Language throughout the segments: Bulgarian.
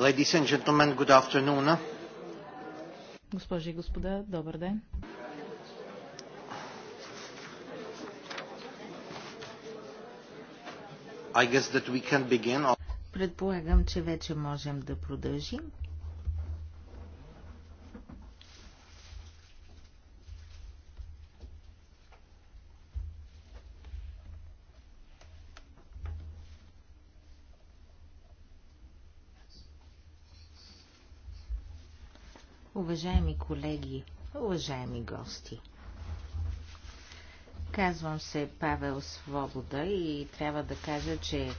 Ladies and gentlemen, good afternoon. Госпожи и господа, добър ден. I guess that we can begin. Предполагам, че вече можем да продължим. Уважаеми колеги, уважаеми гости, казвам се Павел Свобода и трябва да кажа, че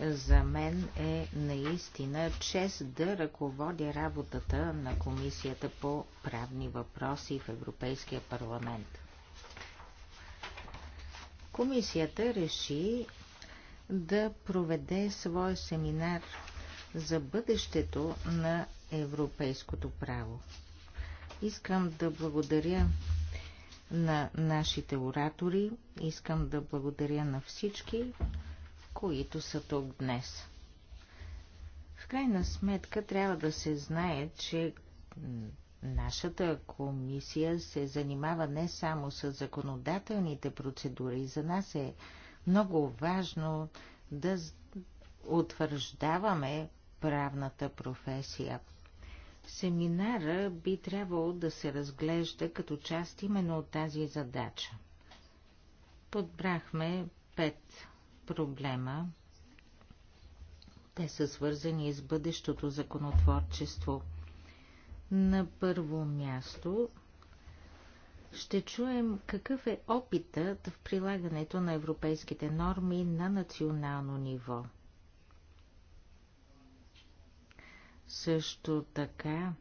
за мен е наистина чест да ръководя работата на Комисията по правни въпроси в Европейския парламент. Комисията реши да проведе своя семинар за бъдещето на европейското право. Искам да благодаря на нашите оратори. Искам да благодаря на всички, които са тук днес. В крайна сметка трябва да се знае, че нашата комисия се занимава не само с законодателните процедури. За нас е много важно да утвърждаваме правната професия. Семинара би трябвало да се разглежда като част именно от тази задача. Подбрахме пет проблема. Те са свързани с бъдещото законотворчество. На първо място ще чуем какъв е опитът в прилагането на европейските норми на национално ниво – Също така,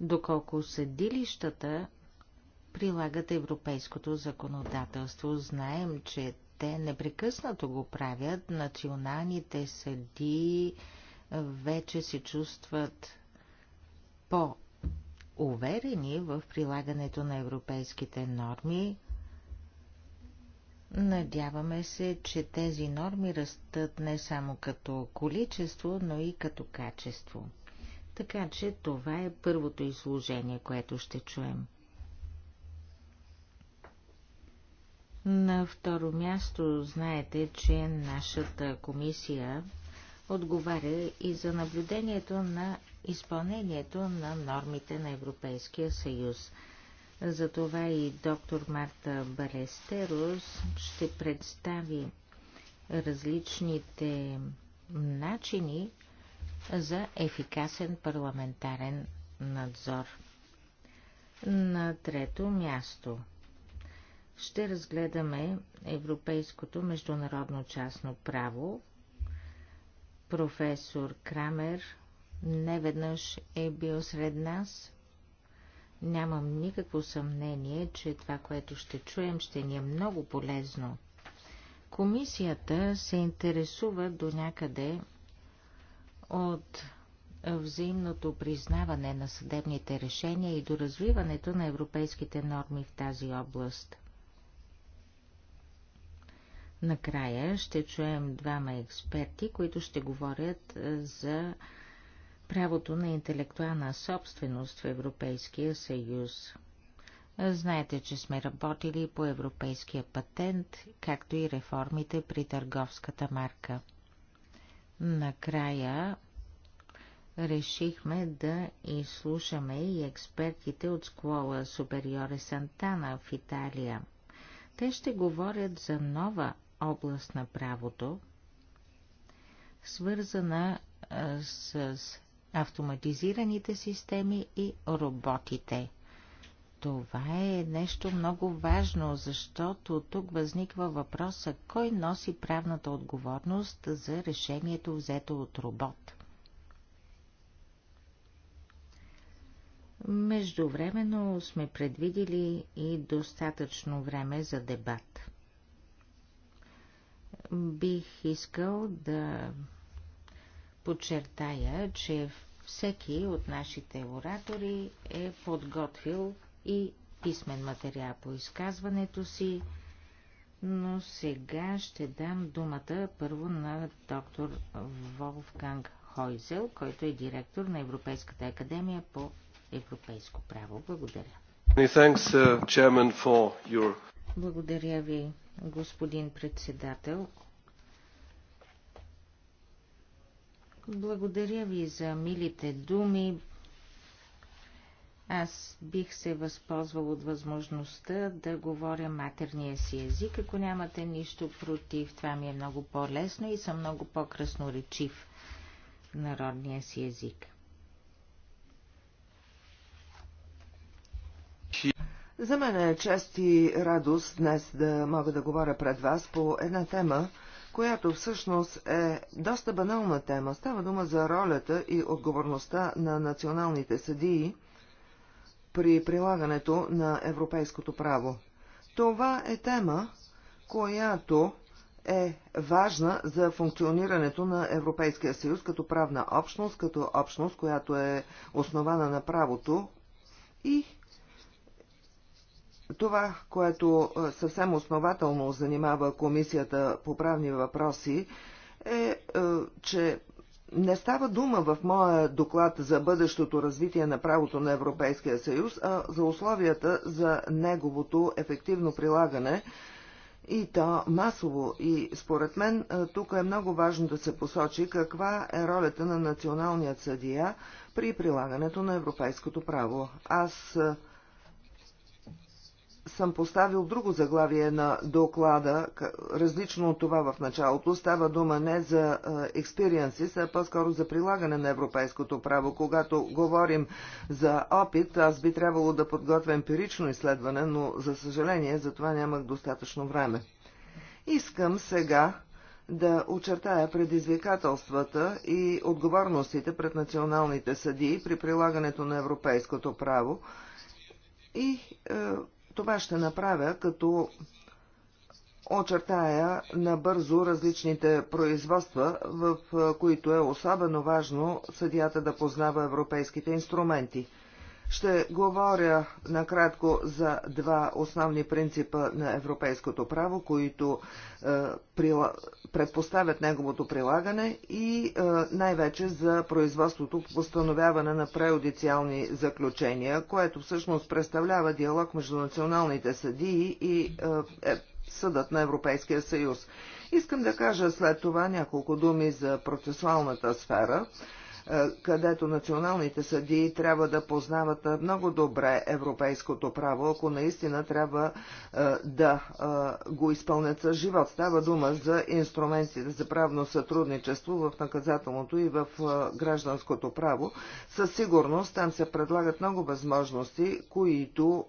доколко съдилищата прилагат европейското законодателство, знаем, че те непрекъснато го правят. Националните съдии вече се чувстват по-уверени в прилагането на европейските норми, Надяваме се, че тези норми растат не само като количество, но и като качество. Така че това е първото изложение, което ще чуем. На второ място знаете, че нашата комисия отговаря и за наблюдението на изпълнението на нормите на Европейския съюз – затова и доктор Марта Балестерос ще представи различните начини за ефикасен парламентарен надзор. На трето място ще разгледаме европейското международно частно право. Професор Крамер неведнъж е бил сред нас, Нямам никакво съмнение, че това, което ще чуем, ще ни е много полезно. Комисията се интересува до някъде от взаимното признаване на съдебните решения и до развиването на европейските норми в тази област. Накрая ще чуем двама експерти, които ще говорят за правото на интелектуална собственост в Европейския съюз. Знаете, че сме работили по европейския патент, както и реформите при търговската марка. Накрая решихме да изслушаме и експертите от школа Супериоре Сантана в Италия. Те ще говорят за нова област на правото, свързана с автоматизираните системи и роботите. Това е нещо много важно, защото тук възниква въпроса, кой носи правната отговорност за решението взето от робот. Междувременно сме предвидили и достатъчно време за дебат. Бих искал да подчертая, че всеки от нашите оратори е подготвил и писмен материал по изказването си, но сега ще дам думата първо на доктор Волфганг Хойзел, който е директор на Европейската академия по европейско право. Благодаря. Uh, Благодаря ви, господин председател. Благодаря ви за милите думи. Аз бих се възползвал от възможността да говоря матерния си език, ако нямате нищо против. Това ми е много по-лесно и съм много по-красноречив народния си език. За мен е чест и радост днес да мога да говоря пред вас по една тема, която всъщност е доста банална тема. Става дума за ролята и отговорността на националните съдии при прилагането на европейското право. Това е тема, която е важна за функционирането на Европейския съюз като правна общност, като общност, която е основана на правото и това, което е, съвсем основателно занимава Комисията по правни въпроси, е, е, че не става дума в моя доклад за бъдещото развитие на правото на Европейския съюз, а за условията за неговото ефективно прилагане и то масово. И според мен е, тук е много важно да се посочи каква е ролята на националният съдия при прилагането на европейското право. Аз съм поставил друго заглавие на доклада, различно от това в началото. Става дума не за experiences, а по-скоро за прилагане на европейското право. Когато говорим за опит, аз би трябвало да подготвя емпирично изследване, но за съжаление за това нямах достатъчно време. Искам сега да очертая предизвикателствата и отговорностите пред националните съдии при прилагането на европейското право и е, това ще направя, като очертая набързо различните производства, в които е особено важно съдията да познава европейските инструменти – ще говоря накратко за два основни принципа на европейското право, които е, предпоставят неговото прилагане и е, най-вече за производството по постановяване на преодициални заключения, което всъщност представлява диалог между националните съдии и е, съдът на Европейския съюз. Искам да кажа след това няколко думи за процесуалната сфера. Е, където националните съдии трябва да познават много добре европейското право, ако наистина трябва е, да е, го изпълнят с живот. Става дума за инструментите за правно сътрудничество в наказателното и в гражданското право. Със сигурност там се предлагат много възможности, които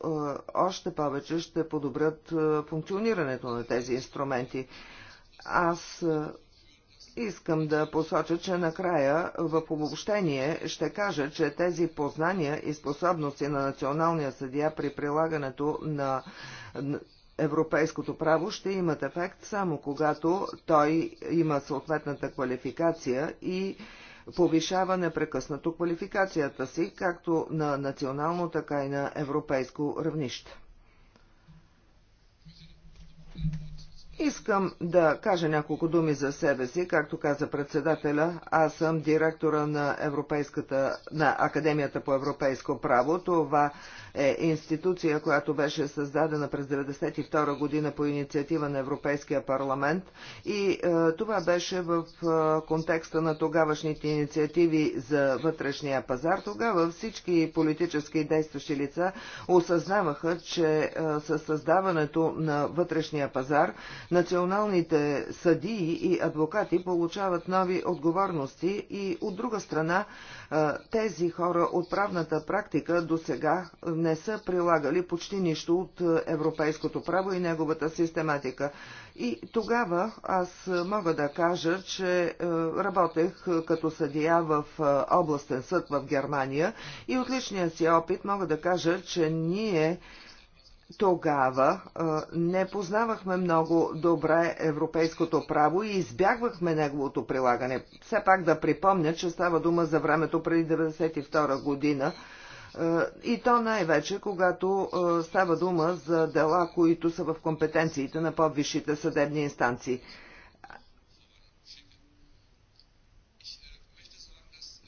още повече ще подобрят функционирането на тези инструменти. Аз Искам да посоча, че накрая в обобщение ще кажа, че тези познания и способности на националния съдия при прилагането на европейското право ще имат ефект само когато той има съответната квалификация и повишава непрекъснато квалификацията си, както на национално, така и на европейско равнище. Искам да кажа няколко думи за себе си. Както каза председателя, аз съм директора на, Европейската, на Академията по европейско право. Това е институция, която беше създадена през 1992 година по инициатива на Европейския парламент и е, това беше в е, контекста на тогавашните инициативи за вътрешния пазар. Тогава всички политически действащи лица осъзнаваха, че е, със създаването на вътрешния пазар националните съдии и адвокати получават нови отговорности и от друга страна е, тези хора от правната практика до сега не са прилагали почти нищо от е, европейското право и неговата систематика. И тогава аз е, мога да кажа, че е, работех като съдия в областен съд в Германия и от личния си опит мога да кажа, че ние тогава не познавахме много добре европейското право и избягвахме неговото прилагане. Все пак да припомня, че става дума за времето преди 1992 година е, и то най-вече, когато е, става дума за дела, които са в компетенциите на по-висшите съдебни инстанции.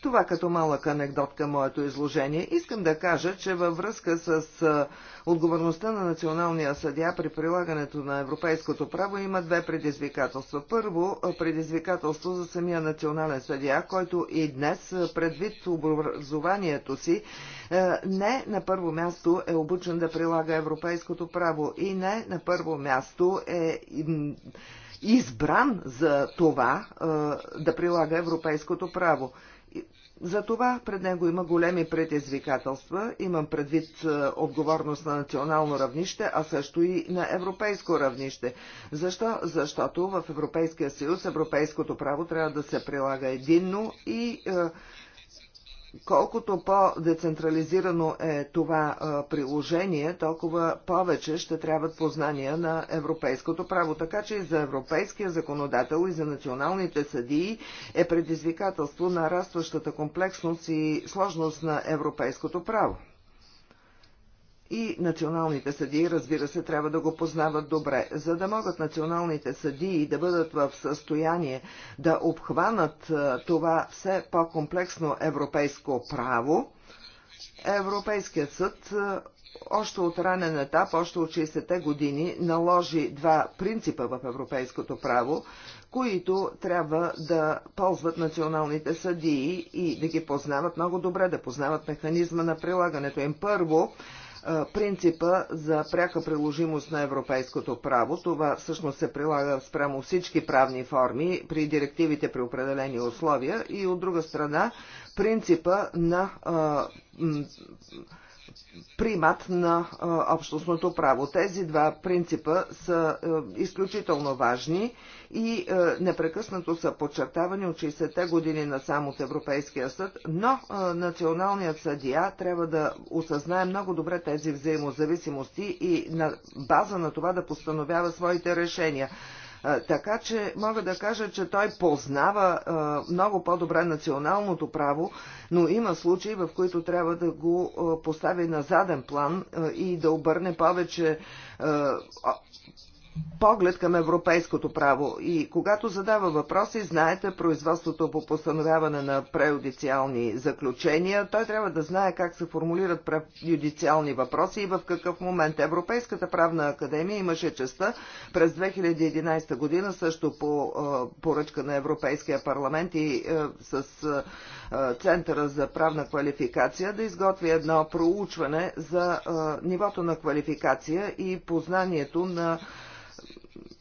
Това като малък анекдот към моето изложение. Искам да кажа, че във връзка с отговорността на националния съдя при прилагането на европейското право има две предизвикателства. Първо, предизвикателство за самия национален съдя, който и днес, предвид образованието си, не на първо място е обучен да прилага европейското право и не на първо място е избран за това да прилага европейското право. За това пред него има големи предизвикателства, имам предвид отговорност на национално равнище, а също и на европейско равнище. Защо? Защото в Европейския съюз европейското право трябва да се прилага единно и е, Колкото по-децентрализирано е това приложение, толкова повече ще трябват познания на европейското право. Така че и за европейския законодател и за националните съдии е предизвикателство на растващата комплексност и сложност на европейското право. И националните съдии, разбира се, трябва да го познават добре. За да могат националните съдии да бъдат в състояние да обхванат това все по-комплексно европейско право, Европейският съд още от ранен етап, още от 60-те години, наложи два принципа в европейското право, които трябва да ползват националните съдии и да ги познават много добре, да познават механизма на прилагането им. Първо, принципа за пряка приложимост на европейското право. Това всъщност се прилага спрямо всички правни форми при директивите при определени условия и от друга страна принципа на примат на общностното право. Тези два принципа са изключително важни и непрекъснато са подчертавани от 60-те години на само от Европейския съд, но националният съдия трябва да осъзнае много добре тези взаимозависимости и на база на това да постановява своите решения. Така че мога да кажа, че той познава много по-добре националното право, но има случаи, в които трябва да го постави на заден план и да обърне повече поглед към европейското право. И когато задава въпроси, знаете, производството по постановяване на преюдициални заключения, той трябва да знае как се формулират преюдициални въпроси и в какъв момент. Европейската правна академия имаше честа през 2011 година, също по поръчка на Европейския парламент и с Центъра за правна квалификация, да изготви едно проучване за нивото на квалификация и познанието на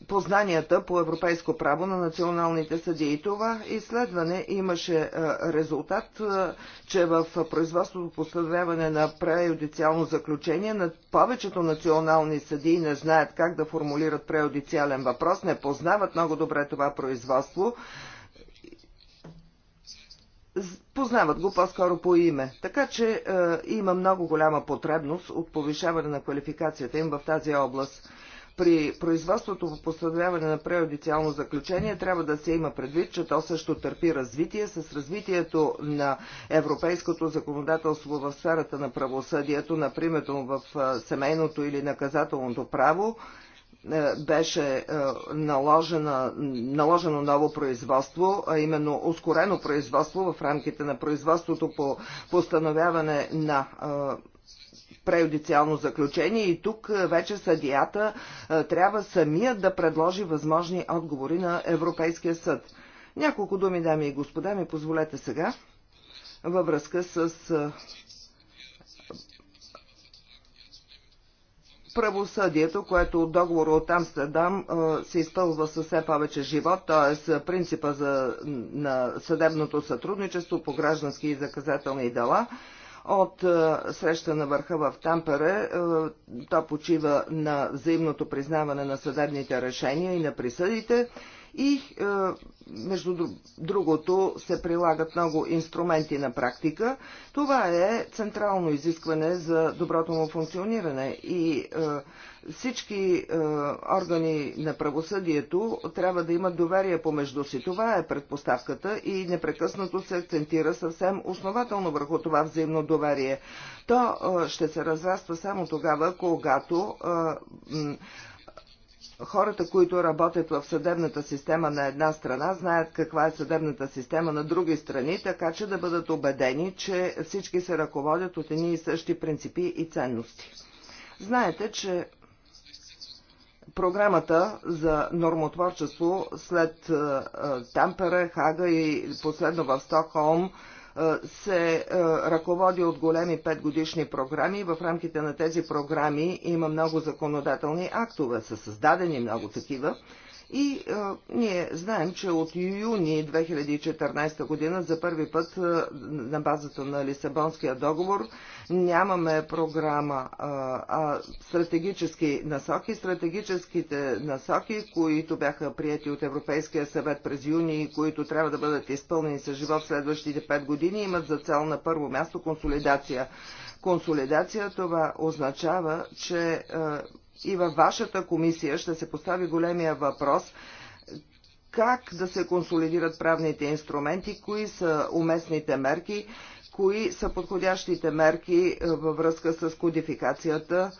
познанията по европейско право на националните съдии. Това изследване имаше е, резултат, е, че в производството по на преюдициално заключение на повечето национални съдии не знаят как да формулират преодициален въпрос, не познават много добре това производство. Познават го по-скоро по име, така че е, има много голяма потребност от повишаване на квалификацията им в тази област. При производството по постановяване на преодициално заключение трябва да се има предвид, че то също търпи развитие. С развитието на европейското законодателство в сферата на правосъдието, например в семейното или наказателното право, беше наложено, наложено ново производство, а именно ускорено производство в рамките на производството по постановяване на преюдициално заключение и тук е, вече съдията е, трябва самия да предложи възможни отговори на Европейския съд. Няколко думи, дами и господа, ми позволете сега във връзка с е, правосъдието, което от договора от Амстердам се изпълва със все повече живот, т.е. принципа за, на съдебното сътрудничество по граждански и заказателни дела – от е, среща на върха в Тампере. Е, то почива на взаимното признаване на съдебните решения и на присъдите. И, е, между другото, се прилагат много инструменти на практика. Това е централно изискване за доброто му функциониране. И всички е, органи на правосъдието трябва да имат доверие помежду си. Това е предпоставката и непрекъснато се акцентира съвсем основателно върху това взаимно доверие. То е, ще се разраства само тогава, когато е, хората, които работят в съдебната система на една страна, знаят каква е съдебната система на други страни, така че да бъдат убедени, че всички се ръководят от едни и същи принципи и ценности. Знаете, че програмата за нормотворчество след е, е, Тампере, Хага и последно в Стокхолм е, се ръководи от големи петгодишни програми. В рамките на тези програми има много законодателни актове, са създадени много такива. И а, ние знаем, че от юни 2014 година за първи път а, на базата на Лисабонския договор нямаме програма, а, а стратегически насоки. Стратегическите насоки, които бяха прияти от Европейския съвет през юни и които трябва да бъдат изпълнени с живот следващите 5 години, имат за цел на първо място консолидация консолидация, това означава, че и във вашата комисия ще се постави големия въпрос как да се консолидират правните инструменти, кои са уместните мерки, кои са подходящите мерки във връзка с кодификацията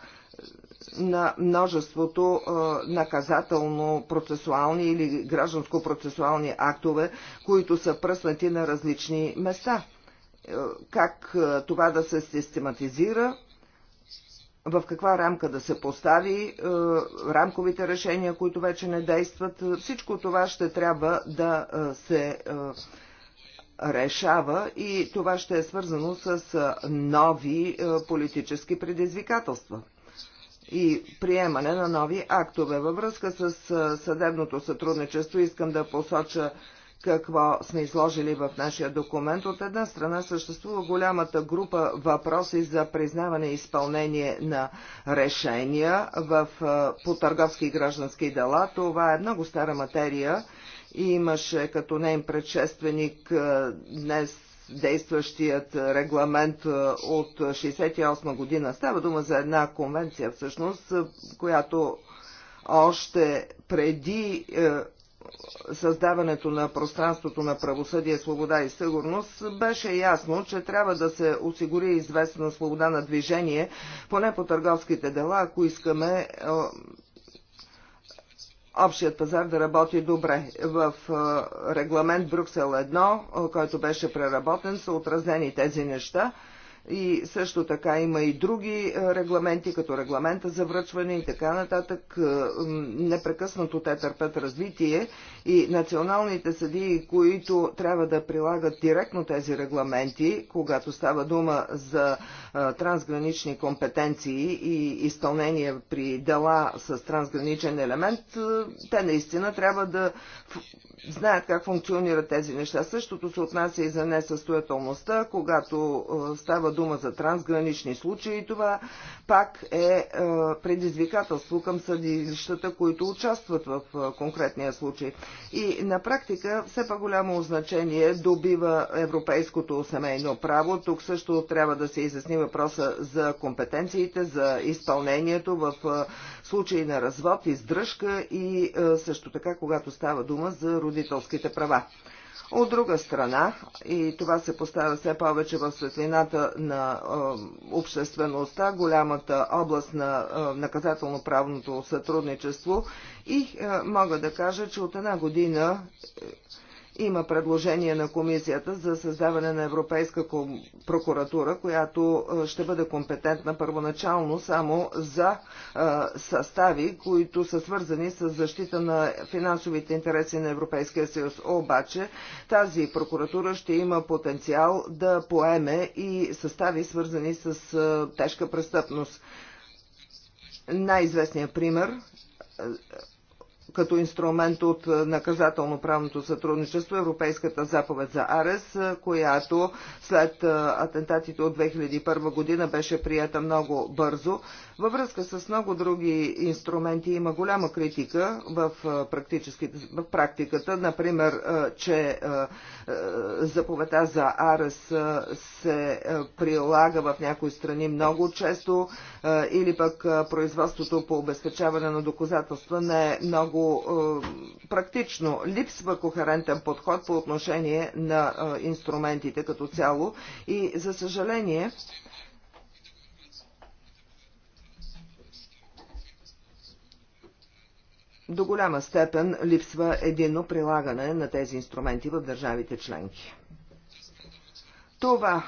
на множеството наказателно-процесуални или гражданско-процесуални актове, които са пръснати на различни места как е, това да се систематизира, в каква рамка да се постави, е, рамковите решения, които вече не действат. Всичко това ще трябва да е, се решава и това ще е свързано с нови политически предизвикателства и приемане на нови актове. Във връзка с съдебното сътрудничество искам да посоча какво сме изложили в нашия документ. От една страна съществува голямата група въпроси за признаване и изпълнение на решения в, по търговски и граждански дела. Това е много стара материя и имаше като нейн предшественик днес действащият регламент от 1968 година. Става дума за една конвенция всъщност, която още преди е, създаването на пространството на правосъдие, свобода и сигурност, беше ясно, че трябва да се осигури известна свобода на движение, поне по търговските дела, ако искаме общият пазар да работи добре. В регламент Брюксел 1, който беше преработен, са отразени тези неща – и също така има и други е, регламенти, като регламента за връчване и така нататък. Е, непрекъснато те търпят развитие и националните съдии, които трябва да прилагат директно тези регламенти, когато става дума за е, трансгранични компетенции и изпълнение при дела с трансграничен елемент, те наистина трябва да знаят как функционират тези неща. Същото се отнася и за несъстоятелността, когато става дума за трансгранични случаи. Това пак е, е предизвикателство към съдилищата, които участват в е, конкретния случай. И на практика все по-голямо значение добива европейското семейно право. Тук също трябва да се изясни въпроса за компетенциите, за изпълнението в е, случаи на развод, издръжка и също така, когато става дума за родителските права. От друга страна, и това се поставя все повече в светлината на обществеността, голямата област на наказателно-правното сътрудничество и мога да кажа, че от една година има предложение на комисията за създаване на Европейска прокуратура, която ще бъде компетентна първоначално само за състави, които са свързани с защита на финансовите интереси на Европейския съюз. Обаче тази прокуратура ще има потенциал да поеме и състави, свързани с тежка престъпност. Най-известният пример като инструмент от е, наказателно-правното сътрудничество Европейската заповед за Арес, е, която след е, атентатите от 2001 година беше прията много бързо. Във връзка с много други инструменти има голяма критика в, в практиката, например, че заповедта за Арес се прилага в някои страни много често или пък производството по обезпечаване на доказателства не е много е, практично. Липсва кохерентен подход по отношение на е, инструментите като цяло и за съжаление до голяма степен липсва едино прилагане на тези инструменти в държавите членки. Това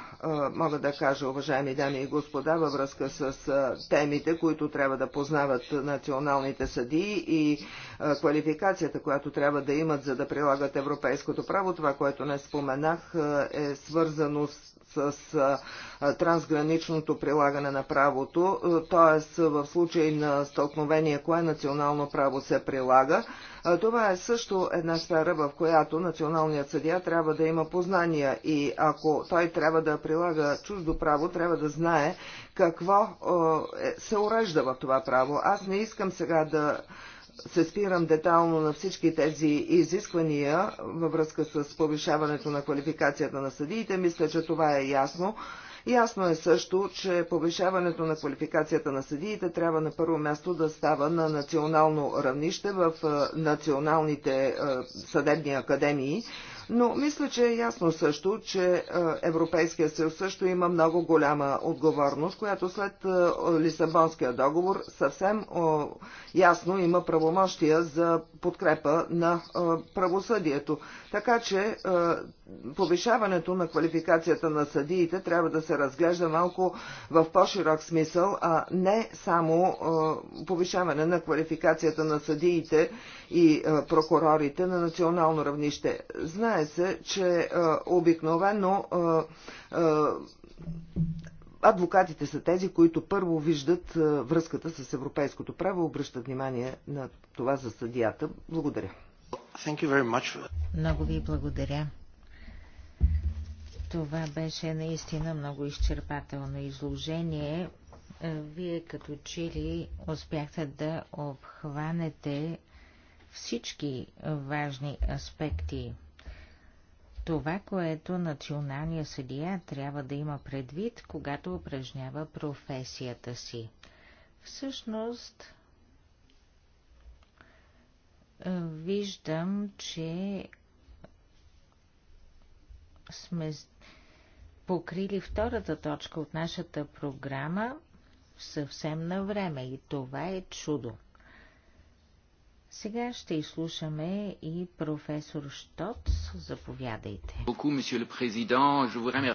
мога да кажа, уважаеми дами и господа, във връзка с темите, които трябва да познават националните съдии и квалификацията, която трябва да имат, за да прилагат европейското право. Това, което не споменах, е свързано с с трансграничното прилагане на правото, т.е. в случай на стълкновение кое национално право се прилага. Това е също една сфера, в която националният съдия трябва да има познания и ако той трябва да прилага чуждо право, трябва да знае какво е, се урежда в това право. Аз не искам сега да се спирам детално на всички тези изисквания във връзка с повишаването на квалификацията на съдиите. Мисля, че това е ясно. Ясно е също, че повишаването на квалификацията на съдиите трябва на първо място да става на национално равнище в националните съдебни академии, но мисля, че е ясно също, че е, Европейския съюз също има много голяма отговорност, която след е, Лисабонския договор съвсем е, ясно има правомощия за подкрепа на правосъдието. Така че повишаването на квалификацията на съдиите трябва да се разглежда малко в по-широк смисъл, а не само повишаване на квалификацията на съдиите и прокурорите на национално равнище. Знаем, Знае се, че е, обикновено е, е, адвокатите са тези, които първо виждат връзката с европейското право, обръщат внимание на това за съдията. Благодаря. Thank you very much. Много ви благодаря. Това беше наистина много изчерпателно изложение. Вие като чили успяхте да обхванете всички важни аспекти това, което националния съдия трябва да има предвид, когато упражнява професията си. Всъщност, е, виждам, че сме покрили втората точка от нашата програма съвсем на време и това е чудо. Сега ще изслушаме и професор Штоц. Заповядайте.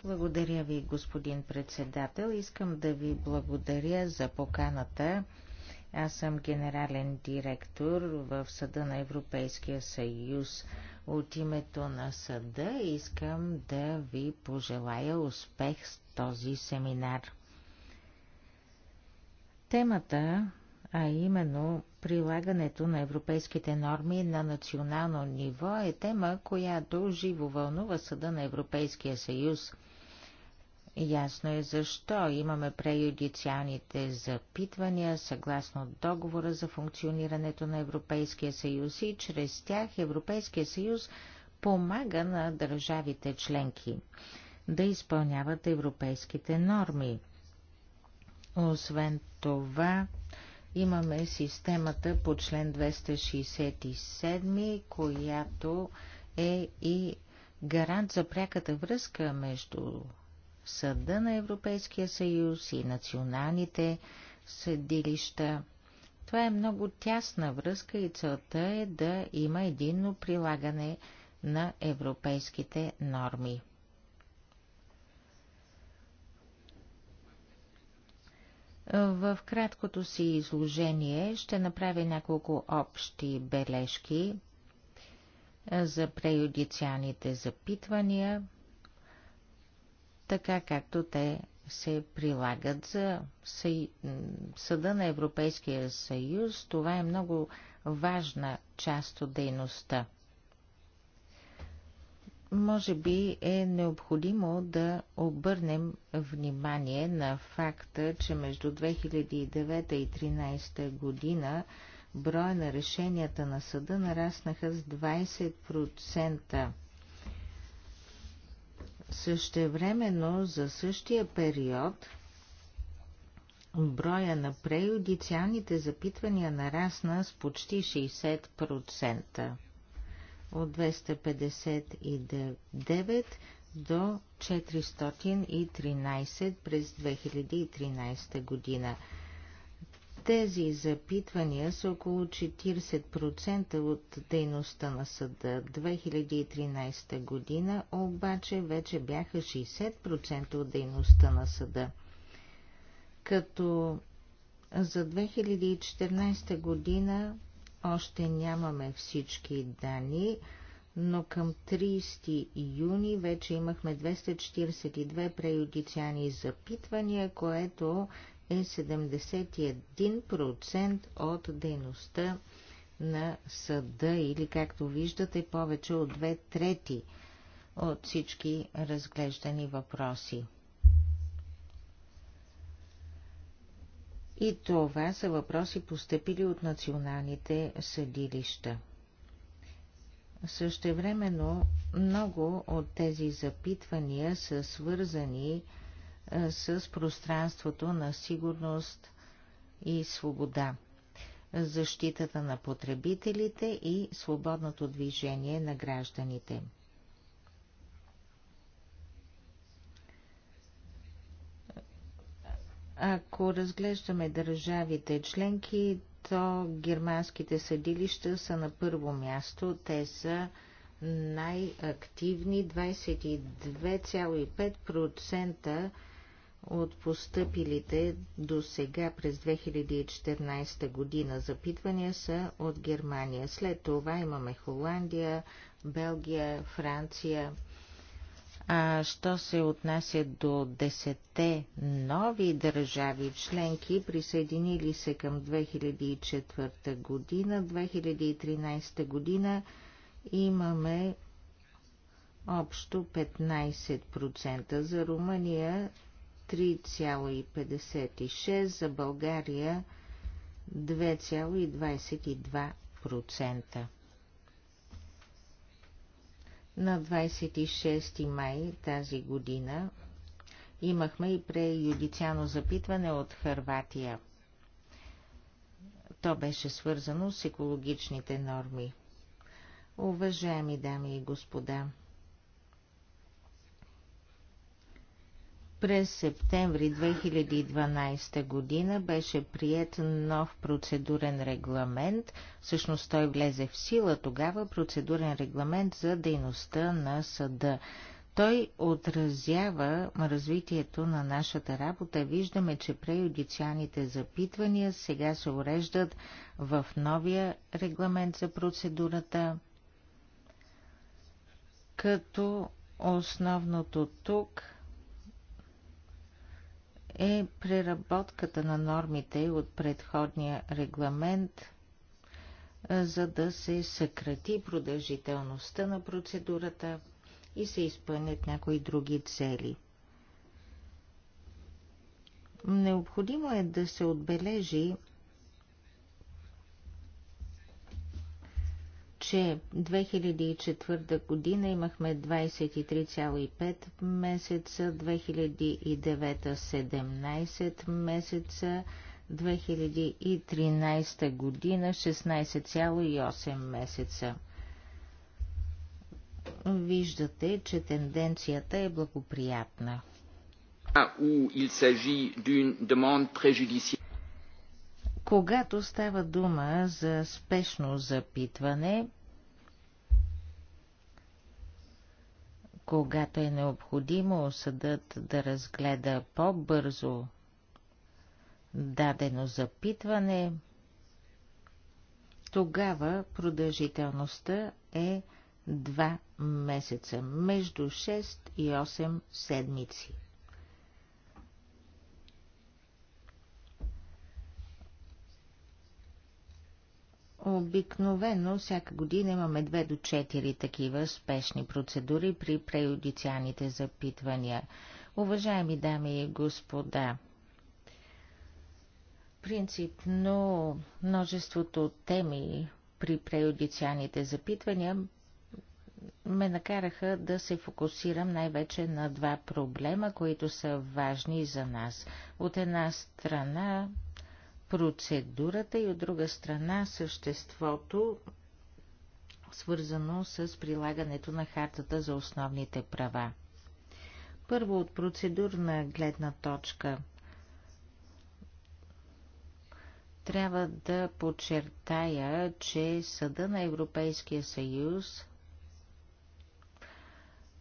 Благодаря ви, господин председател. Искам да ви благодаря за поканата. Аз съм генерален директор в Съда на Европейския съюз. От името на съда искам да ви пожелая успех с този семинар. Темата а именно прилагането на европейските норми на национално ниво е тема, която живо вълнува Съда на Европейския съюз. Ясно е защо имаме преюдициалните запитвания съгласно договора за функционирането на Европейския съюз и чрез тях Европейския съюз помага на държавите членки да изпълняват европейските норми. Освен това, имаме системата по член 267, която е и гарант за пряката връзка между Съда на Европейския съюз и националните съдилища. Това е много тясна връзка и целта е да има единно прилагане на европейските норми. В краткото си изложение ще направя няколко общи бележки за преюдициалните запитвания, така както те се прилагат за Съда на Европейския съюз. Това е много важна част от дейността може би е необходимо да обърнем внимание на факта, че между 2009 и 2013 година броя на решенията на съда нараснаха с 20%. Същевременно за същия период броя на преюдициалните запитвания нарасна с почти 60% от 259 до 413 през 2013 година. Тези запитвания са около 40% от дейността на съда. 2013 година обаче вече бяха 60% от дейността на съда. Като за 2014 година още нямаме всички данни, но към 30 юни вече имахме 242 преюдициални запитвания, което е 71% от дейността на съда или, както виждате, повече от две трети от всички разглеждани въпроси. И това са въпроси постъпили от националните съдилища. Същевременно много от тези запитвания са свързани с пространството на сигурност и свобода, защитата на потребителите и свободното движение на гражданите. Ако разглеждаме държавите членки, то германските съдилища са на първо място. Те са най-активни 22,5% от постъпилите до сега през 2014 година запитвания са от Германия. След това имаме Холандия, Белгия, Франция – а що се отнася до десете нови държави членки, присъединили се към 2004 година, 2013 година имаме общо 15%. За Румъния 3,56, за България 2,22%. На 26 май тази година имахме и преюдициално запитване от Харватия. То беше свързано с екологичните норми. Уважаеми дами и господа, През септември 2012 година беше прият нов процедурен регламент, всъщност той влезе в сила тогава, процедурен регламент за дейността на съда. Той отразява развитието на нашата работа. Виждаме, че преюдициалните запитвания сега се уреждат в новия регламент за процедурата, като основното тук – е преработката на нормите от предходния регламент, за да се съкрати продължителността на процедурата и се изпълнят някои други цели. Необходимо е да се отбележи, че 2004 година имахме 23,5 месеца, 2009 17 месеца, 2013 година 16,8 месеца. Виждате, че тенденцията е благоприятна. Когато става дума за спешно запитване, когато е необходимо съдът да разгледа по-бързо дадено запитване, тогава продължителността е 2 месеца, между 6 и 8 седмици. Обикновено всяка година имаме две до четири такива спешни процедури при преюдициалните запитвания. Уважаеми дами и господа, принципно множеството теми при преюдициалните запитвания ме накараха да се фокусирам най-вече на два проблема, които са важни за нас. От една страна процедурата и от друга страна съществото, свързано с прилагането на хартата за основните права. Първо от процедурна гледна точка трябва да подчертая, че Съда на Европейския съюз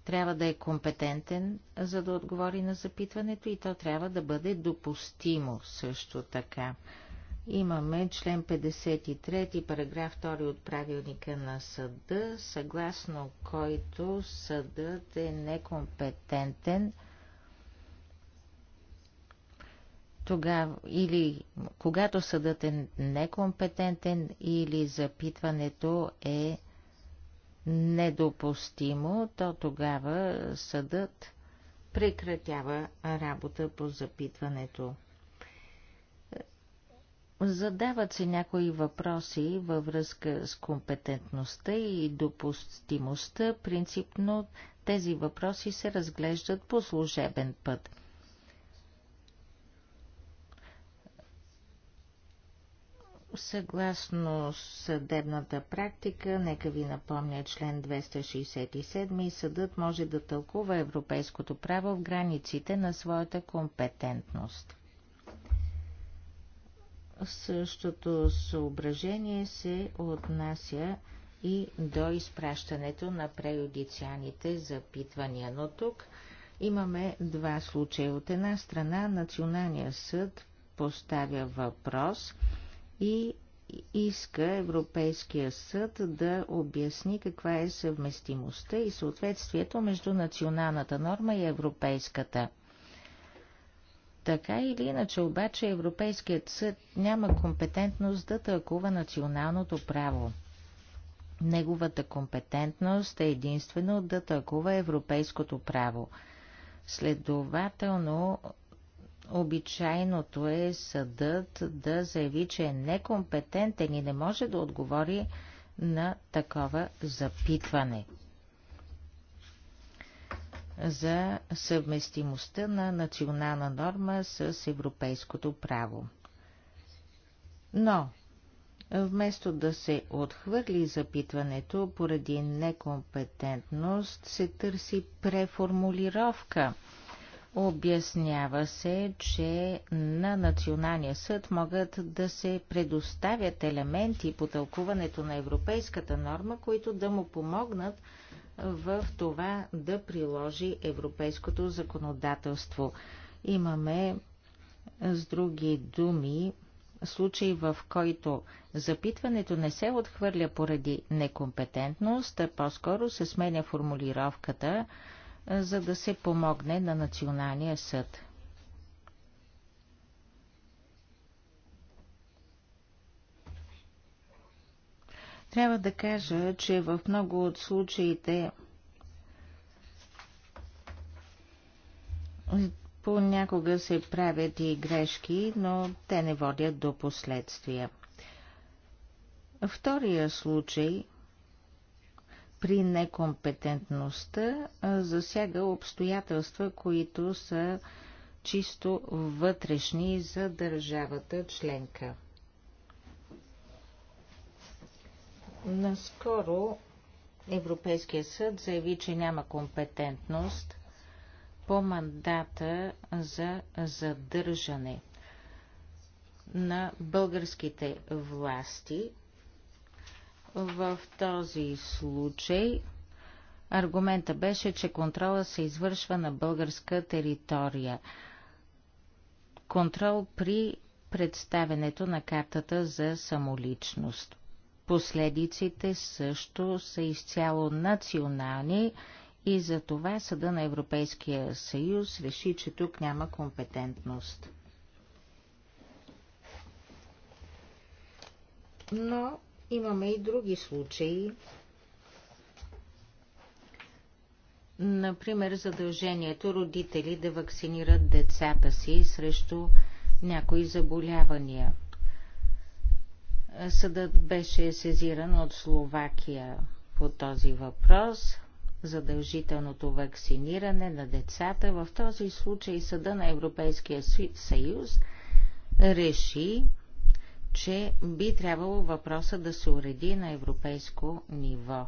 трябва да е компетентен, за да отговори на запитването и то трябва да бъде допустимо също така. Имаме член 53, параграф 2 от правилника на съда, съгласно който съдът е некомпетентен тогава или когато съдът е некомпетентен или запитването е недопустимо, то тогава съдът прекратява работа по запитването. Задават се някои въпроси във връзка с компетентността и допустимостта. Принципно тези въпроси се разглеждат по служебен път – Съгласно съдебната практика, нека ви напомня член 267, съдът може да тълкува европейското право в границите на своята компетентност. Същото съображение се отнася и до изпращането на преюдицианите запитвания, но тук имаме два случая. От една страна Националния съд поставя въпрос – и иска Европейския съд да обясни каква е съвместимостта и съответствието между националната норма и европейската. Така или иначе обаче Европейският съд няма компетентност да тълкува националното право. Неговата компетентност е единствено да тълкува европейското право. Следователно, Обичайното е съдът да заяви, че е некомпетентен и не може да отговори на такова запитване за съвместимостта на национална норма с европейското право. Но, вместо да се отхвърли запитването поради некомпетентност, се търси преформулировка – Обяснява се, че на Националния съд могат да се предоставят елементи по тълкуването на европейската норма, които да му помогнат в това да приложи европейското законодателство. Имаме, с други думи, случай, в който запитването не се отхвърля поради некомпетентност, а по-скоро се сменя формулировката – за да се помогне на Националния съд. Трябва да кажа, че в много от случаите понякога се правят и грешки, но те не водят до последствия. Втория случай – при некомпетентността засяга обстоятелства, които са чисто вътрешни за държавата членка. Наскоро Европейския съд заяви, че няма компетентност по мандата за задържане на българските власти в този случай аргумента беше, че контрола се извършва на българска територия. Контрол при представенето на картата за самоличност. Последиците също са изцяло национални и за това Съда на Европейския съюз реши, че тук няма компетентност. Но Имаме и други случаи. Например, задължението родители да вакцинират децата си срещу някои заболявания. Съдът беше сезиран от Словакия по този въпрос. Задължителното вакциниране на децата в този случай Съда на Европейския съюз реши, че би трябвало въпроса да се уреди на европейско ниво.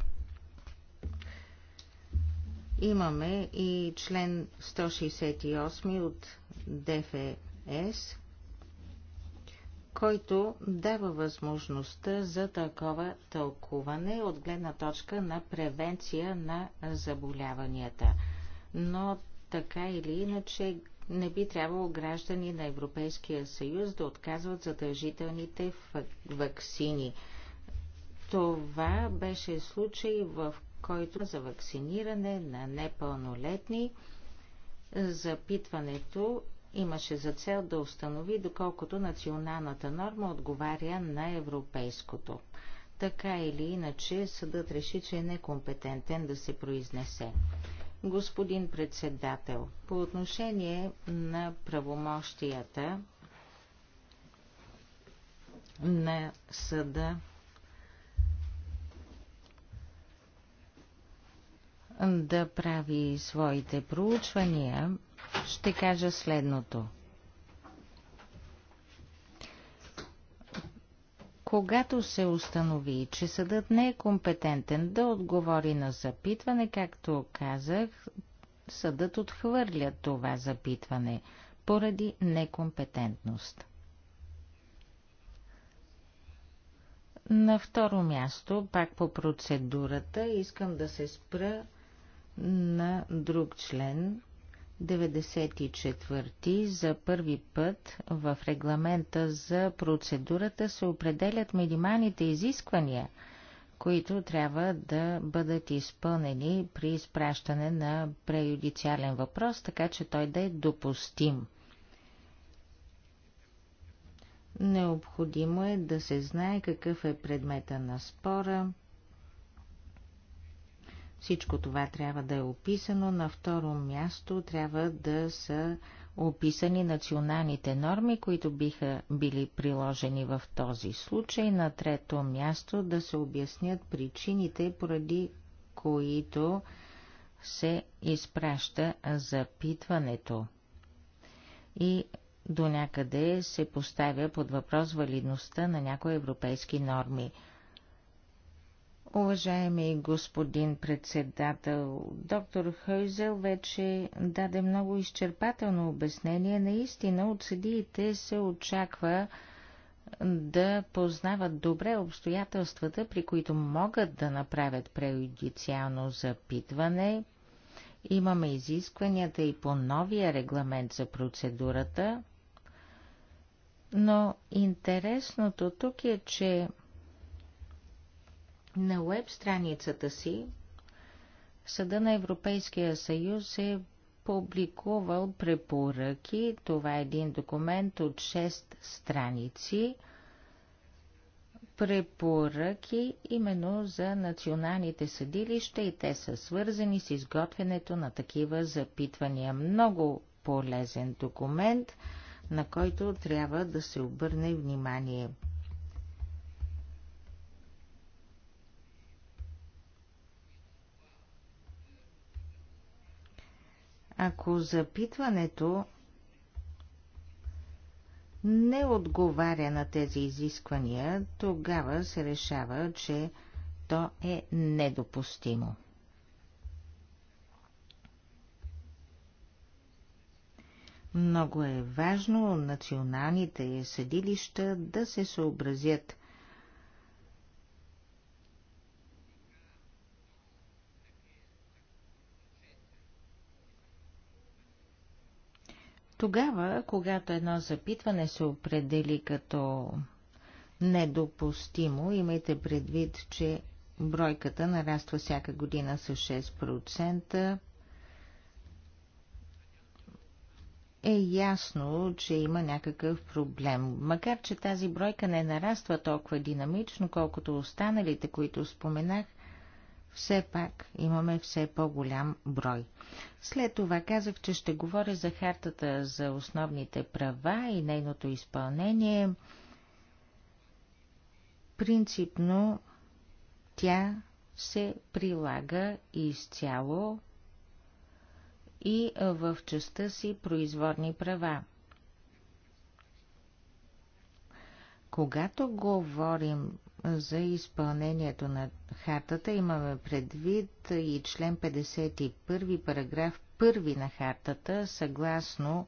Имаме и член 168 от ДФС, е който дава възможността за такова тълкуване от гледна точка на превенция на заболяванията. Но така или иначе не би трябвало граждани на Европейския съюз да отказват задължителните ваксини. Това беше случай, в който за вакциниране на непълнолетни запитването имаше за цел да установи доколкото националната норма отговаря на европейското. Така или иначе, съдът реши, че е некомпетентен да се произнесе. Господин председател, по отношение на правомощията на съда да прави своите проучвания, ще кажа следното – Когато се установи, че съдът не е компетентен да отговори на запитване, както казах, съдът отхвърля това запитване поради некомпетентност. На второ място, пак по процедурата, искам да се спра на друг член, 94 за първи път в регламента за процедурата се определят минималните изисквания, които трябва да бъдат изпълнени при изпращане на преюдициален въпрос, така че той да е допустим. Необходимо е да се знае какъв е предмета на спора, всичко това трябва да е описано. На второ място трябва да са описани националните норми, които биха били приложени в този случай. На трето място да се обяснят причините, поради които се изпраща запитването. И до някъде се поставя под въпрос валидността на някои европейски норми – Уважаеми господин председател, доктор Хойзел вече даде много изчерпателно обяснение. Наистина от съдиите се очаква да познават добре обстоятелствата, при които могат да направят преюдициално запитване. Имаме изискванията и по новия регламент за процедурата, но интересното тук е, че на веб страницата си Съда на Европейския съюз е публикувал препоръки. Това е един документ от 6 страници. Препоръки именно за националните съдилища и те са свързани с изготвянето на такива запитвания. Много полезен документ, на който трябва да се обърне внимание. Ако запитването не отговаря на тези изисквания, тогава се решава, че то е недопустимо. Много е важно националните съдилища да се съобразят Тогава, когато едно запитване се определи като недопустимо, имайте предвид, че бройката нараства всяка година с 6%. е ясно, че има някакъв проблем. Макар, че тази бройка не нараства толкова динамично, колкото останалите, които споменах, все пак имаме все по-голям брой. След това казах, че ще говоря за хартата за основните права и нейното изпълнение. Принципно тя се прилага изцяло и в частта си производни права. Когато говорим за изпълнението на хартата имаме предвид и член 51, параграф 1 на хартата, съгласно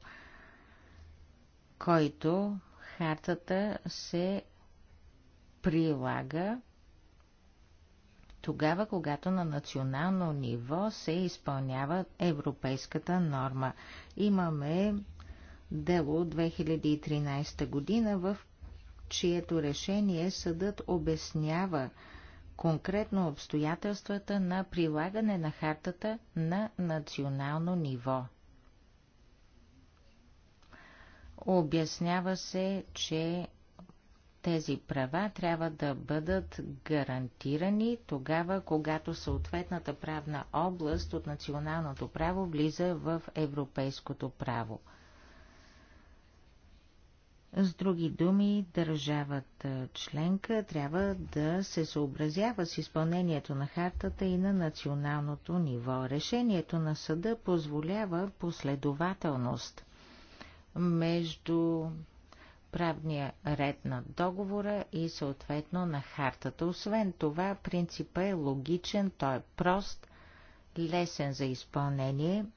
който хартата се прилага тогава, когато на национално ниво се изпълнява европейската норма. Имаме дело 2013 година, в чието решение съдът обяснява конкретно обстоятелствата на прилагане на хартата на национално ниво. Обяснява се, че тези права трябва да бъдат гарантирани тогава, когато съответната правна област от националното право влиза в европейското право – с други думи, държавата членка трябва да се съобразява с изпълнението на хартата и на националното ниво. Решението на съда позволява последователност между правния ред на договора и съответно на хартата. Освен това, принципът е логичен, той е прост, лесен за изпълнение –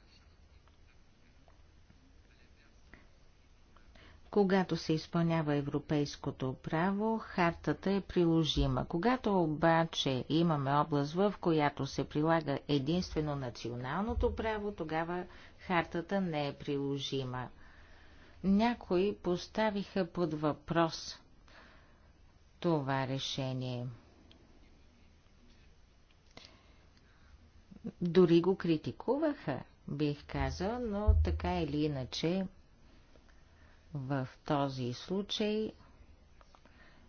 Когато се изпълнява европейското право, хартата е приложима. Когато обаче имаме област, в която се прилага единствено националното право, тогава хартата не е приложима. Някои поставиха под въпрос това решение. Дори го критикуваха, бих казал, но така или иначе в този случай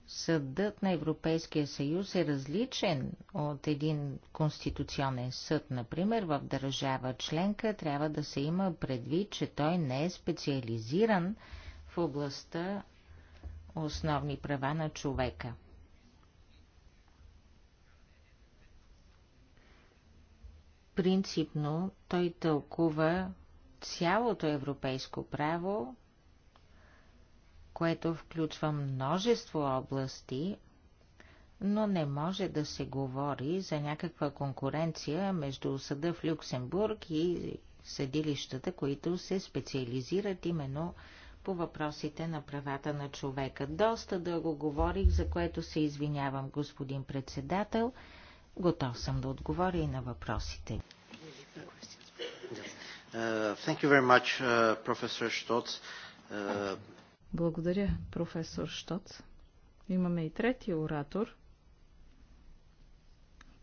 съдът на Европейския съюз е различен от един конституционен съд, например, в държава членка, трябва да се има предвид, че той не е специализиран в областта основни права на човека. Принципно той тълкува цялото европейско право което включва множество области, но не може да се говори за някаква конкуренция между съда в Люксембург и съдилищата, които се специализират именно по въпросите на правата на човека. Доста дълго говорих, за което се извинявам, господин председател. Готов съм да отговоря и на въпросите. Uh, thank you very much, uh, Professor Stotz. Uh, благодаря, професор Штоц. Имаме и трети оратор.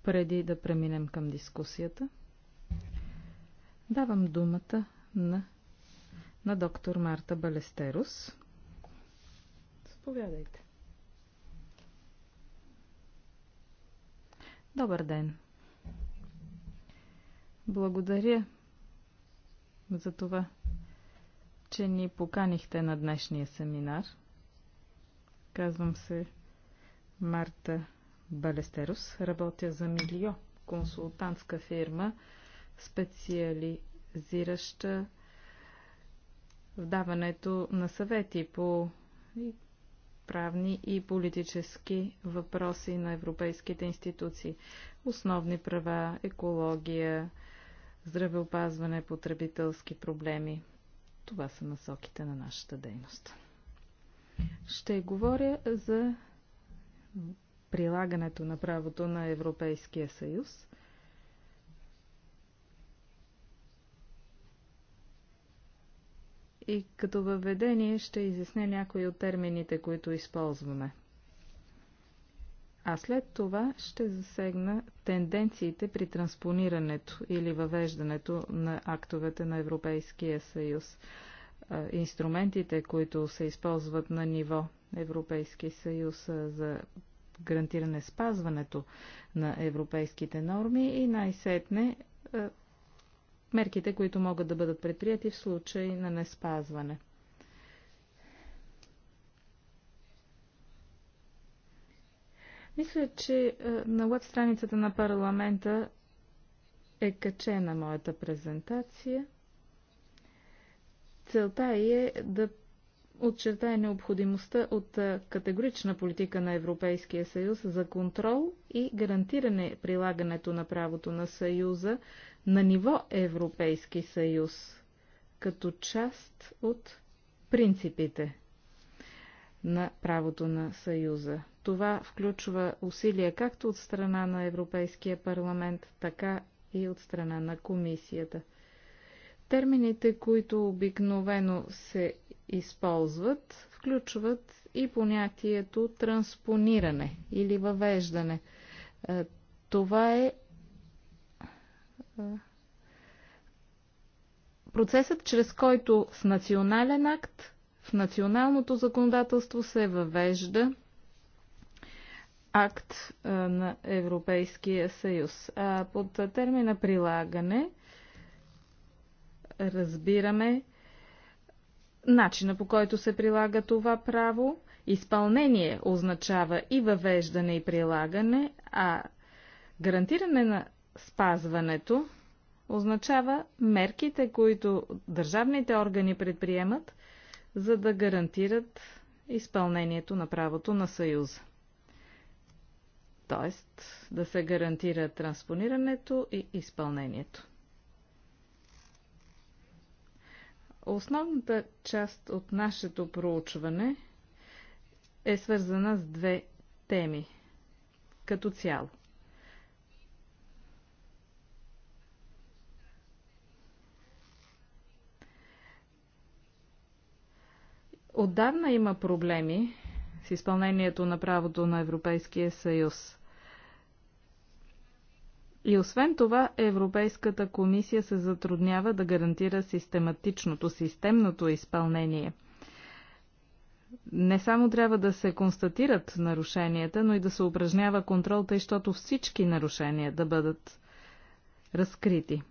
Преди да преминем към дискусията, давам думата на, на доктор Марта Балестерус. Сповядайте. Добър ден! Благодаря за това, че ни поканихте на днешния семинар. Казвам се Марта Балестерос. Работя за Милио, консултантска фирма, специализираща в даването на съвети по правни и политически въпроси на европейските институции. Основни права, екология, здравеопазване, потребителски проблеми. Това са насоките на нашата дейност. Ще говоря за прилагането на правото на Европейския съюз. И като въведение ще изясня някои от термините, които използваме – а след това ще засегна тенденциите при транспонирането или въвеждането на актовете на Европейския съюз. Инструментите, които се използват на ниво Европейски съюз за гарантиране спазването на европейските норми и най-сетне мерките, които могат да бъдат предприяти в случай на неспазване. Мисля, че е, на веб страницата на парламента е качена моята презентация. Целта е да отчертае необходимостта от е, категорична политика на Европейския съюз за контрол и гарантиране прилагането на правото на съюза на ниво Европейски съюз като част от принципите на правото на съюза. Това включва усилия както от страна на Европейския парламент, така и от страна на комисията. Термините, които обикновено се използват, включват и понятието транспониране или въвеждане. Е, това е, е процесът, чрез който с национален акт в националното законодателство се въвежда акт на Европейския съюз. Под термина прилагане разбираме начина по който се прилага това право. Изпълнение означава и въвеждане и прилагане, а гарантиране на спазването означава мерките, които държавните органи предприемат, за да гарантират изпълнението на правото на Съюза т.е. да се гарантира транспонирането и изпълнението. Основната част от нашето проучване е свързана с две теми като цяло. Отдавна има проблеми с изпълнението на правото на Европейския съюз. И освен това, Европейската комисия се затруднява да гарантира систематичното, системното изпълнение. Не само трябва да се констатират нарушенията, но и да се упражнява контрол, тъй щото всички нарушения да бъдат разкрити.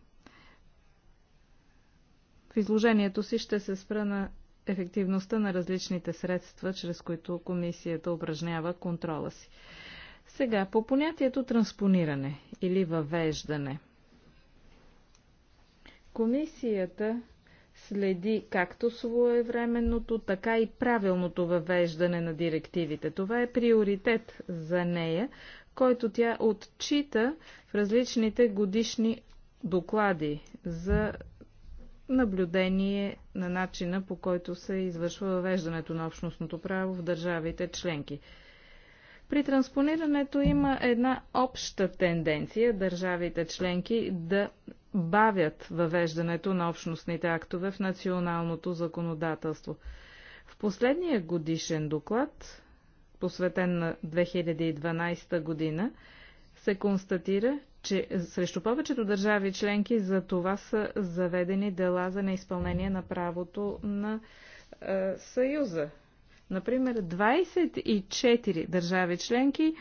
В изложението си ще се спра на ефективността на различните средства, чрез които комисията упражнява контрола си. Сега, по понятието транспониране или въвеждане. Комисията следи както своевременното, така и правилното въвеждане на директивите. Това е приоритет за нея, който тя отчита в различните годишни доклади за наблюдение на начина по който се извършва въвеждането на общностното право в държавите членки. При транспонирането има една обща тенденция държавите членки да бавят въвеждането на общностните актове в националното законодателство. В последния годишен доклад, посветен на 2012 година, се констатира, че срещу повечето държави членки за това са заведени дела за неизпълнение на правото на е, Съюза. Например, 24 държави членки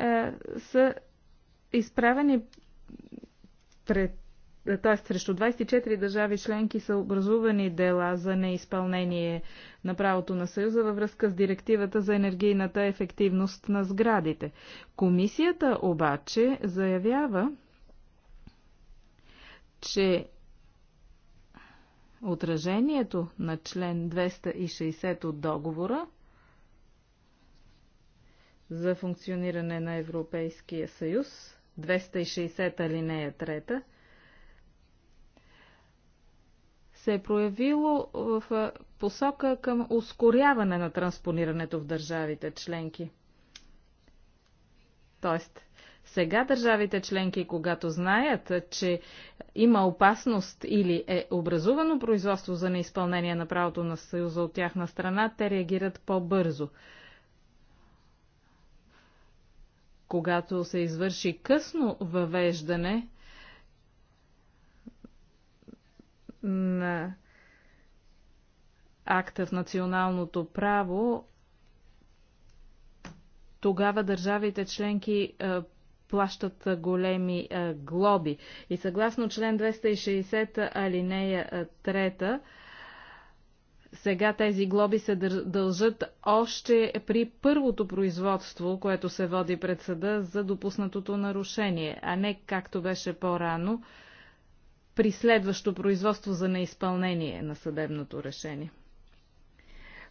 е, са изправени пред т.е. срещу 24 държави членки са образувани дела за неизпълнение на правото на Съюза във връзка с директивата за енергийната ефективност на сградите. Комисията обаче заявява, че отражението на член 260 от договора за функциониране на Европейския съюз, 260 алинея 3, се е проявило в посока към ускоряване на транспонирането в държавите членки. Тоест, сега държавите членки, когато знаят, че има опасност или е образувано производство за неизпълнение на правото на Съюза от тяхна страна, те реагират по-бързо. Когато се извърши късно въвеждане, на акта в националното право, тогава държавите членки плащат големи глоби. И съгласно член 260 алинея 3, сега тези глоби се дължат още при първото производство, което се води пред съда за допуснатото нарушение, а не както беше по-рано при следващо производство за неизпълнение на съдебното решение.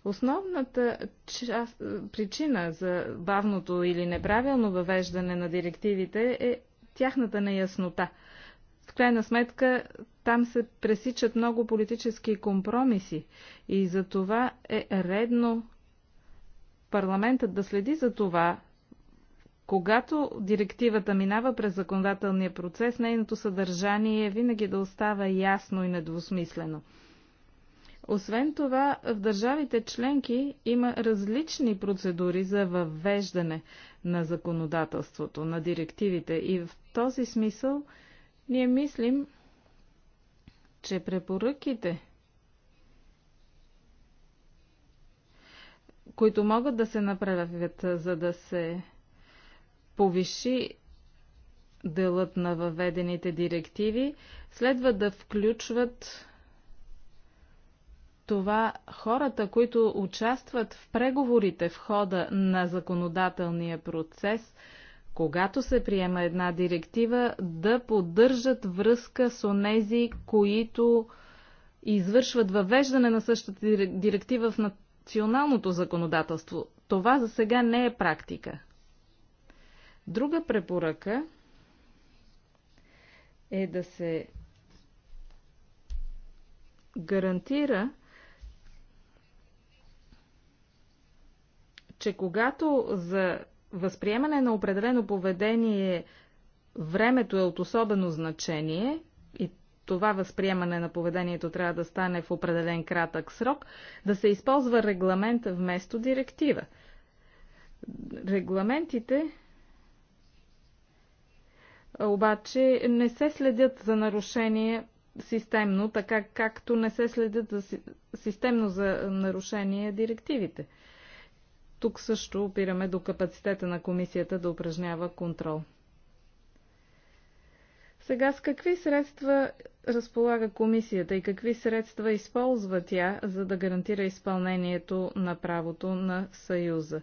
Основната част, причина за бавното или неправилно въвеждане на директивите е тяхната неяснота. В крайна сметка там се пресичат много политически компромиси и за това е редно парламентът да следи за това когато директивата минава през законодателния процес, нейното съдържание винаги да остава ясно и недвусмислено. Освен това, в държавите членки има различни процедури за въвеждане на законодателството, на директивите и в този смисъл ние мислим, че препоръките, които могат да се направят, за да се повиши делът на въведените директиви, следва да включват това хората, които участват в преговорите в хода на законодателния процес, когато се приема една директива, да поддържат връзка с онези, които извършват въвеждане на същата директива в националното законодателство. Това за сега не е практика. Друга препоръка е да се гарантира, че когато за възприемане на определено поведение времето е от особено значение и това възприемане на поведението трябва да стане в определен кратък срок, да се използва регламент вместо директива. Регламентите обаче не се следят за нарушение системно, така както не се следят за, системно за нарушение директивите. Тук също опираме до капацитета на комисията да упражнява контрол. Сега с какви средства разполага комисията и какви средства използва тя, за да гарантира изпълнението на правото на Съюза?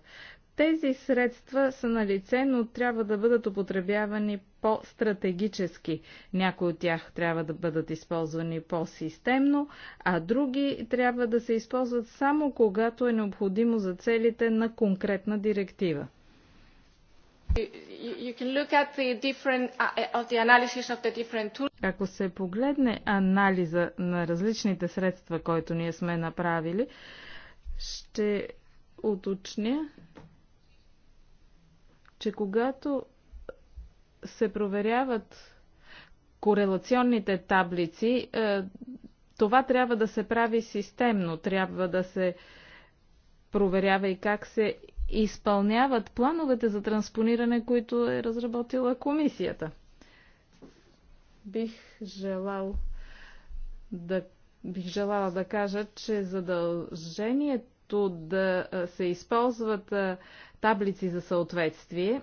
Тези средства са на лице, но трябва да бъдат употребявани по-стратегически. Някои от тях трябва да бъдат използвани по-системно, а други трябва да се използват само когато е необходимо за целите на конкретна директива. Uh, Ако се погледне анализа на различните средства, които ние сме направили, ще уточня, че когато се проверяват корелационните таблици, е, това трябва да се прави системно, трябва да се проверява и как се изпълняват плановете за транспониране, които е разработила комисията. Бих желал да бих желала да кажа, че задължението просто да се използват таблици за съответствие,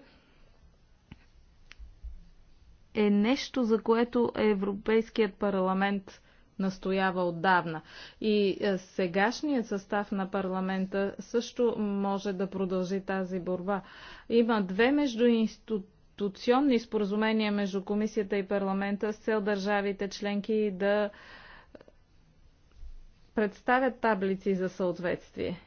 е нещо, за което Европейският парламент настоява отдавна. И сегашният състав на парламента също може да продължи тази борба. Има две междуинституционни споразумения между комисията и парламента с цел държавите членки да представят таблици за съответствие.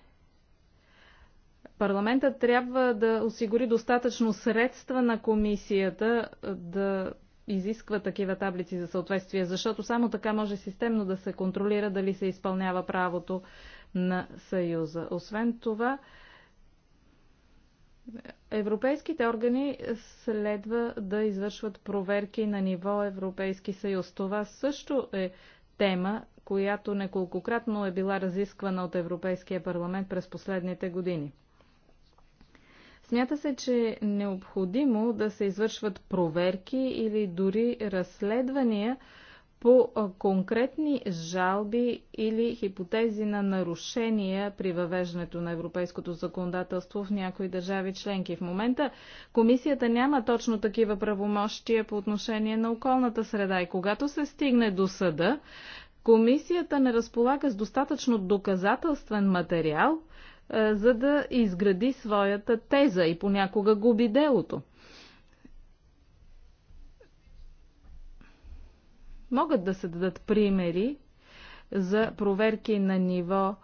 Парламентът трябва да осигури достатъчно средства на комисията да изисква такива таблици за съответствие, защото само така може системно да се контролира дали се изпълнява правото на Съюза. Освен това, Европейските органи следва да извършват проверки на ниво Европейски съюз. Това също е тема която неколкократно е била разисквана от Европейския парламент през последните години. Смята се, че е необходимо да се извършват проверки или дори разследвания по конкретни жалби или хипотези на нарушения при въвеждането на европейското законодателство в някои държави членки. В момента комисията няма точно такива правомощия по отношение на околната среда и когато се стигне до съда, Комисията не разполага с достатъчно доказателствен материал, е, за да изгради своята теза и понякога губи делото. Могат да се дадат примери за проверки на ниво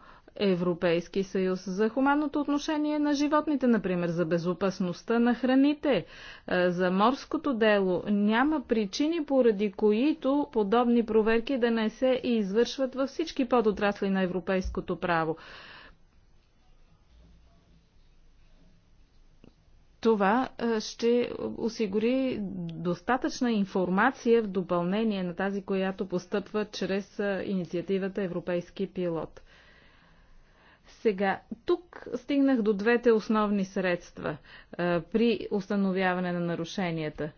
Европейски съюз, за хуманното отношение на животните, например, за безопасността на храните, е, за морското дело. Няма причини, поради които подобни проверки да не се извършват във всички подотрасли на европейското право. Това е, ще осигури достатъчна информация в допълнение на тази, която постъпва чрез е, инициативата Европейски пилот. Сега, тук стигнах до двете основни средства а, при установяване на нарушенията.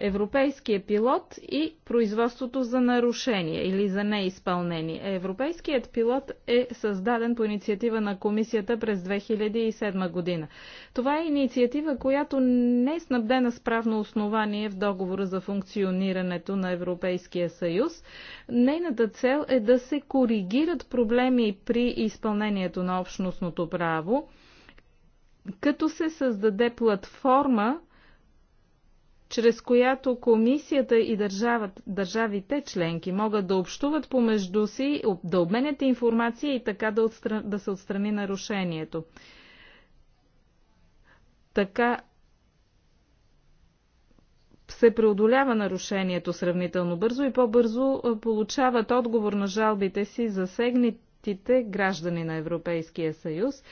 Европейския пилот и производството за нарушение или за неизпълнение. Европейският пилот е създаден по инициатива на комисията през 2007 година. Това е инициатива, която не е снабдена с правно основание в договора за функционирането на Европейския съюз. Нейната цел е да се коригират проблеми при изпълнението на общностното право, като се създаде платформа чрез която комисията и държават, държавите членки могат да общуват помежду си, да обменят информация и така да, отстра... да се отстрани нарушението. Така се преодолява нарушението сравнително бързо и по-бързо получават отговор на жалбите си засегнатите граждани на Европейския съюз.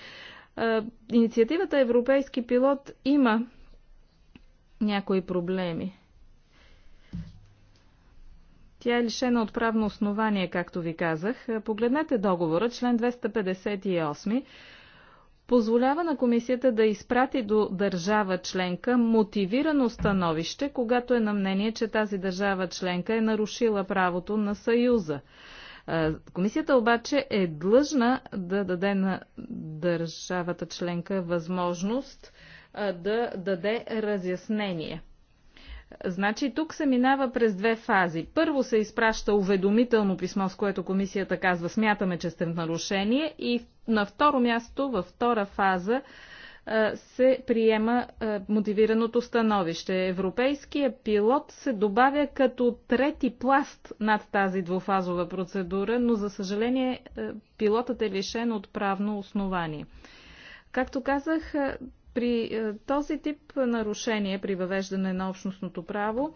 Инициативата Европейски пилот има някои проблеми. Тя е лишена от правно основание, както ви казах. Погледнете договора, член 258 позволява на комисията да изпрати до държава членка мотивирано становище, когато е на мнение, че тази държава членка е нарушила правото на Съюза. Е, комисията обаче е длъжна да даде на държавата членка възможност да даде разяснение. Значи тук се минава през две фази. Първо се изпраща уведомително писмо, с което комисията казва смятаме, че сте в нарушение и на второ място, във втора фаза, се приема мотивираното становище. Европейския пилот се добавя като трети пласт над тази двуфазова процедура, но за съжаление пилотът е лишен от правно основание. Както казах, при е, този тип нарушение при въвеждане на общностното право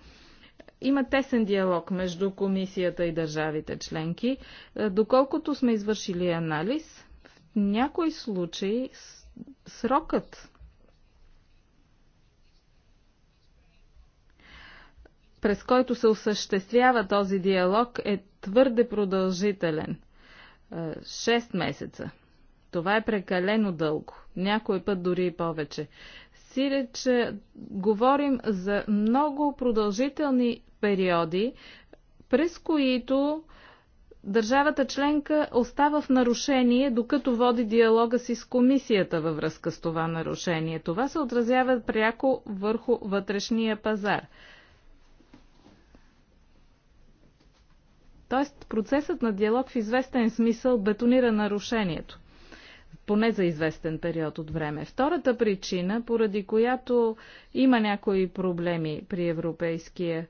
има тесен диалог между комисията и държавите членки. Е, доколкото сме извършили анализ, в някои случаи срокът през който се осъществява този диалог е твърде продължителен. 6 е, месеца. Това е прекалено дълго. Някой път дори и повече. Сире, че говорим за много продължителни периоди, през които държавата членка остава в нарушение, докато води диалога си с комисията във връзка с това нарушение. Това се отразява пряко върху вътрешния пазар. Тоест, процесът на диалог в известен смисъл бетонира нарушението поне за известен период от време. Втората причина, поради която има някои проблеми при европейския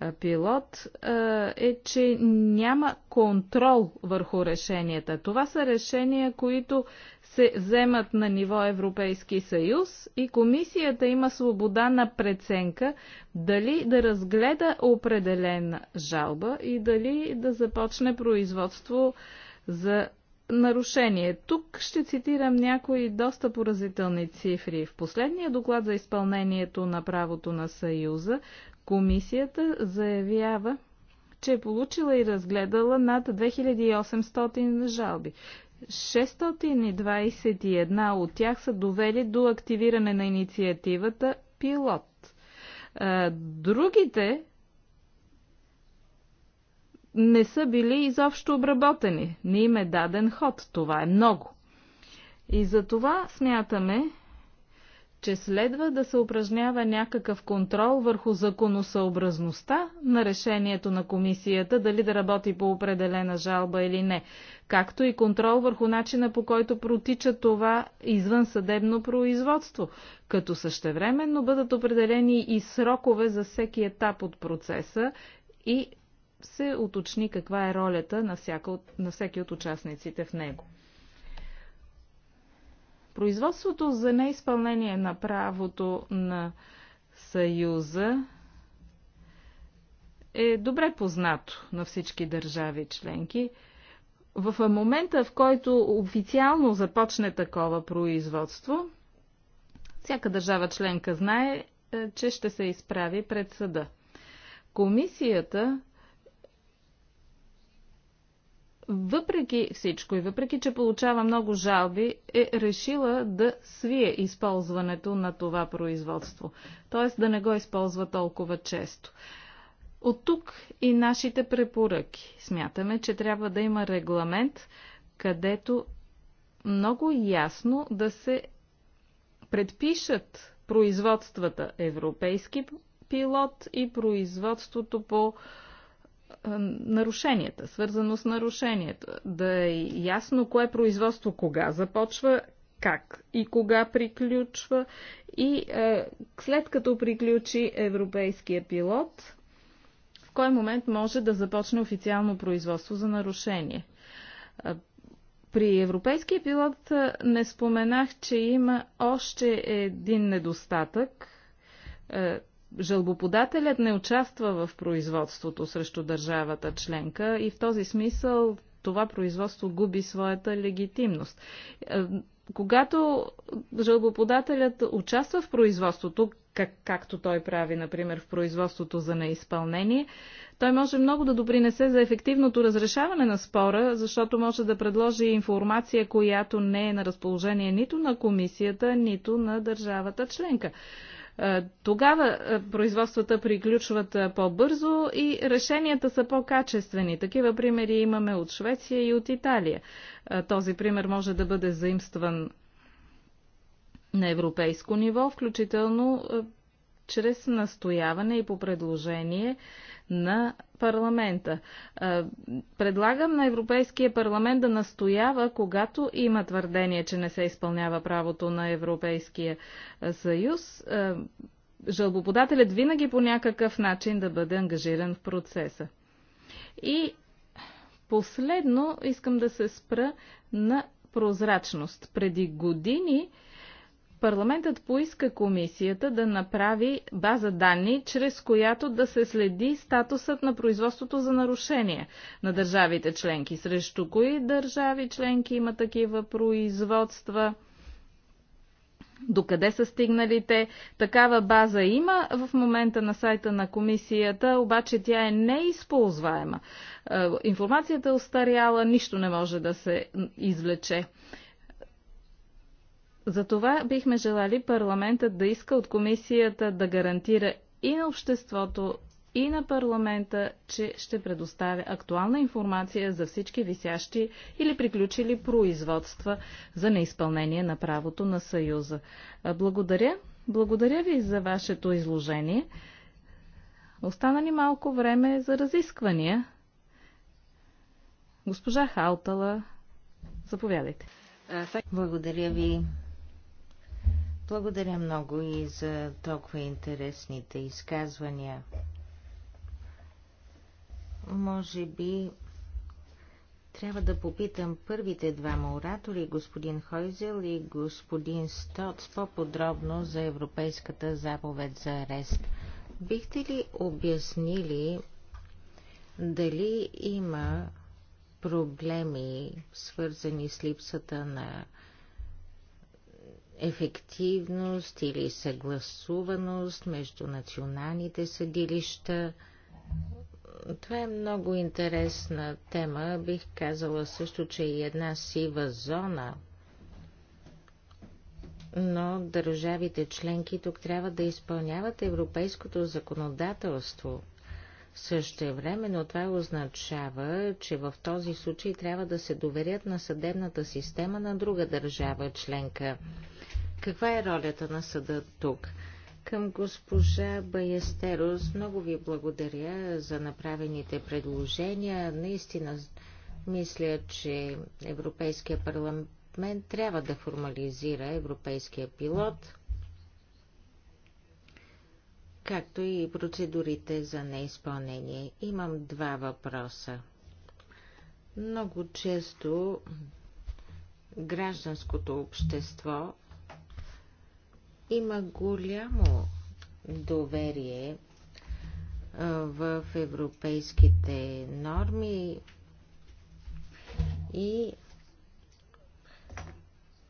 е, пилот е, е, че няма контрол върху решенията. Това са решения, които се вземат на ниво Европейски съюз и комисията има свобода на преценка дали да разгледа определена жалба и дали да започне производство за нарушение. Тук ще цитирам някои доста поразителни цифри. В последния доклад за изпълнението на правото на Съюза, комисията заявява, че е получила и разгледала над 2800 жалби. 621 от тях са довели до активиране на инициативата пилот. Другите не са били изобщо обработени. Не им е даден ход. Това е много. И за това смятаме, че следва да се упражнява някакъв контрол върху законосъобразността на решението на комисията дали да работи по определена жалба или не, както и контрол върху начина по който протича това извънсъдебно производство, като същевременно бъдат определени и срокове за всеки етап от процеса и се уточни каква е ролята на, всяка, на всеки от участниците в него. Производството за неизпълнение на правото на Съюза е добре познато на всички държави членки. В момента, в който официално започне такова производство, всяка държава членка знае, е, че ще се изправи пред съда. Комисията въпреки всичко и въпреки, че получава много жалби, е решила да свие използването на това производство, т.е. да не го използва толкова често. От тук и нашите препоръки. Смятаме, че трябва да има регламент, където много ясно да се предпишат производствата европейски пилот и производството по е, нарушенията, свързано с нарушението. Да е ясно кое производство кога започва, как и кога приключва. И е, след като приключи европейския пилот, в кой момент може да започне официално производство за нарушение. Е, при европейския пилот е, не споменах, че има още един недостатък. Жалбоподателят не участва в производството срещу държавата членка и в този смисъл това производство губи своята легитимност. Е, когато жалбоподателят участва в производството, как, както той прави, например, в производството за неизпълнение, той може много да допринесе за ефективното разрешаване на спора, защото може да предложи информация, която не е на разположение нито на комисията, нито на държавата членка. Е, тогава е, производствата приключват е, по-бързо и решенията са по-качествени. Такива примери имаме от Швеция и от Италия. Този пример може да бъде заимстван на европейско ниво, включително чрез настояване и по предложение на парламента. Предлагам на Европейския парламент да настоява, когато има твърдение, че не се изпълнява правото на Европейския съюз, жалбоподателят винаги по някакъв начин да бъде ангажиран в процеса. И последно искам да се спра на прозрачност. Преди години Парламентът поиска комисията да направи база данни, чрез която да се следи статусът на производството за нарушение на държавите членки. Срещу кои държави членки има такива производства? Докъде са стигнали те? Такава база има в момента на сайта на комисията, обаче тя е неизползваема. Е, информацията е устаряла, нищо не може да се извлече. Затова бихме желали парламентът да иска от комисията да гарантира и на обществото, и на парламента, че ще предоставя актуална информация за всички висящи или приключили производства за неизпълнение на правото на Съюза. Благодаря. Благодаря ви за вашето изложение. Остана ни малко време за разисквания. Госпожа Халтала, заповядайте. Благодаря ви, благодаря много и за толкова интересните изказвания. Може би трябва да попитам първите двама оратори, господин Хойзел и господин Стоц, по-подробно за Европейската заповед за арест. Бихте ли обяснили дали има проблеми, свързани с липсата на ефективност или съгласуваност между националните съдилища. Това е много интересна тема. Бих казала също, че е и една сива зона. Но държавите членки тук трябва да изпълняват европейското законодателство. Същевременно това означава, че в този случай трябва да се доверят на съдебната система на друга държава членка. Каква е ролята на съда тук? Към госпожа Баестерос, много ви благодаря за направените предложения. Наистина мисля, че Европейския парламент трябва да формализира европейския пилот, както и процедурите за неизпълнение. Имам два въпроса. Много често гражданското общество има голямо доверие в европейските норми и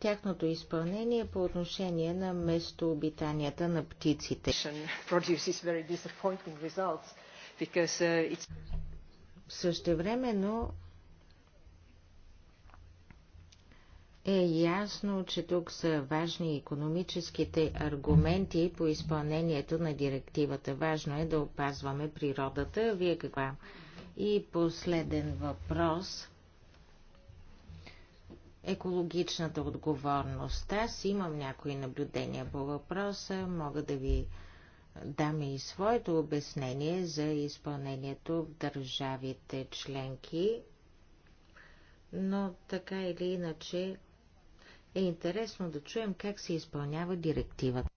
тяхното изпълнение по отношение на местообитанията на птиците. Uh, Същевременно е ясно, че тук са важни економическите аргументи по изпълнението на директивата. Важно е да опазваме природата. Вие каква? И последен въпрос. Екологичната отговорност. Аз имам някои наблюдения по въпроса. Мога да ви дам и своето обяснение за изпълнението в държавите членки но така или иначе е интересно да чуем как се изпълнява директивата.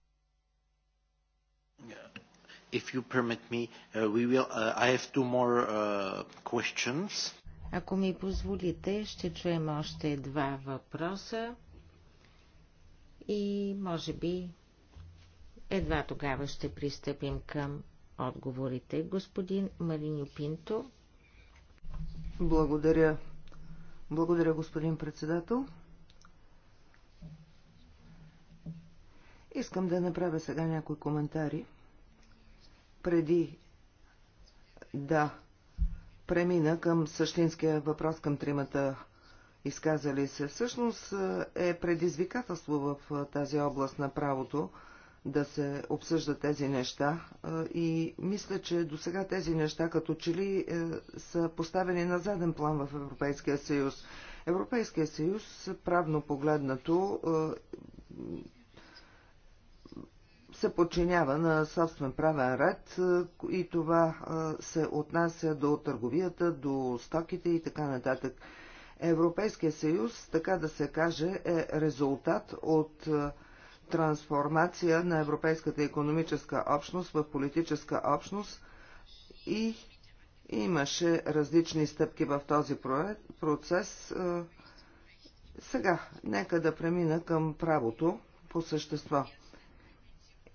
If you permit me, uh, we will, uh, I have two more uh, questions. Ако ми позволите, ще чуем още два въпроса и може би едва тогава ще пристъпим към отговорите. Господин Мариньо Пинто. Благодаря. Благодаря, господин председател. Искам да направя сега някои коментари, преди да премина към същинския въпрос към тримата изказали се. Всъщност е, е предизвикателство в е, тази област на правото да се обсъждат тези неща е, и мисля, че до сега тези неща като че ли са поставени на заден план в Европейския съюз. Европейския съюз, правно погледнато, се подчинява на собствен правен ред е, и това е, се отнася до търговията, до стоките и така нататък. Европейския съюз, така да се каже, е резултат от е, трансформация на Европейската економическа общност в политическа общност и имаше различни стъпки в този процес. Сега, нека да премина към правото по същество.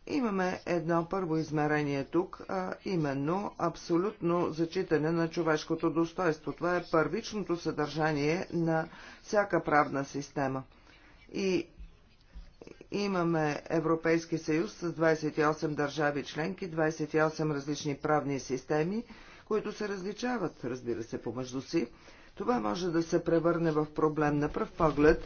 Имаме едно първо измерение тук, а именно абсолютно зачитане на човешкото достоинство. Това е първичното съдържание на всяка правна система. И имаме Европейски съюз с 28 държави членки, 28 различни правни системи, които се различават, разбира се, помежду си. Това може да се превърне в проблем на пръв поглед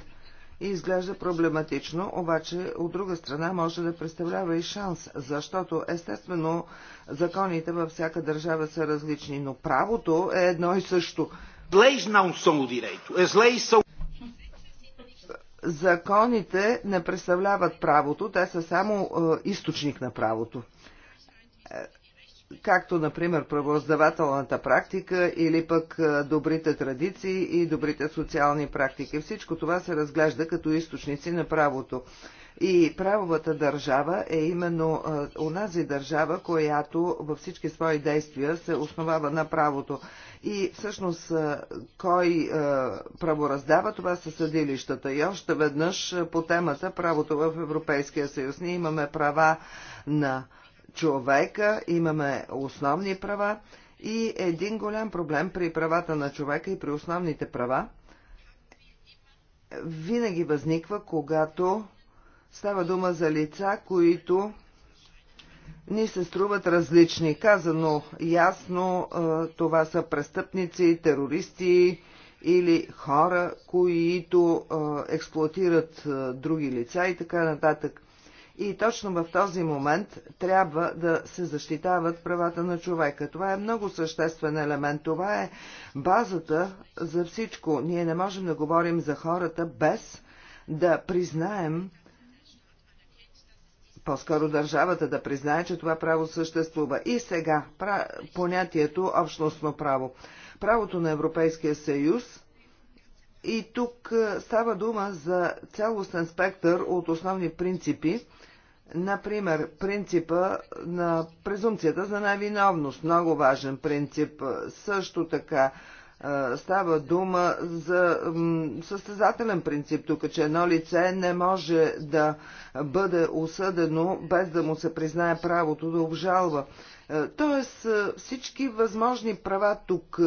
и изглежда проблематично, обаче от друга страна може да представлява и шанс, защото естествено законите във всяка държава са различни, но правото е едно и също. Е законите не представляват правото, те са само е, източник на правото. Е, както например правораздавателната практика или пък добрите традиции и добрите социални практики. Всичко това се разглежда като източници на правото. И правовата държава е именно онази държава, която във всички свои действия се основава на правото. И всъщност кой правораздава, това са съдилищата. И още веднъж по темата правото в Европейския съюз. Ние имаме права на човека, имаме основни права и един голям проблем при правата на човека и при основните права винаги възниква, когато става дума за лица, които ни се струват различни. Казано ясно, това са престъпници, терористи или хора, които експлуатират други лица и така нататък. И точно в този момент трябва да се защитават правата на човека. Това е много съществен елемент. Това е базата за всичко. Ние не можем да говорим за хората без да признаем по-скоро държавата да признае, че това право съществува. И сега понятието общностно право. Правото на Европейския съюз и тук става дума за цялостен спектър от основни принципи, Например, принципа на презумцията за невиновност, много важен принцип. Също така става дума за състезателен принцип тук, че едно лице не може да бъде осъдено без да му се признае правото да обжалва. Е, тоест всички възможни права тук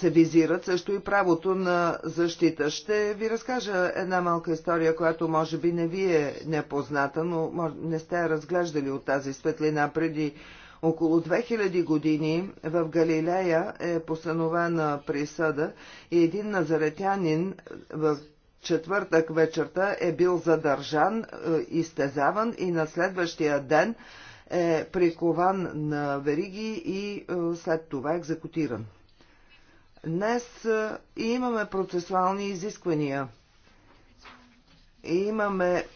се визират също и правото на защита. Ще ви разкажа една малка история, която може би не ви е непозната, но не сте я разглеждали от тази светлина. Преди около 2000 години в Галилея е постановена присъда и един назаретянин в четвъртък вечерта е бил задържан, е, изтезаван и на следващия ден е прикован на вериги и е, след това екзекутиран. Днес и имаме процесуални изисквания. И имаме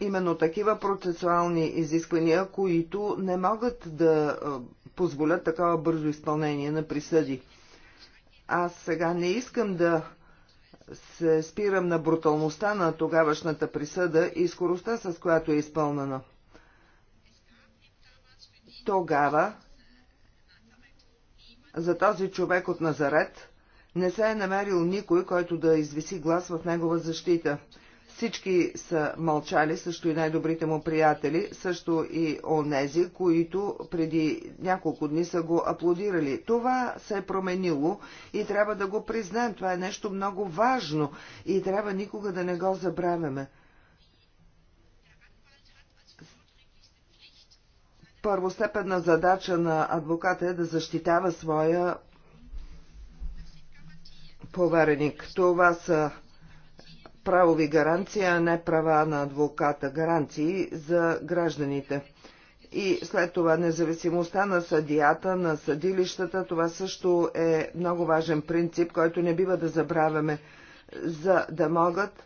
именно такива процесуални изисквания, които не могат да позволят такова бързо изпълнение на присъди. Аз сега не искам да се спирам на бруталността на тогавашната присъда и скоростта, с която е изпълнена. Тогава за този човек от Назарет, не се е намерил никой, който да извиси глас в негова защита. Всички са мълчали, също и най-добрите му приятели, също и онези, които преди няколко дни са го аплодирали. Това се е променило и трябва да го признаем. Това е нещо много важно и трябва никога да не го забравяме. първостепенна задача на адвоката е да защитава своя повереник. Това са правови гаранции, а не права на адвоката гаранции за гражданите. И след това независимостта на съдията, на съдилищата, това също е много важен принцип, който не бива да забравяме, за да могат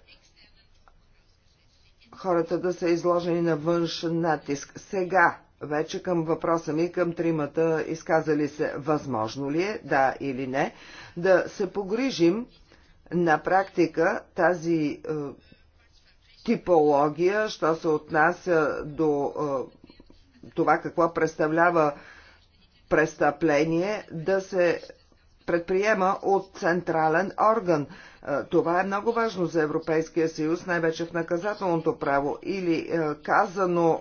хората да са изложени на външен натиск. Сега вече към въпроса ми към тримата изказали се възможно ли е, да или не, да се погрижим на практика тази е, типология, що се отнася до е, това какво представлява престъпление, да се предприема от централен орган. Е, това е много важно за Европейския съюз, най-вече в наказателното право. Или е, казано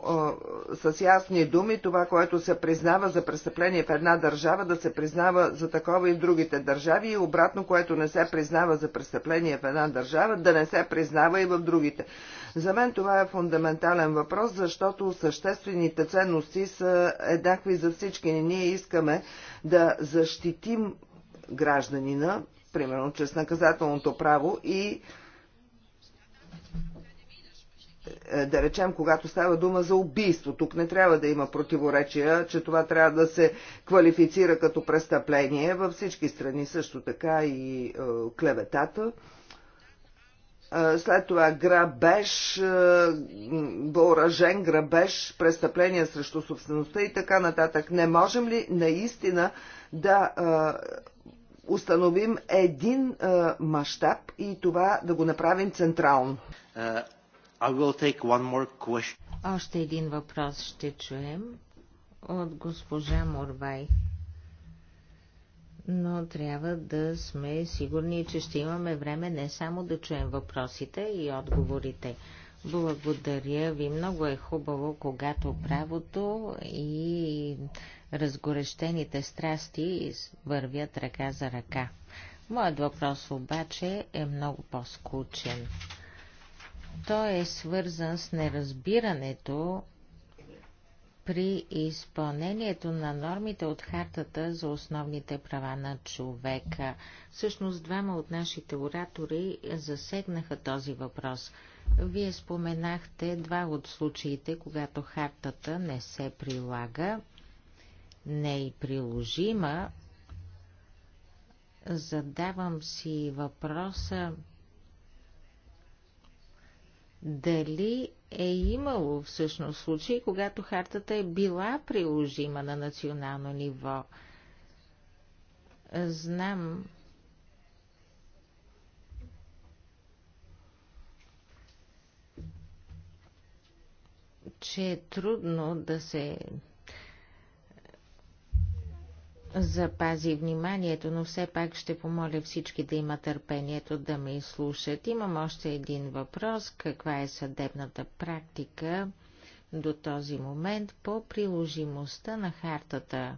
е, с ясни думи, това, което се признава за престъпление в една държава, да се признава за такова и в другите държави и обратно, което не се признава за престъпление в една държава, да не се признава и в другите. За мен това е фундаментален въпрос, защото съществените ценности са еднакви за всички. Ние искаме да защитим гражданина, примерно чрез наказателното право и е, да речем, когато става дума за убийство. Тук не трябва да има противоречия, че това трябва да се квалифицира като престъпление във всички страни, също така и е, клеветата. Е, след това грабеж, е, въоръжен грабеж, престъпления срещу собствеността и така нататък. Не можем ли наистина да е, установим един uh, мащаб и това да го направим централно. Uh, I will take one more Още един въпрос ще чуем от госпожа Морвай. Но трябва да сме сигурни, че ще имаме време не само да чуем въпросите и отговорите. Благодаря ви. Много е хубаво, когато правото и разгорещените страсти вървят ръка за ръка. Моят въпрос обаче е много по-скучен. Той е свързан с неразбирането при изпълнението на нормите от Хартата за основните права на човека. Всъщност двама от нашите оратори засегнаха този въпрос. Вие споменахте два от случаите, когато Хартата не се прилага, не е и приложима. Задавам си въпроса, дали е имало всъщност случаи, когато хартата е била приложима на национално ниво. Знам, че е трудно да се запази вниманието, но все пак ще помоля всички да има търпението да ме изслушат. Имам още един въпрос. Каква е съдебната практика до този момент по приложимостта на хартата?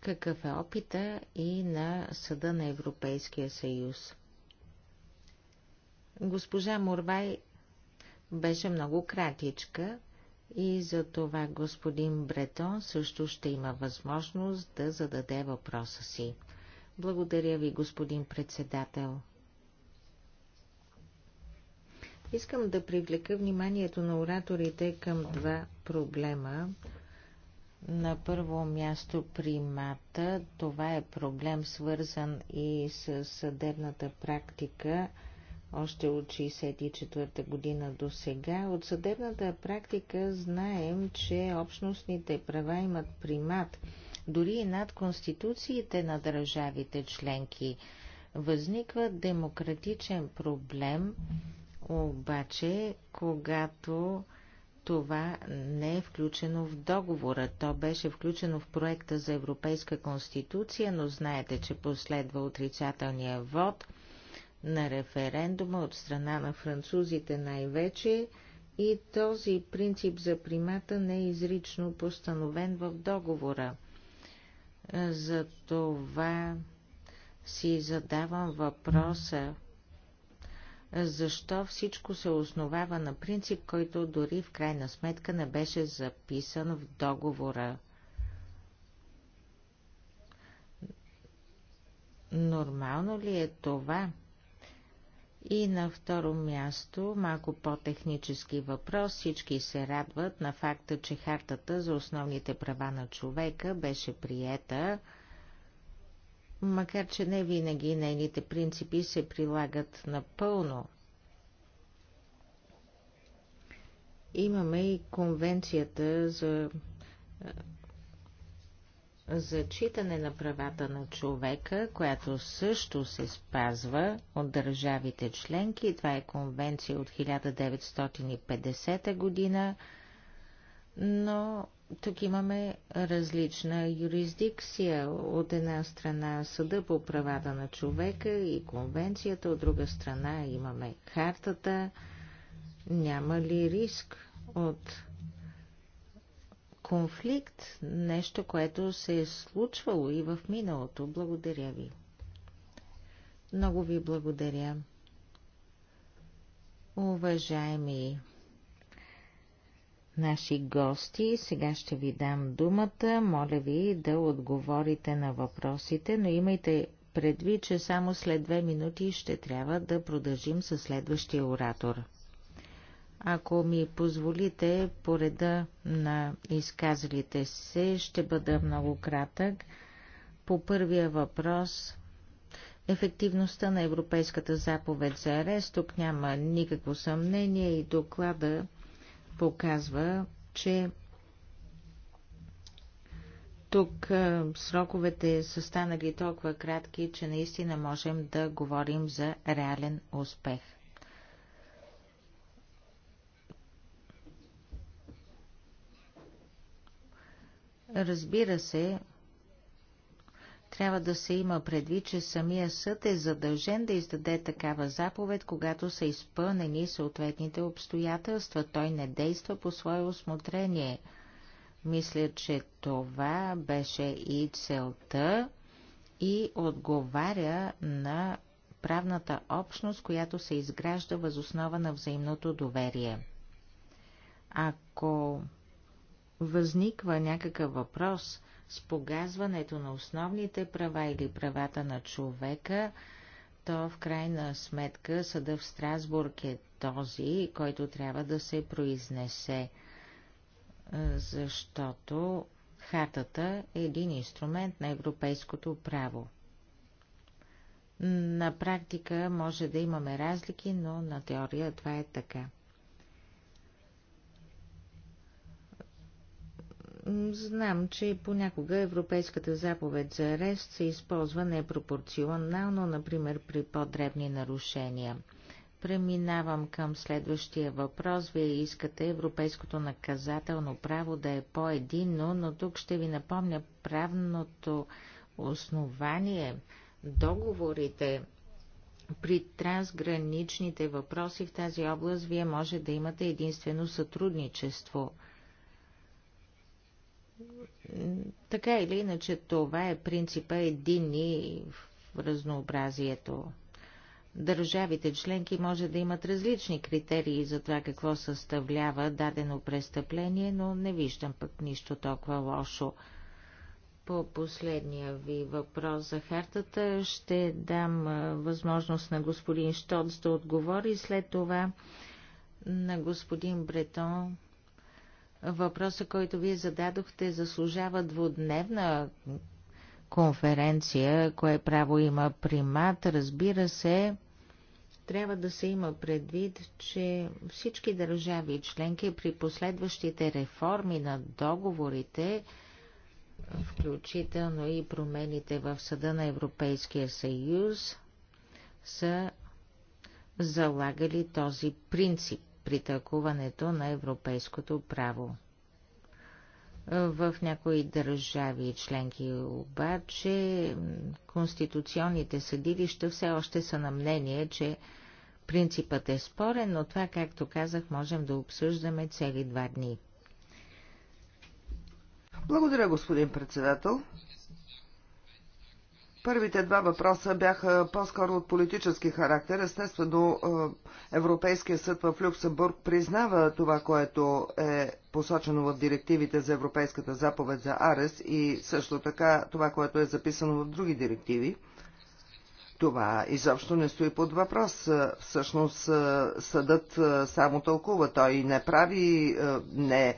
Какъв е опита и на Съда на Европейския съюз? Госпожа Морвай беше много кратичка, и за това господин Бретон също ще има възможност да зададе въпроса си. Благодаря ви, господин председател. Искам да привлека вниманието на ораторите към два проблема. На първо място примата. Това е проблем свързан и с съдебната практика – още от 1964 година до сега. От съдебната практика знаем, че общностните права имат примат дори и над конституциите на държавите членки. Възниква демократичен проблем, обаче, когато това не е включено в договора. То беше включено в проекта за Европейска конституция, но знаете, че последва отрицателния вод – на референдума от страна на французите най-вече и този принцип за примата не е изрично постановен в договора. За това си задавам въпроса, защо всичко се основава на принцип, който дори в крайна сметка не беше записан в договора. Нормално ли е това? И на второ място, малко по-технически въпрос, всички се радват на факта, че хартата за основните права на човека беше приета, макар че не винаги нейните принципи се прилагат напълно. Имаме и конвенцията за зачитане на правата на човека, която също се спазва от държавите членки. Това е конвенция от 1950 година, но тук имаме различна юрисдикция. От една страна Съда по правата на човека и конвенцията, от друга страна имаме хартата. Няма ли риск от конфликт, нещо, което се е случвало и в миналото. Благодаря ви. Много ви благодаря. Уважаеми наши гости, сега ще ви дам думата. Моля ви да отговорите на въпросите, но имайте предвид, че само след две минути ще трябва да продължим със следващия оратор. Ако ми позволите, по реда на изказалите се, ще бъда много кратък. По първия въпрос, ефективността на Европейската заповед за арест, тук няма никакво съмнение и доклада показва, че тук сроковете са станали толкова кратки, че наистина можем да говорим за реален успех – Разбира се, трябва да се има предвид, че самия съд е задължен да издаде такава заповед, когато са изпълнени съответните обстоятелства. Той не действа по свое осмотрение. Мисля, че това беше и целта и отговаря на правната общност, която се изгражда възоснова на взаимното доверие. Ако възниква някакъв въпрос с погазването на основните права или правата на човека, то в крайна сметка съда в Страсбург е този, който трябва да се произнесе, е, защото хартата е един инструмент на европейското право. На практика може да имаме разлики, но на теория това е така. Знам, че понякога Европейската заповед за арест се използва непропорционално, например при по-дребни нарушения. Преминавам към следващия въпрос. Вие искате европейското наказателно право да е по-единно, но тук ще ви напомня правното основание, договорите. При трансграничните въпроси в тази област вие може да имате единствено сътрудничество – така или иначе, това е принципа единни в разнообразието. Държавите членки може да имат различни критерии за това какво съставлява дадено престъпление, но не виждам пък нищо толкова лошо. По последния ви въпрос за хартата ще дам възможност на господин Штоц да отговори, след това на господин Бретон Въпросът, който вие зададохте, заслужава двудневна конференция, кое право има примат. Разбира се, трябва да се има предвид, че всички държави и членки при последващите реформи на договорите, включително и промените в Съда на Европейския съюз, са залагали този принцип при тълкуването на европейското право. В някои държави и членки обаче конституционните съдилища все още са на мнение, че принципът е спорен, но това, както казах, можем да обсъждаме цели два дни. Благодаря, господин председател. Първите два въпроса бяха по-скоро от политически характер. Естествено, е, Европейския съд в Люксембург признава това, което е посочено в директивите за Европейската заповед за арест и също така това, което е записано в други директиви. Това изобщо не стои под въпрос. Е, всъщност е, съдът само тълкува. Той не прави, не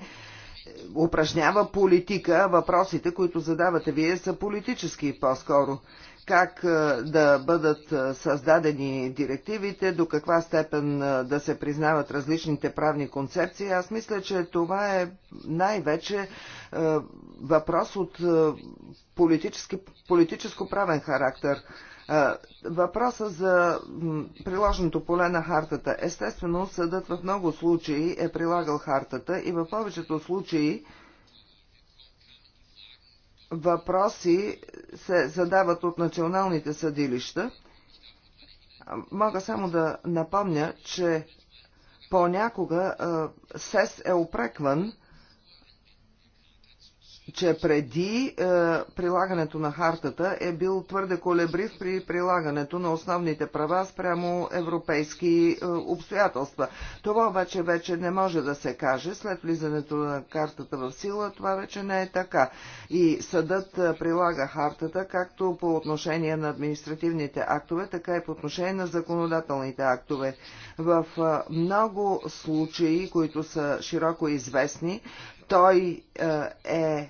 упражнява политика, въпросите, които задавате вие, са политически по-скоро как да бъдат създадени директивите, до каква степен да се признават различните правни концепции. Аз мисля, че това е най-вече въпрос от политическо правен характер. Въпроса за приложеното поле на хартата. Естествено, съдът в много случаи е прилагал хартата и в повечето случаи въпроси се задават от националните съдилища. Мога само да напомня, че понякога СЕС е опрекван че преди е, прилагането на хартата е бил твърде колебрив при прилагането на основните права спрямо европейски е, обстоятелства. Това обаче вече не може да се каже. След влизането на картата в сила това вече не е така. И съдът е, прилага хартата както по отношение на административните актове, така и по отношение на законодателните актове. В е, много случаи, които са широко известни, той е, е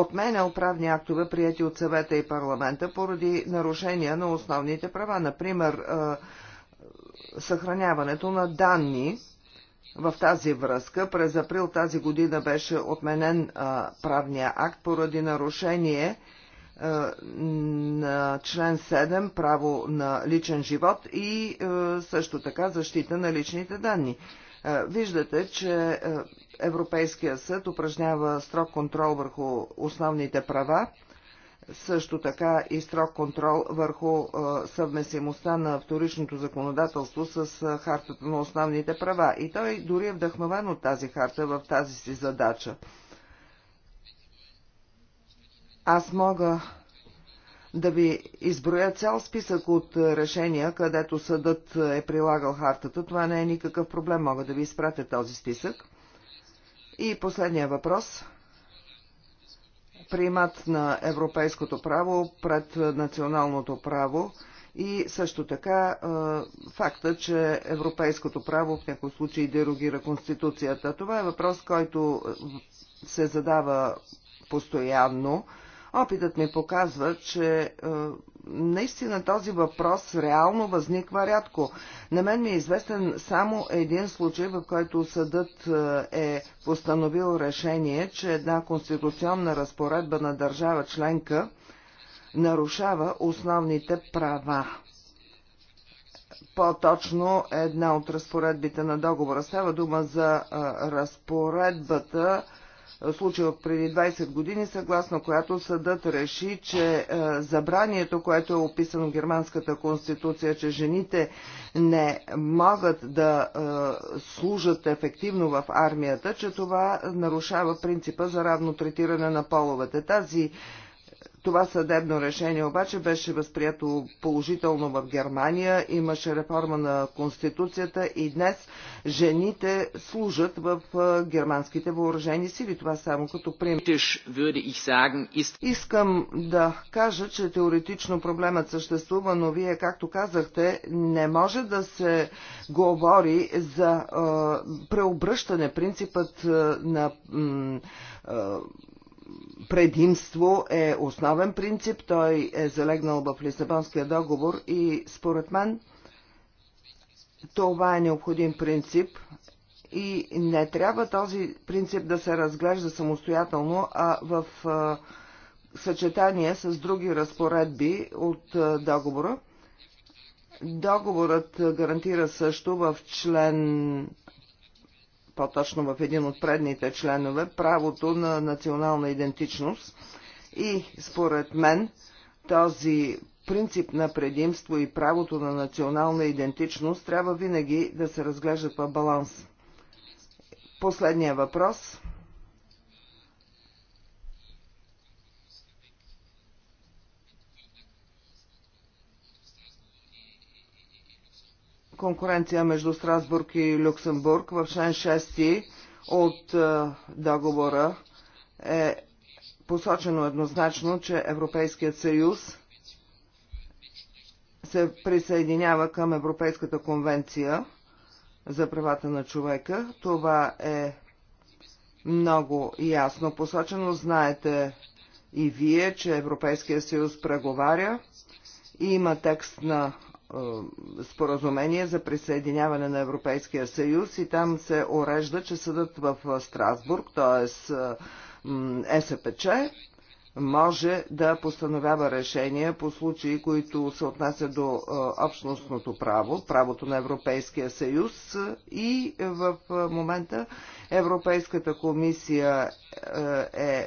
отменя правни актове, прияти от съвета и парламента, поради нарушения на основните права, например съхраняването на данни. В тази връзка през април тази година беше отменен правния акт поради нарушение на член 7 право на личен живот и също така защита на личните данни. Виждате, че Европейския съд упражнява строг контрол върху основните права, също така и строг контрол върху съвместимостта на вторичното законодателство с хартата на основните права. И той е дори е вдъхновен от тази харта в тази си задача. Аз мога да ви изброя цял списък от решения, където съдът е прилагал хартата. Това не е никакъв проблем. Мога да ви изпратя този списък. И последния въпрос. Примат на европейското право пред националното право и също така факта, че европейското право в някои случаи дерогира Конституцията. Това е въпрос, който се задава постоянно Опитът ми показва, че е, наистина този въпрос реално възниква рядко. На мен ми е известен само един случай, в който съдът е, е постановил решение, че една конституционна разпоредба на държава членка нарушава основните права по-точно една от разпоредбите на договора. Става дума за а, е, разпоредбата случила преди 20 години, съгласно която съдът реши, че е, забранието, което е описано в Германската конституция, че жените не могат да е, служат ефективно в армията, че това нарушава принципа за равно третиране на половете. Тази това съдебно решение обаче беше възприето положително в Германия, имаше реформа на Конституцията и днес жените служат в германските въоръжени сили. Това само като пример. Искам да кажа, че теоретично проблемът съществува, но вие, както казахте, не може да се говори за преобръщане принципът на предимство е основен принцип. Той е залегнал в Лисабонския договор и според мен това е необходим принцип и не трябва този принцип да се разглежда самостоятелно, а в съчетание с други разпоредби от договора. Договорът гарантира също в член по-точно в един от предните членове, правото на национална идентичност. И според мен този принцип на предимство и правото на национална идентичност трябва винаги да се разглеждат в баланс. Последния въпрос – конкуренция между Страсбург и Люксембург в член 6 от е, договора е посочено еднозначно, че Европейският съюз се присъединява към Европейската конвенция за правата на човека. Това е много ясно посочено. Знаете и вие, че Европейския съюз преговаря и има текст на споразумение за присъединяване на Европейския съюз и там се орежда, че съдът в Страсбург, т.е. СПЧ, може да постановява решения по случаи, които се отнасят до общностното право, правото на Европейския съюз и в момента Европейската комисия е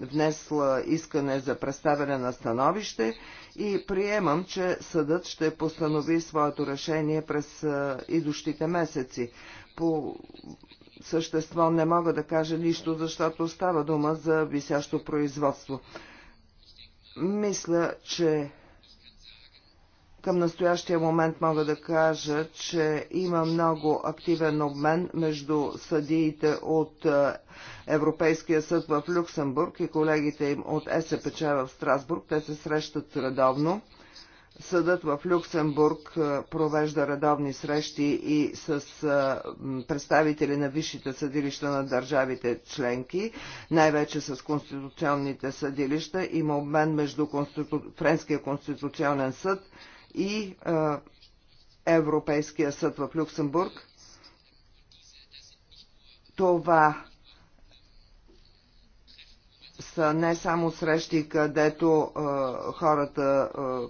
внесла искане за представяне на становище и приемам, че съдът ще постанови своето решение през идущите месеци. По същество не мога да кажа нищо, защото става дума за висящо производство. Мисля, че към настоящия момент мога да кажа, че има много активен обмен между съдиите от е, Европейския съд в Люксембург и колегите им от СПЧ в Страсбург. Те се срещат редовно. Съдът в Люксембург е, провежда редовни срещи и с е, представители на висшите съдилища на държавите членки, най-вече с конституционните съдилища. Има обмен между Конститу... Френския конституционен съд и Европейския съд в Люксембург. Това са не само срещи, където а, хората а,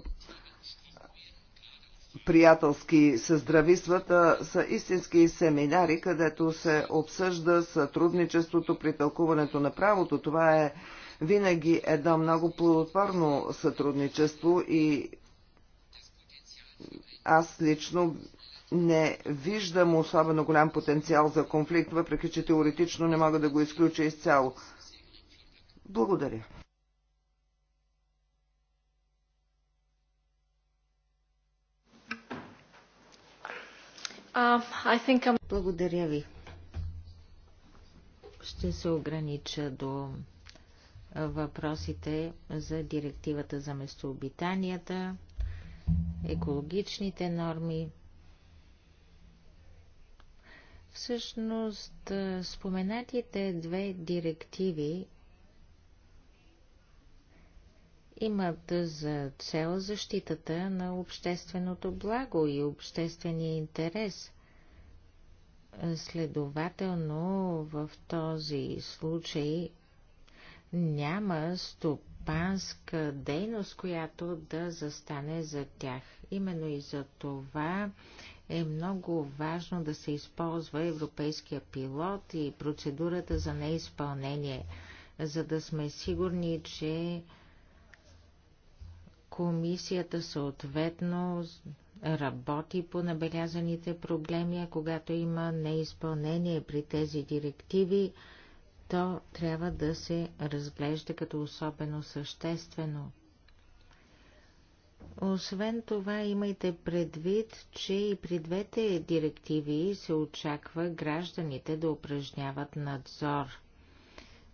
приятелски се здрависват, а са истински семинари, където се обсъжда сътрудничеството при тълкуването на правото. Това е винаги едно много плодотворно сътрудничество и аз лично не виждам особено голям потенциал за конфликт, въпреки че теоретично не мога да го изключа изцяло. Благодаря. Um, Благодаря ви. Ще се огранича до въпросите за директивата за местообитанията, екологичните норми. Всъщност, споменатите две директиви имат за цел защитата на общественото благо и обществения интерес. Следователно, в този случай няма стоп стопанска дейност, която да застане за тях. Именно и за това е много важно да се използва европейския пилот и процедурата за неизпълнение, за да сме сигурни, че комисията съответно работи по набелязаните проблеми, а когато има неизпълнение при тези директиви, то трябва да се разглежда като особено съществено. Освен това, имайте предвид, че и при двете директиви се очаква гражданите да упражняват надзор.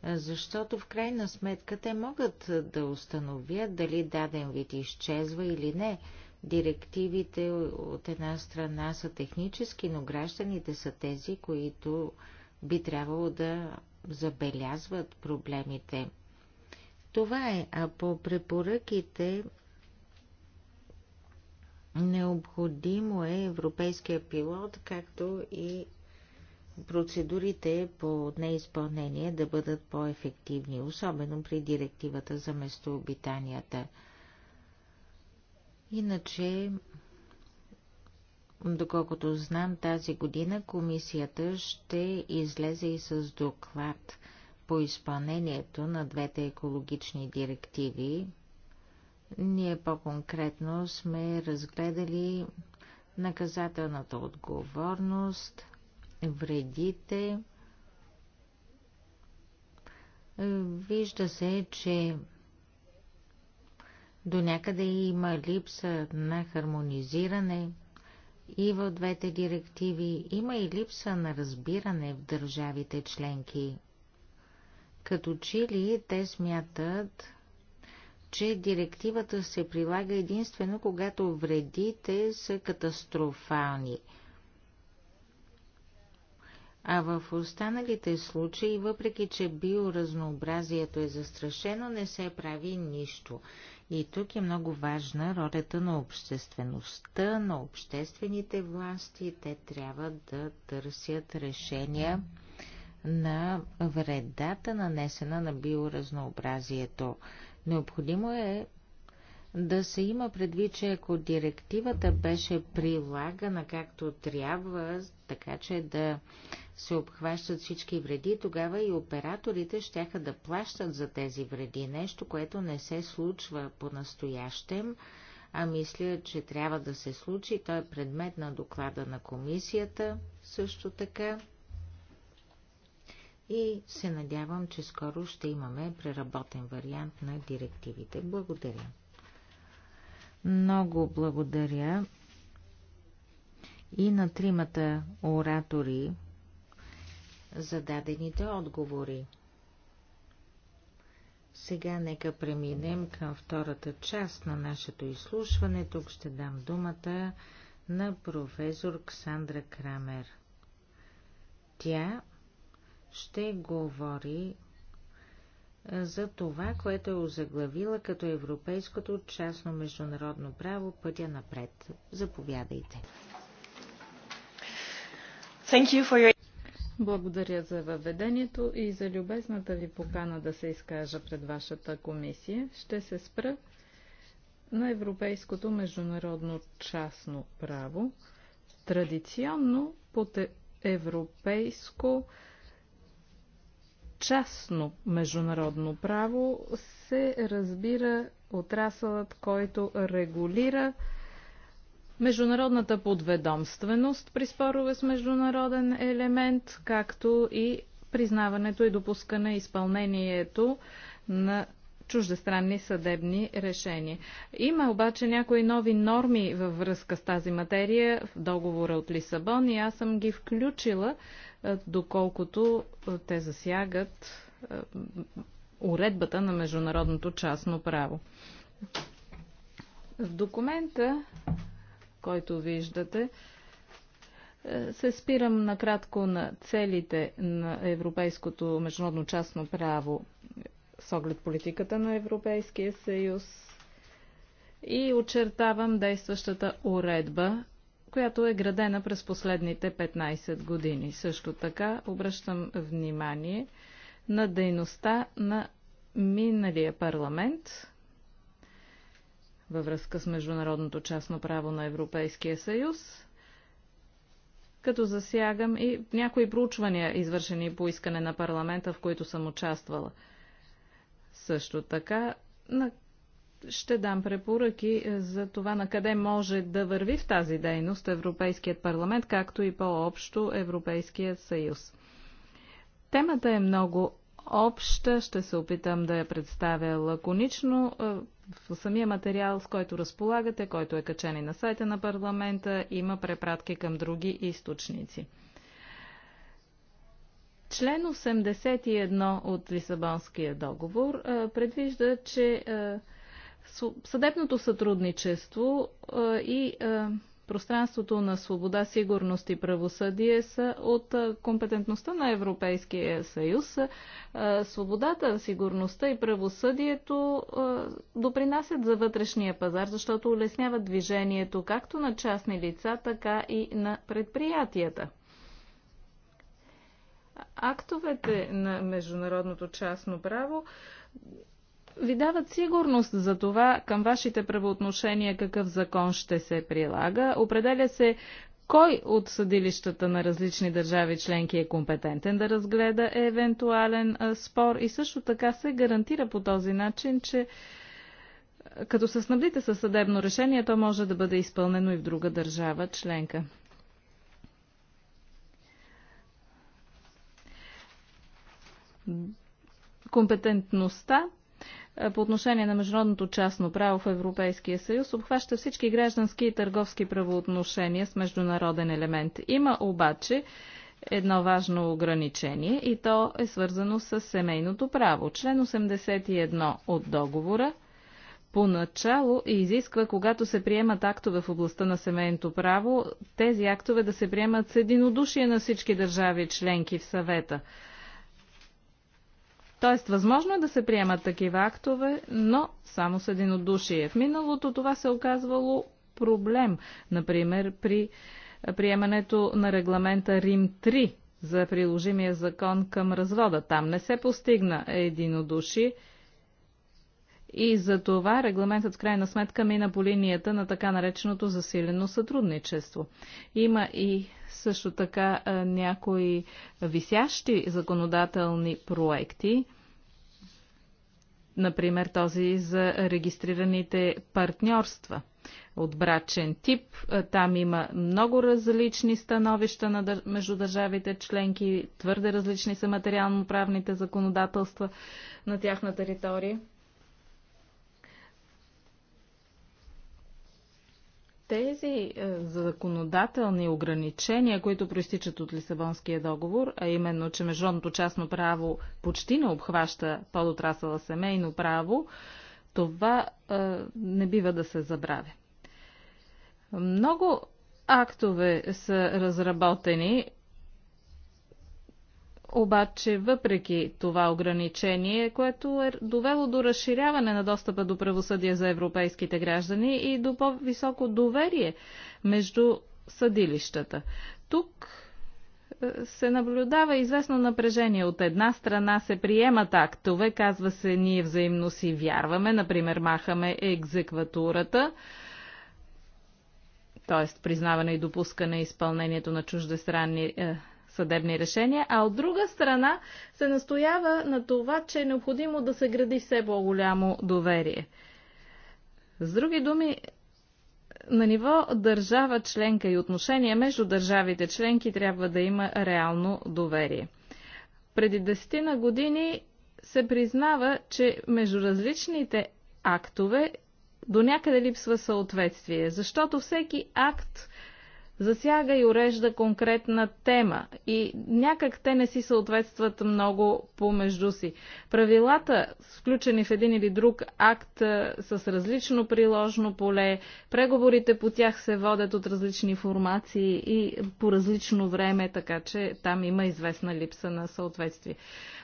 Защото в крайна сметка те могат да установят дали даден вид изчезва или не. Директивите от една страна са технически, но гражданите са тези, които би трябвало да забелязват проблемите. Това е, а по препоръките необходимо е европейския пилот, както и процедурите по неизпълнение да бъдат по-ефективни, особено при директивата за местообитанията. Иначе Доколкото знам, тази година комисията ще излезе и с доклад по изпълнението на двете екологични директиви. Ние по-конкретно сме разгледали наказателната отговорност, вредите. Вижда се, че до някъде има липса на хармонизиране – и в двете директиви има и липса на разбиране в държавите членки. Като чили те смятат, че директивата се прилага единствено, когато вредите са катастрофални. А в останалите случаи, въпреки че биоразнообразието е застрашено, не се прави нищо. И тук е много важна ролята на обществеността, на обществените власти. Те трябва да търсят решения на вредата, нанесена на биоразнообразието. Необходимо е да се има предвид, че ако директивата беше прилагана както трябва, така че да се обхващат всички вреди, тогава и операторите щяха да плащат за тези вреди, нещо, което не се случва по-настоящем, а мисля, че трябва да се случи. Той е предмет на доклада на комисията също така. И се надявам, че скоро ще имаме преработен вариант на директивите. Благодаря. Много благодаря и на тримата оратори за дадените отговори. Сега нека преминем към втората част на нашето изслушване. Тук ще дам думата на професор Ксандра Крамер. Тя ще говори за това, което е озаглавила като европейското частно международно право пътя напред. Заповядайте. Thank you for your... Благодаря за въведението и за любезната ви покана да се изкажа пред вашата комисия. Ще се спра на европейското международно частно право. Традиционно под европейско частно международно право се разбира отрасълът, който регулира международната подведомственост при спорове с международен елемент, както и признаването и допускане изпълнението на чуждестранни съдебни решения. Има обаче някои нови норми във връзка с тази материя в договора от Лисабон и аз съм ги включила, доколкото те засягат уредбата на международното частно право. В документа който виждате, е, се спирам накратко на целите на европейското международно частно право с оглед политиката на Европейския съюз и очертавам действащата уредба, която е градена през последните 15 години. Също така обръщам внимание на дейността на миналия парламент, във връзка с международното частно право на Европейския съюз, като засягам и някои проучвания, извършени по искане на парламента, в които съм участвала. Също така, на... ще дам препоръки е, за това на къде може да върви в тази дейност Европейският парламент, както и по-общо Европейският съюз. Темата е много обща. Ще се опитам да я представя лаконично е, в самия материал, с който разполагате, който е качен и на сайта на парламента, има препратки към други източници. Член 81 от Лисабонския договор е, предвижда, че е, съдебното сътрудничество и Пространството на свобода, сигурност и правосъдие са от компетентността на Европейския съюз. Свободата, сигурността и правосъдието допринасят за вътрешния пазар, защото улесняват движението както на частни лица, така и на предприятията. Актовете на международното частно право ви дават сигурност за това към вашите правоотношения какъв закон ще се прилага. Определя се кой от съдилищата на различни държави членки е компетентен да разгледа евентуален спор и също така се гарантира по този начин, че като се снабдите със съдебно решение, то може да бъде изпълнено и в друга държава членка. Компетентността е, по отношение на международното частно право в Европейския съюз обхваща всички граждански и търговски правоотношения с международен елемент. Има обаче едно важно ограничение и то е свързано с семейното право. Член 81 от договора поначало изисква, когато се приемат актове в областта на семейното право, тези актове да се приемат с единодушие на всички държави членки в съвета – Тоест, възможно е да се приемат такива актове, но само с единодушие. В миналото това се оказвало проблем, например при приемането на регламента Рим 3 за приложимия закон към развода. Там не се постигна единодушие, и за това регламентът в крайна сметка мина по линията на така нареченото засилено сътрудничество. Има и също така някои висящи законодателни проекти, например този за регистрираните партньорства от брачен тип. Там има много различни становища на дър... между държавите членки, твърде различни са материално-правните законодателства на тяхна територия. Тези е, законодателни ограничения, които проистичат от Лисабонския договор, а именно, че международното частно право почти не обхваща подотрасъла семейно право, това е, не бива да се забравя. Много актове са разработени обаче, въпреки това ограничение, което е довело до разширяване на достъпа до правосъдие за европейските граждани и до по-високо доверие между съдилищата. Тук е, се наблюдава известно напрежение. От една страна се приемат актове, казва се ние взаимно си вярваме, например махаме екзекватурата, т.е. признаване и допускане изпълнението на чуждестранни е, съдебни решения, а от друга страна се настоява на това, че е необходимо да се гради все по-голямо доверие. С други думи, на ниво държава членка и отношения между държавите членки трябва да има реално доверие. Преди десетина години се признава, че между различните актове до някъде липсва съответствие, защото всеки акт засяга и урежда конкретна тема и някак те не си съответстват много помежду си. Правилата, включени в един или друг акт е, с различно приложно поле, преговорите по тях се водят от различни формации и по различно време, така че там има известна липса на съответствие.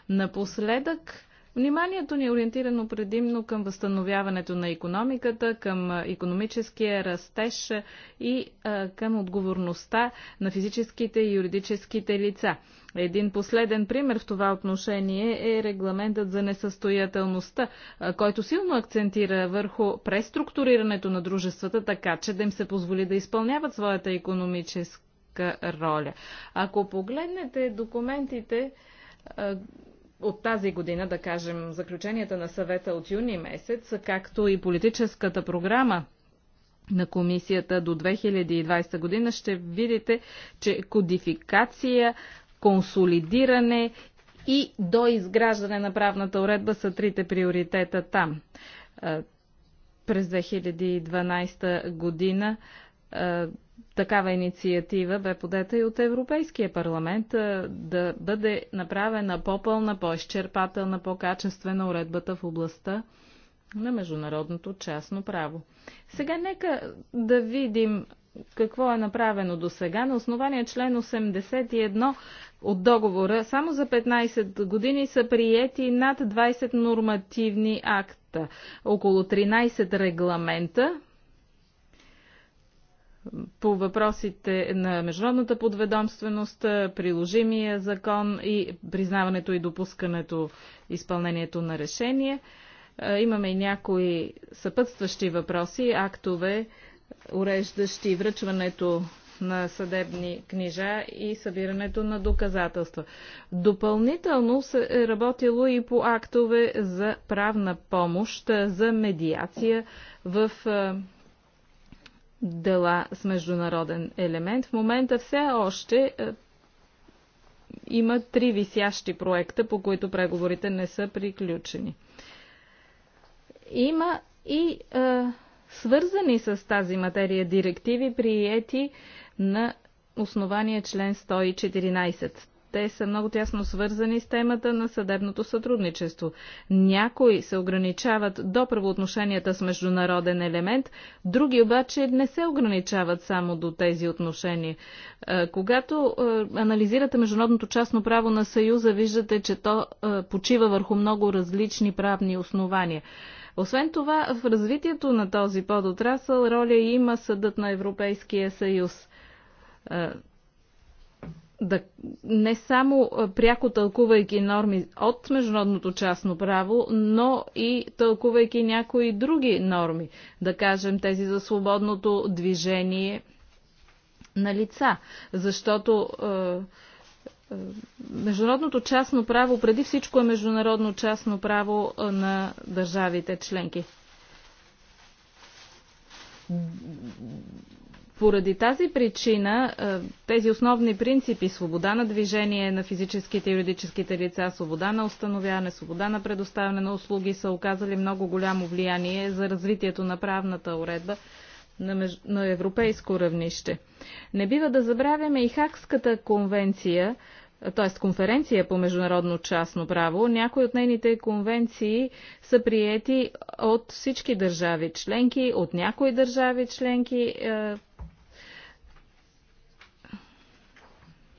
Напоследък, Вниманието ни е ориентирано предимно към възстановяването на економиката, към економическия растеж и към отговорността на физическите и юридическите лица. Един последен пример в това отношение е регламентът за несъстоятелността, който силно акцентира върху преструктурирането на дружествата, така че да им се позволи да изпълняват своята економическа роля. Ако погледнете документите, от тази година, да кажем, заключенията на съвета от юни месец, както и политическата програма на комисията до 2020 година, ще видите, че кодификация, консолидиране и доизграждане на правната уредба са трите приоритета там. Е, през 2012 година е, такава инициатива бе подета и от Европейския парламент да бъде направена по-пълна, по-изчерпателна, по-качествена уредбата в областта на международното частно право. Сега нека да видим какво е направено до сега. На основание член 81 от договора, само за 15 години са приети над 20 нормативни акта, около 13 регламента, по въпросите на международната подведомственост, приложимия закон и признаването и допускането изпълнението на решение. Имаме и някои съпътстващи въпроси, актове, уреждащи връчването на съдебни книжа и събирането на доказателства. Допълнително се е работило и по актове за правна помощ, за медиация в дела с международен елемент. В момента все още е, има три висящи проекта, по които преговорите не са приключени. Има и е, свързани с тази материя директиви, приети на основание член 114. Те са много тясно свързани с темата на съдебното сътрудничество. Някои се ограничават до правоотношенията с международен елемент, други обаче не се ограничават само до тези отношения. Е, когато е, анализирате международното частно право на Съюза, виждате, че то е, почива върху много различни правни основания. Освен това, в развитието на този подотрасъл роля има съдът на Европейския съюз да, не само пряко тълкувайки норми от международното частно право, но и тълкувайки някои други норми, да кажем тези за свободното движение на лица. Защото е, е, международното частно право преди всичко е международно частно право на държавите членки поради тази причина е, тези основни принципи свобода на движение на физическите и юридическите лица, свобода на установяване, свобода на предоставяне на услуги са оказали много голямо влияние за развитието на правната уредба на европейско равнище. Не бива да забравяме и Хакската конвенция, т.е. конференция по международно частно право, някои от нейните конвенции са приети от всички държави членки, от някои държави членки е,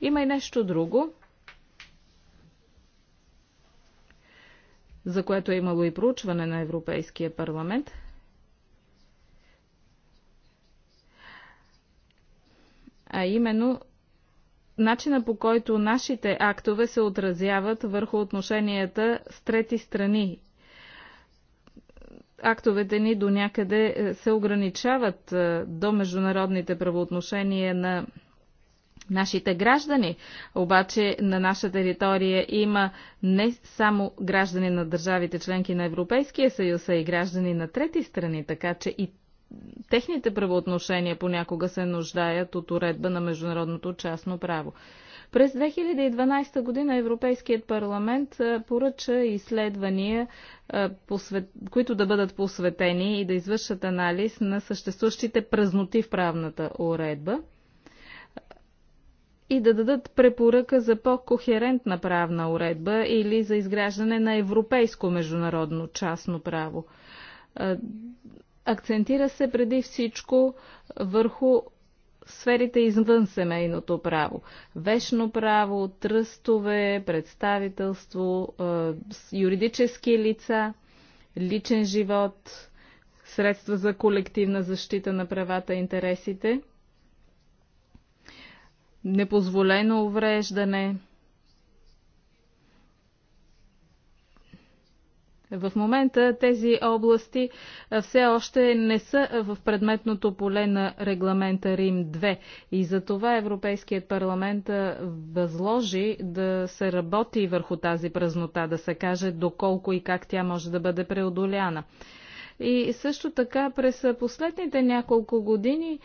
Има и нещо друго, за което е имало и проучване на Европейския парламент. А именно начина по който нашите актове се отразяват върху отношенията с трети страни. Актовете ни до някъде се ограничават до международните правоотношения на нашите граждани. Обаче на наша територия има не само граждани на държавите членки на Европейския съюз, а и граждани на трети страни, така че и техните правоотношения понякога се нуждаят от уредба на международното частно право. През 2012 година Европейският парламент поръча изследвания, които да бъдат посветени и да извършат анализ на съществуващите празноти в правната уредба – и да дадат препоръка за по-кохерентна правна уредба или за изграждане на европейско международно частно право. Акцентира се преди всичко върху сферите извън семейното право. Вечно право, тръстове, представителство, юридически лица, личен живот, средства за колективна защита на правата и интересите – непозволено увреждане. В момента тези области все още не са в предметното поле на регламента Рим 2 и за това Европейският парламент възложи да се работи върху тази празнота, да се каже доколко и как тя може да бъде преодоляна. И също така през последните няколко години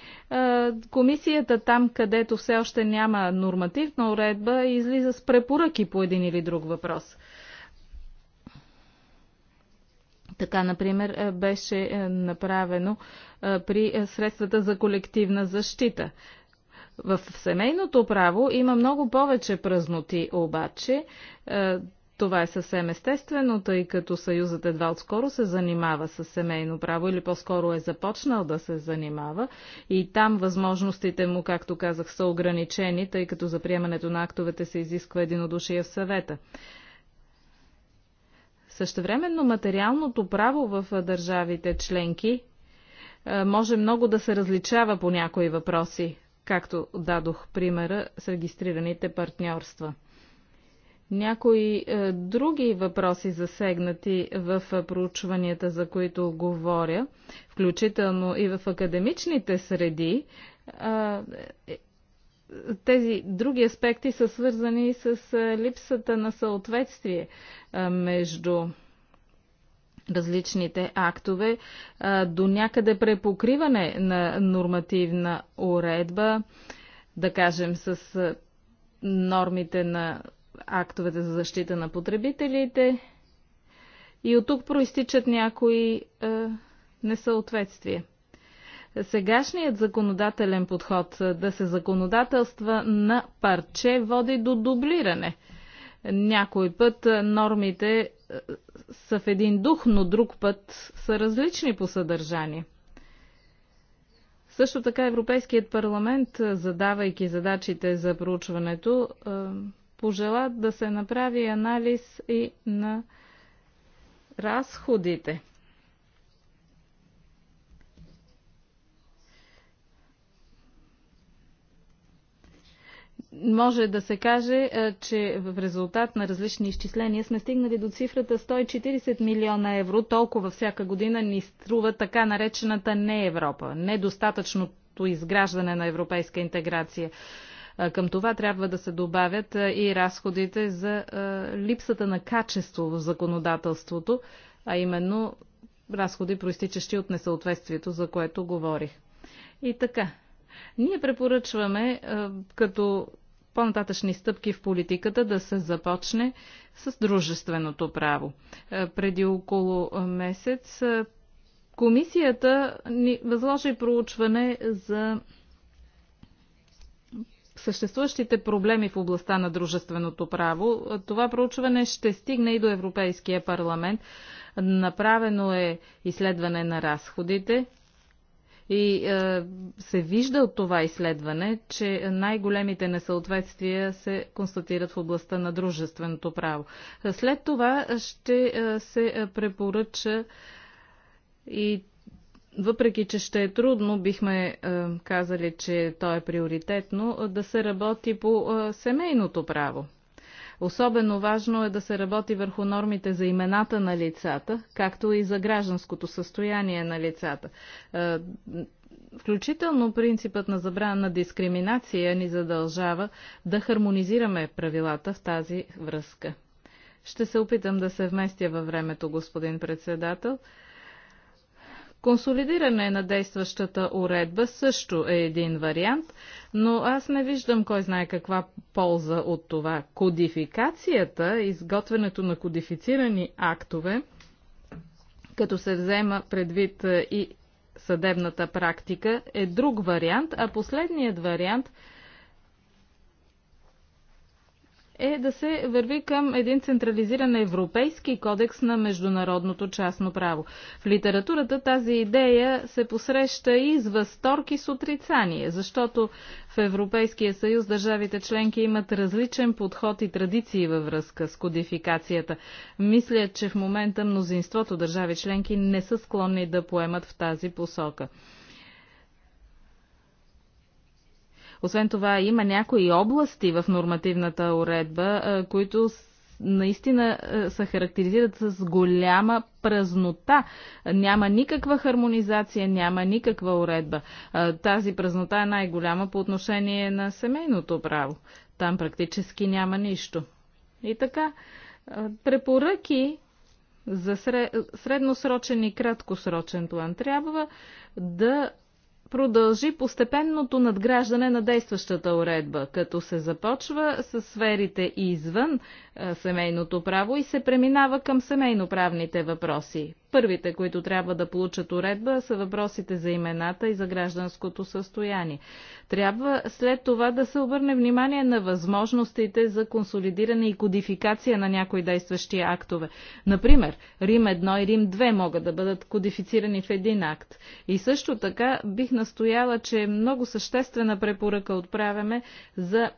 комисията там, където все още няма нормативна уредба, излиза с препоръки по един или друг въпрос. Така, например, е, беше е, направено е, при средствата за колективна защита. В семейното право има много повече празноти, обаче това е съвсем естествено, тъй като Съюзът едва отскоро се занимава с семейно право или по-скоро е започнал да се занимава и там възможностите му, както казах, са ограничени, тъй като за приемането на актовете се изисква единодушие в съвета. Същевременно материалното право в държавите членки е, може много да се различава по някои въпроси, както дадох примера с регистрираните партньорства – някои е, други въпроси засегнати в е, проучванията, за които говоря, включително и в академичните среди, е, е тези други аспекти са свързани с е, липсата на съответствие между различните актове, до някъде препокриване на нормативна уредба, да кажем с нормите на актовете за защита на потребителите. И от тук проистичат някои е, несъответствия. Сегашният законодателен подход е, да се законодателства на парче води до дублиране. Някой път е, нормите е, са в един дух, но друг път са различни по съдържание. Също така Европейският парламент, задавайки задачите за проучването, пожела да се направи анализ и на разходите. може да се каже, е, че в резултат на различни изчисления сме стигнали до цифрата 140 милиона евро. Толкова всяка година ни струва така наречената не Европа, недостатъчното изграждане на европейска интеграция. Към това трябва да се добавят и разходите за липсата на качество в законодателството, а именно разходи, проистичащи от несъответствието, за което говорих. И така, ние препоръчваме като по-нататъчни стъпки в политиката да се започне с дружественото право. Преди около месец комисията ни възложи проучване за съществуващите проблеми в областта на дружественото право. Това проучване ще стигне и до Европейския парламент. Направено е изследване на разходите и е, се вижда от това изследване, че най-големите несъответствия се констатират в областта на дружественото право. След това ще е, се препоръча и въпреки че ще е трудно, бихме е, казали, че то е приоритетно, е, да се работи по е, семейното право. Особено важно е да се работи върху нормите за имената на лицата, както и за гражданското състояние на лицата. Включително принципът на забрана на дискриминация ни задължава да хармонизираме правилата в тази връзка. Ще се опитам да се вместя във времето, господин председател. Консолидиране на действащата уредба също е един вариант, но аз не виждам кой знае каква полза от това. Кодификацията, изготвянето на кодифицирани актове, като се взема предвид е, и съдебната практика, е друг вариант, а последният вариант – е да се върви към един централизиран европейски кодекс на международното частно право. В литературата тази идея се посреща и с възторг и с отрицание, защото в Европейския съюз държавите членки имат различен подход и традиции във връзка с кодификацията. Мисля, че в момента мнозинството държави членки не са склонни да поемат в тази посока. Освен това, има някои области в нормативната уредба, които наистина се характеризират с голяма празнота. Няма никаква хармонизация, няма никаква уредба. Тази празнота е най-голяма по отношение на семейното право. Там практически няма нищо. И така, препоръки за средносрочен и краткосрочен план трябва да продължи постепенното надграждане на действащата уредба, като се започва с сферите извън е, семейното право и се преминава към семейноправните въпроси първите, които трябва да получат уредба, са въпросите за имената и за гражданското състояние. Трябва след това да се обърне внимание на възможностите за консолидиране и кодификация на някои действащи актове. Например, Рим 1 и Рим 2 могат да бъдат кодифицирани в един акт. И също така бих настояла, че много съществена препоръка отправяме за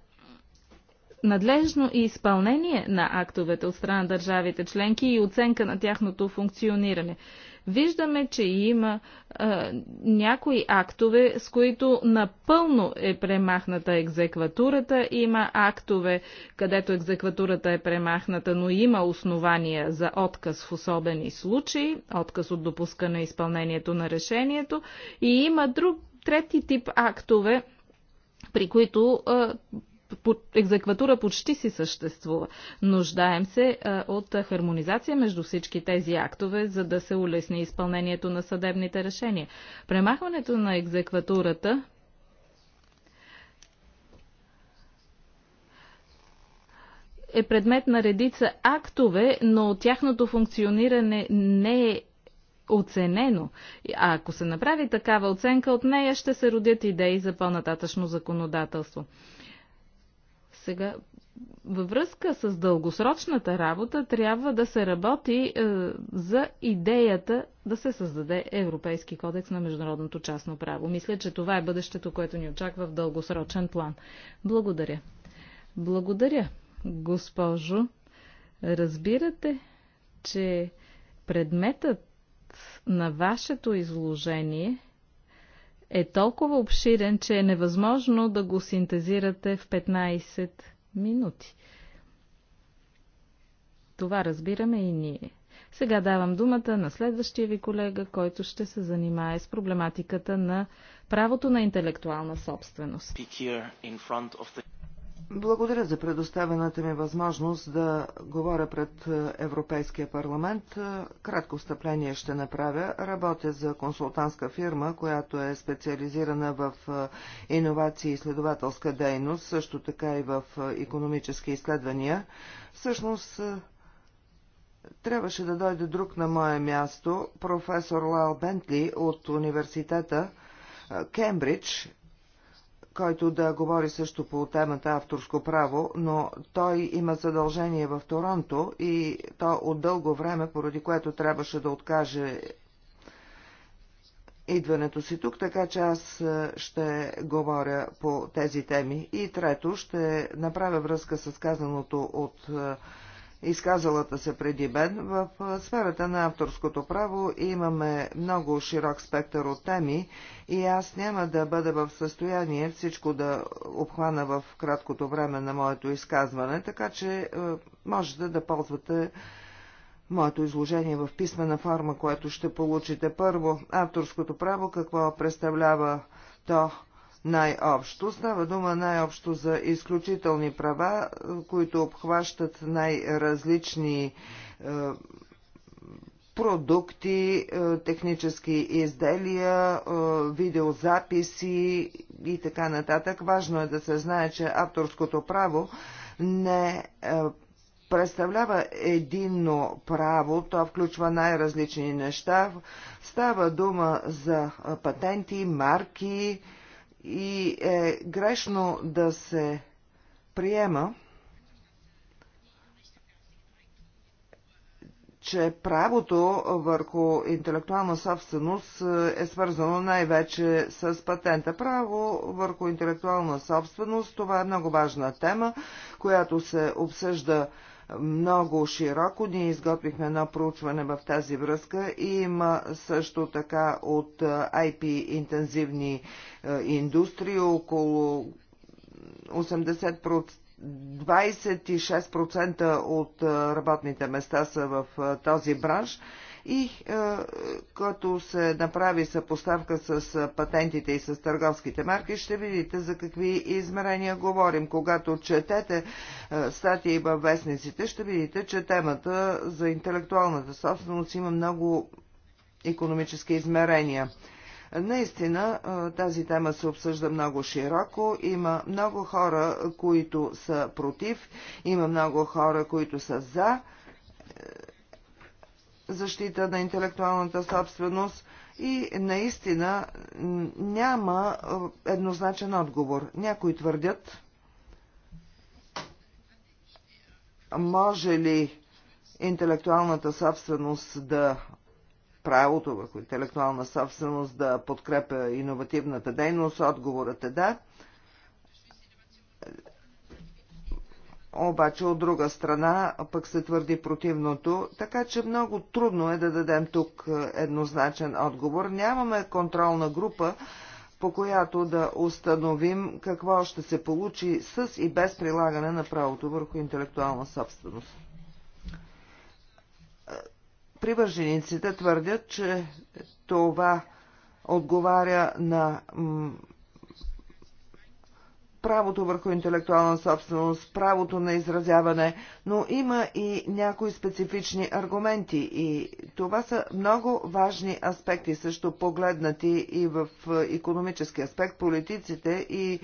надлежно изпълнение на актовете от страна на държавите членки и оценка на тяхното функциониране. Виждаме, че има е, някои актове, с които напълно е премахната екзекватурата. Има актове, където екзекватурата е премахната, но има основания за отказ в особени случаи, отказ от допускане изпълнението на решението. И има друг, трети тип актове, при които екзекватура почти си съществува. Нуждаем се от хармонизация между всички тези актове, за да се улесни изпълнението на съдебните решения. Премахването на екзекватурата е предмет на редица актове, но тяхното функциониране не е оценено. А ако се направи такава оценка, от нея ще се родят идеи за по-нататъчно законодателство. Сега, във връзка с дългосрочната работа трябва да се работи е, за идеята да се създаде Европейски кодекс на международното частно право. Мисля, че това е бъдещето, което ни очаква в дългосрочен план. Благодаря. Благодаря, госпожо. Разбирате, че предметът на вашето изложение – е толкова обширен, че е невъзможно да го синтезирате в 15 минути. Това разбираме и ние. Сега давам думата на следващия ви колега, който ще се занимае с проблематиката на правото на интелектуална собственост. The... Благодаря за предоставената ми възможност да говоря пред Европейския парламент. Кратко встъпление ще направя. Работя за консултантска фирма, която е специализирана в иновации и следователска дейност, също така и в економически изследвания. Всъщност, трябваше да дойде друг на мое място, професор Лайл Бентли от университета Кембридж, който да говори също по темата авторско право, но той има задължение в Торонто и то от дълго време, поради което трябваше да откаже идването си тук, така че аз е, ще говоря по тези теми. И трето, ще направя връзка с казаното от е, изказалата се преди мен. В сферата на авторското право имаме много широк спектър от теми и аз няма да бъда в състояние всичко да обхвана в краткото време на моето изказване, така че можете да ползвате моето изложение в писмена форма, което ще получите. Първо, авторското право, какво представлява то най-общо. Става дума най-общо за изключителни права, които обхващат най-различни е, продукти, е, технически изделия, е, видеозаписи и така нататък. Важно е да се знае, че авторското право не представлява единно право, то включва най-различни неща. Става дума за патенти, марки, и е грешно да се приема, че правото върху интелектуална собственост е, е свързано най-вече с патента. Право върху интелектуална собственост, това е много важна тема, която се обсъжда много широко. Ние изготвихме едно проучване в тази връзка и има също така от IP-интензивни индустрии около 80%. 26% от работните места са в този бранш и е, като се направи съпоставка с е, патентите и с търговските марки, ще видите за какви измерения говорим. Когато четете е, статии във вестниците, ще видите, че темата за интелектуалната собственост има много економически измерения. Наистина тази тема се обсъжда много широко. Има много хора, които са против, има много хора, които са за защита на интелектуалната собственост и наистина няма е, еднозначен отговор. Някои твърдят, може ли интелектуалната собственост да правото върху интелектуална собственост да подкрепя иновативната дейност? Отговорът е да обаче от друга страна пък се твърди противното, така че много трудно е да дадем тук е, еднозначен отговор. Нямаме контролна група, по която да установим какво ще се получи с и без прилагане на правото върху интелектуална собственост. Е, привържениците твърдят, че това отговаря на правото върху интелектуална собственост, правото на изразяване, но има и някои специфични аргументи и това са много важни аспекти, също погледнати и в економически аспект. Политиците и е,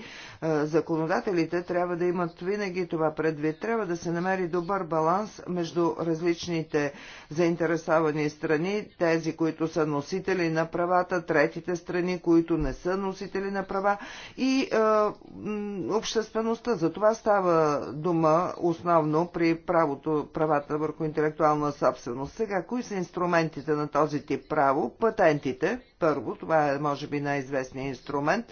законодателите трябва да имат винаги това предвид. Трябва да се намери добър баланс между различните заинтересовани страни, тези, които са носители на правата, третите страни, които не са носители на права и е, обществеността. За това става дума основно при правото, правата върху интелектуална собственост. Сега, кои са инструментите на този тип право? Патентите, първо, това е може би най-известният инструмент,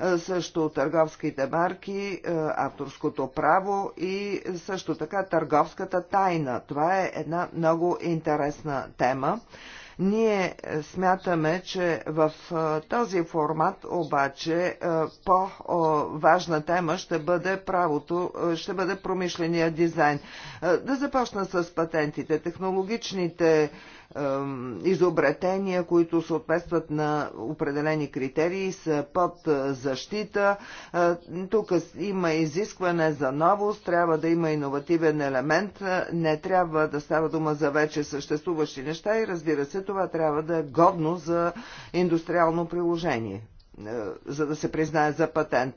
е, също търговските марки, е, авторското право и също така търговската тайна. Това е една много интересна тема. Ние смятаме, че в този формат обаче по-важна тема ще бъде правото, ще бъде промишления дизайн. Да започна с патентите. Технологичните изобретения, които съответстват на определени критерии, са под защита. Тук има изискване за новост, трябва да има иновативен елемент, не трябва да става дума за вече съществуващи неща и разбира се, това трябва да е годно за индустриално приложение. Е, за да се признае за патент.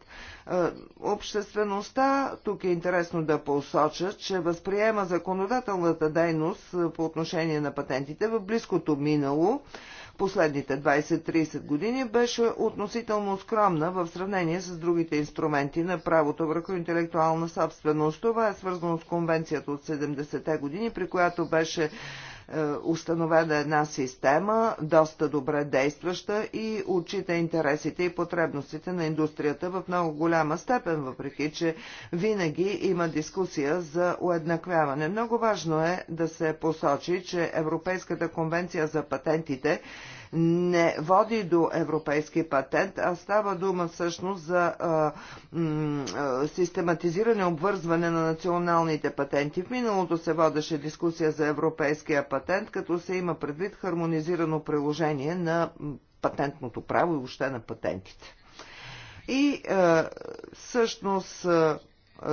Е, обществеността, тук е интересно да посоча, че възприема законодателната дейност е, по отношение на патентите в близкото минало, последните 20-30 години, беше относително скромна в сравнение с другите инструменти на правото върху интелектуална собственост. Това е свързано с конвенцията от 70-те години, при която беше е, установена една система, доста добре действаща и отчита интересите и потребностите на индустрията в много голяма степен, въпреки че винаги има дискусия за уеднаквяване. Много важно е да се посочи, че Европейската конвенция за патентите не води до европейски патент, а става дума всъщност за а, м, систематизиране, обвързване на националните патенти. В миналото се водеше дискусия за европейския патент, като се има предвид хармонизирано приложение на патентното право и още на патентите. И всъщност е,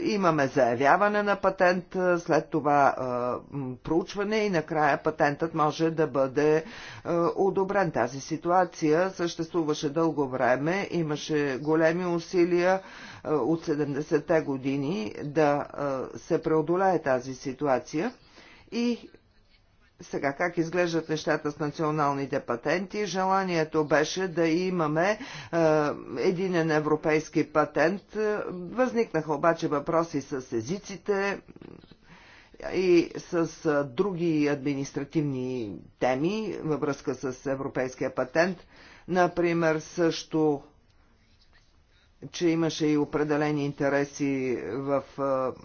имаме заявяване на патент, е, след това е, проучване и накрая патентът може да бъде одобрен. Тази ситуация съществуваше дълго време, имаше големи усилия от 70-те години да се преодолее тази ситуация и сега как изглеждат нещата с националните патенти? Желанието беше да имаме е, единен европейски патент. Възникнаха обаче въпроси с езиците и с е, други административни теми във връзка с европейския патент. Например, също, че имаше и определени интереси в. Е,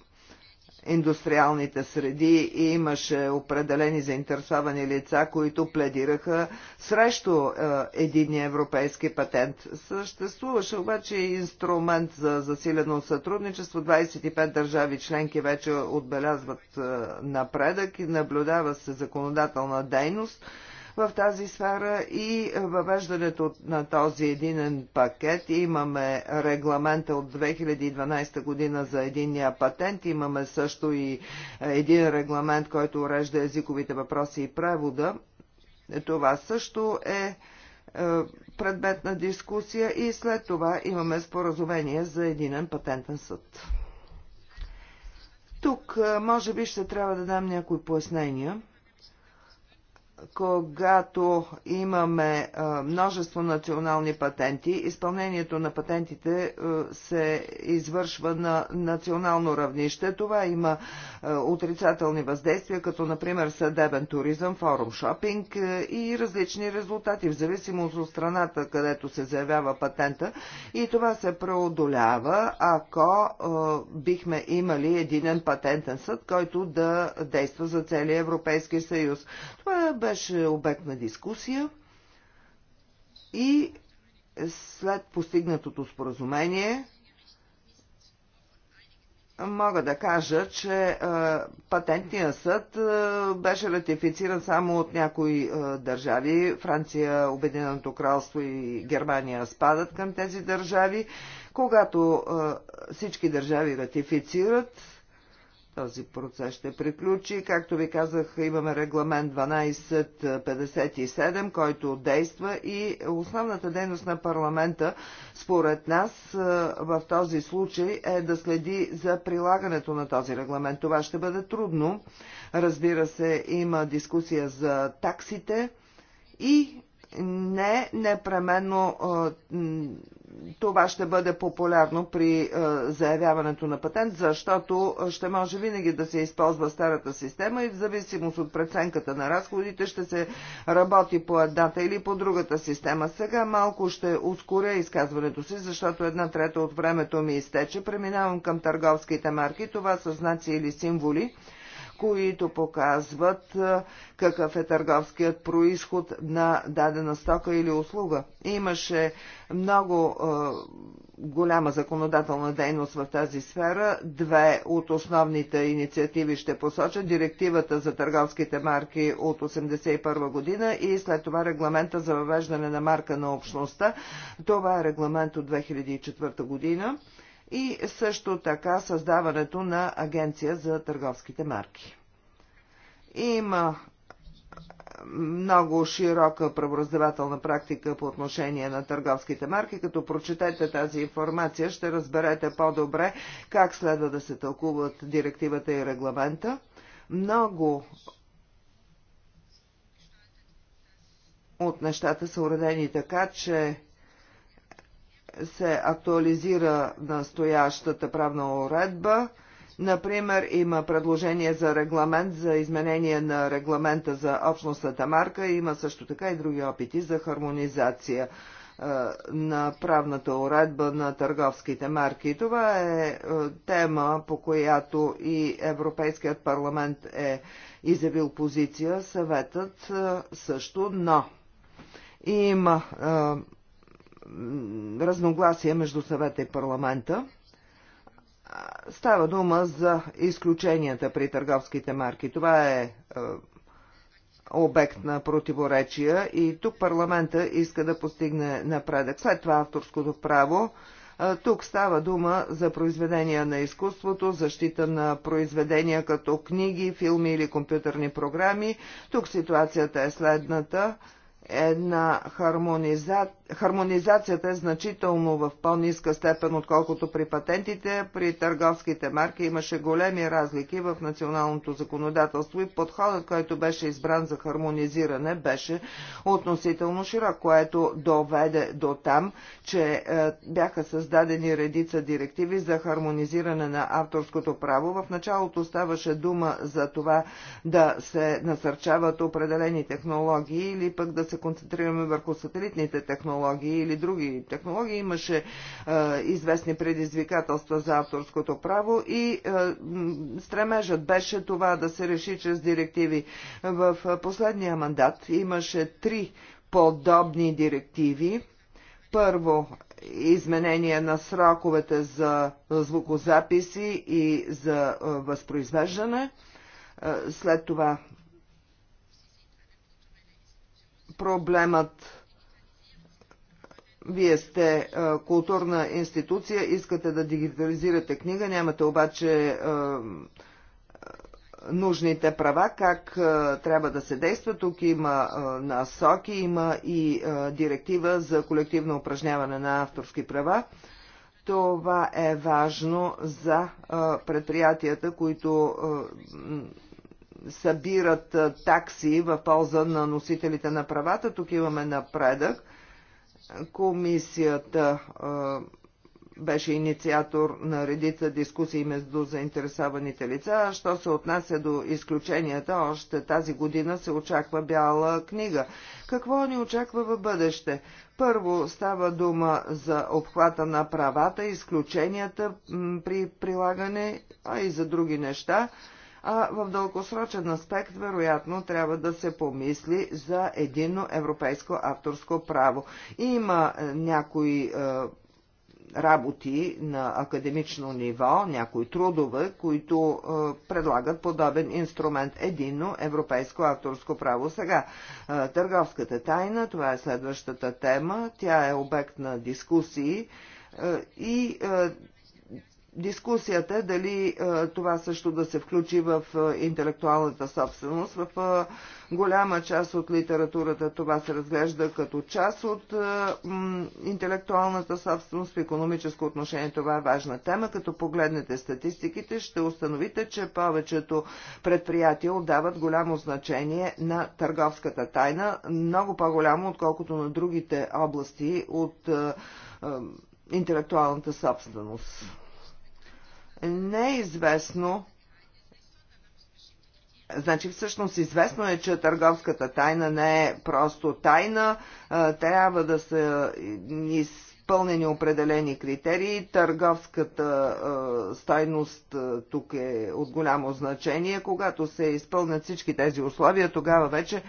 индустриалните среди и имаше определени заинтересовани лица, които пледираха срещу е, единния европейски патент. Съществуваше обаче инструмент за засилено сътрудничество. 25 държави членки вече отбелязват е, напредък и наблюдава се законодателна дейност в тази сфера и въвеждането на този единен пакет. Имаме регламента от 2012 година за единния патент. Имаме също и един регламент, който урежда езиковите въпроси и превода. Това също е, е предмет на дискусия и след това имаме споразумение за единен патентен съд. Тук е, може би ще трябва да дам някои пояснения когато имаме множество национални патенти, изпълнението на патентите се извършва на национално равнище. Това има отрицателни въздействия, като например съдебен туризъм, форум шопинг и различни резултати, в зависимост от страната, където се заявява патента. И това се преодолява, ако бихме имали единен патентен съд, който да действа за целия Европейски съюз. Това е беше обект на дискусия и след постигнатото споразумение мога да кажа, че патентния съд беше ратифициран само от някои държави. Франция, Обединеното кралство и Германия спадат към тези държави. Когато всички държави ратифицират, този процес ще приключи. Както ви казах, имаме регламент 1257, който действа и основната дейност на парламента, според нас, е, в този случай е да следи за прилагането на този регламент. Това ще бъде трудно. Разбира се, има дискусия за таксите и не непременно е, това ще бъде популярно при е, заявяването на патент, защото ще може винаги да се използва старата система и в зависимост от преценката на разходите ще се работи по едната или по другата система. Сега малко ще ускоря изказването си, защото една трета от времето ми изтече. Преминавам към търговските марки. Това са знаци или символи които показват какъв е търговският происход на дадена стока или услуга. Имаше много голяма законодателна дейност в тази сфера. Две от основните инициативи ще посоча директивата за търговските марки от 1981 година и след това регламента за въвеждане на марка на общността. Това е регламент от 2004 година и също така създаването на Агенция за търговските марки. Има много широка правораздавателна практика по отношение на търговските марки. Като прочетете тази информация, ще разберете по-добре как следва да се тълкуват директивата и регламента. Много от нещата са уредени така, че се актуализира настоящата правна уредба. Например, има предложение за регламент за изменение на регламента за общностната марка. Има също така и други опити за хармонизация е, на правната уредба на търговските марки. Това е, е тема, по която и Европейският парламент е изявил позиция, съветът е, също, но има разногласия между съвета и парламента. Става дума за изключенията при търговските марки. Това е, е обект на противоречия и тук парламента иска да постигне напредък. След това авторското право. Тук става дума за произведения на изкуството, защита на произведения като книги, филми или компютърни програми. Тук ситуацията е следната една хармониза... хармонизацията е значително в по низка степен, отколкото при патентите. При търговските марки имаше големи разлики в националното законодателство и подходът, който беше избран за хармонизиране, беше относително широк, което доведе до там, че е, бяха създадени редица директиви за хармонизиране на авторското право. В началото ставаше дума за това да се насърчават определени технологии или пък да се се концентрираме върху сателитните технологии или други технологии. Имаше е, известни предизвикателства за авторското право и е, стремежът беше това да се реши чрез директиви. В е, последния мандат имаше три подобни директиви. Първо, изменение на сроковете за звукозаписи и за е, възпроизвеждане. Е, след това проблемът вие сте а, културна институция, искате да дигитализирате книга, нямате обаче а, нужните права, как а, трябва да се действа. Тук има а, насоки, има и а, директива за колективно упражняване на авторски права. Това е важно за а, предприятията, които а, събират такси в полза на носителите на правата. Тук имаме напредък. Комисията беше инициатор на редица дискусии между заинтересованите лица. Що се отнася до изключенията, още тази година се очаква бяла книга. Какво ни очаква в бъдеще? Първо става дума за обхвата на правата, изключенията при прилагане, а и за други неща а в дългосрочен аспект вероятно трябва да се помисли за единно европейско авторско право. И има е, някои е, работи на академично ниво, някои трудове, които е, предлагат подобен инструмент единно европейско авторско право. Сега, е, търговската тайна, това е следващата тема, тя е обект на дискусии е, и е, Дискусията дали е, това също да се включи в е, интелектуалната собственост. В е, голяма част от литературата това се разглежда като част от интелектуалната собственост. В економическо отношение това е важна тема. Като погледнете статистиките, ще установите, че повечето предприятия отдават голямо значение на търговската тайна, много по-голямо, отколкото на другите области от интелектуалната собственост не е известно Значи всъщност известно е, че търговската тайна не е просто тайна, трябва да са изпълнени определени критерии. Търговската стойност тук е от голямо значение. Когато се изпълнят всички тези условия, тогава вече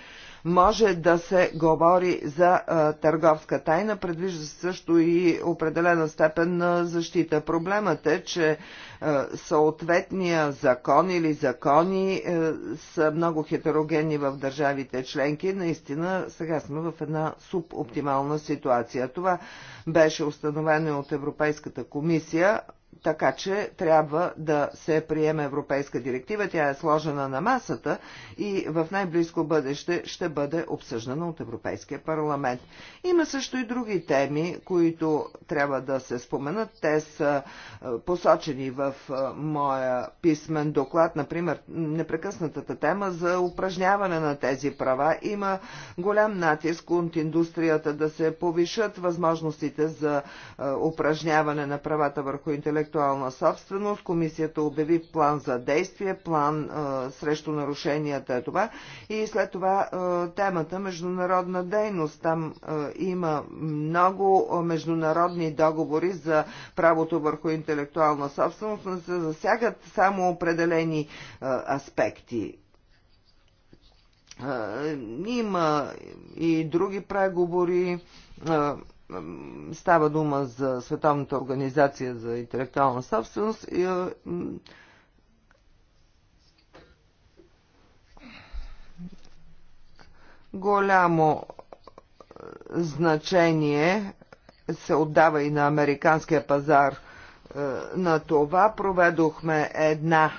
може да се говори за а, търговска тайна. Предвижда се също и определена степен на защита. Проблемът е, че а, съответния закон или закони а, са много хетерогенни в държавите членки. Наистина сега сме в една субоптимална ситуация. Това беше установено от Европейската комисия така че трябва да се приеме европейска директива. Тя е сложена на масата и в най-близко бъдеще ще бъде обсъждана от Европейския парламент. Има също и други теми, които трябва да се споменат. Те са е, посочени в е, моя писмен доклад, например, непрекъснатата тема за упражняване на тези права. Има голям натиск от индустрията да се повишат възможностите за е, упражняване на правата върху интелект интелектуална собственост. Комисията обяви план за действие, план а, срещу нарушенията е това. И след това а, темата международна дейност. Там а, има много международни договори за правото върху интелектуална собственост, но се засягат само определени а, аспекти. Има и други преговори става дума за Световната организация за интелектуална собственост. И, голямо значение се отдава и на американския пазар на това. Проведохме една,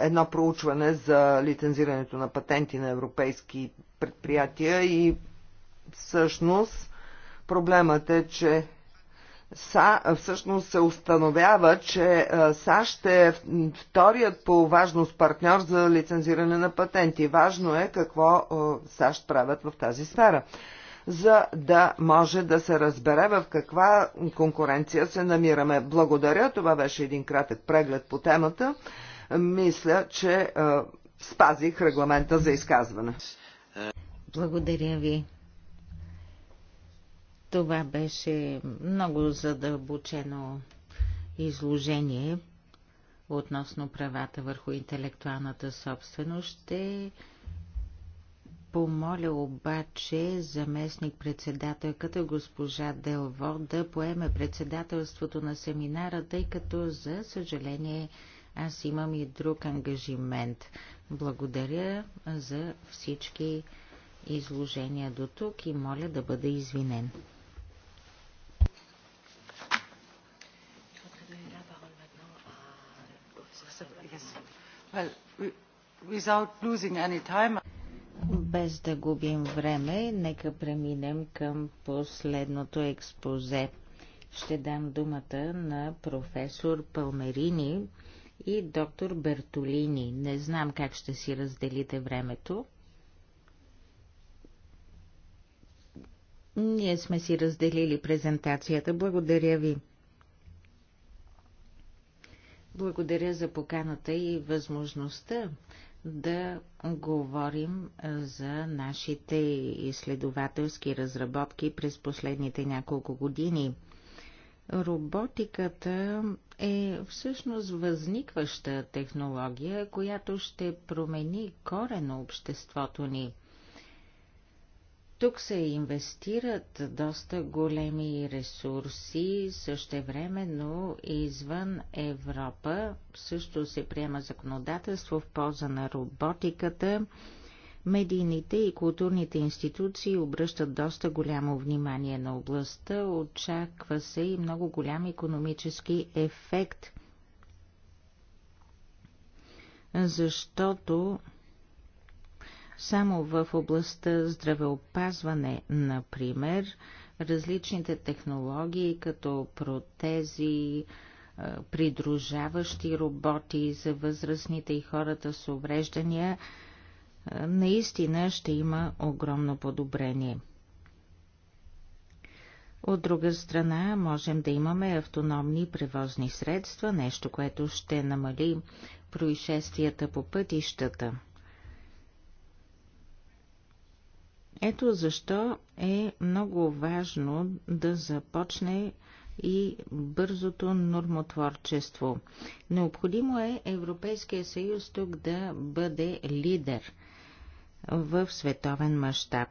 едно проучване за лицензирането на патенти на европейски предприятия и всъщност Проблемът е, че СА, всъщност се установява, че САЩ е вторият по важност партньор за лицензиране на патенти. Важно е какво САЩ правят в тази сфера, за да може да се разбере в каква конкуренция се намираме. Благодаря, това беше един кратък преглед по темата. Мисля, че спазих регламента за изказване. Благодаря ви. Това беше много задълбочено изложение относно правата върху интелектуалната собственост. Ще помоля обаче заместник-председателката госпожа Делво да поеме председателството на семинара, тъй като, за съжаление, аз имам и друг ангажимент. Благодаря за всички изложения до тук и моля да бъда извинен. Без да губим време, нека преминем към последното експозе. Ще дам думата на професор Палмерини и доктор Бертолини. Не знам как ще си разделите времето. Ние сме си разделили презентацията. Благодаря ви. Благодаря за поканата и възможността да говорим за нашите изследователски разработки през последните няколко години. Роботиката е всъщност възникваща технология, която ще промени корено обществото ни. Тук се инвестират доста големи ресурси, същевременно извън Европа също се приема законодателство в полза на роботиката. Медийните и културните институции обръщат доста голямо внимание на областта, очаква се и много голям економически ефект, защото само в областта здравеопазване, например, различните технологии, като протези, придружаващи роботи за възрастните и хората с увреждания, наистина ще има огромно подобрение. От друга страна, можем да имаме автономни превозни средства, нещо, което ще намали происшествията по пътищата – Ето защо е много важно да започне и бързото нормотворчество. Необходимо е Европейския съюз тук да бъде лидер в световен мащаб.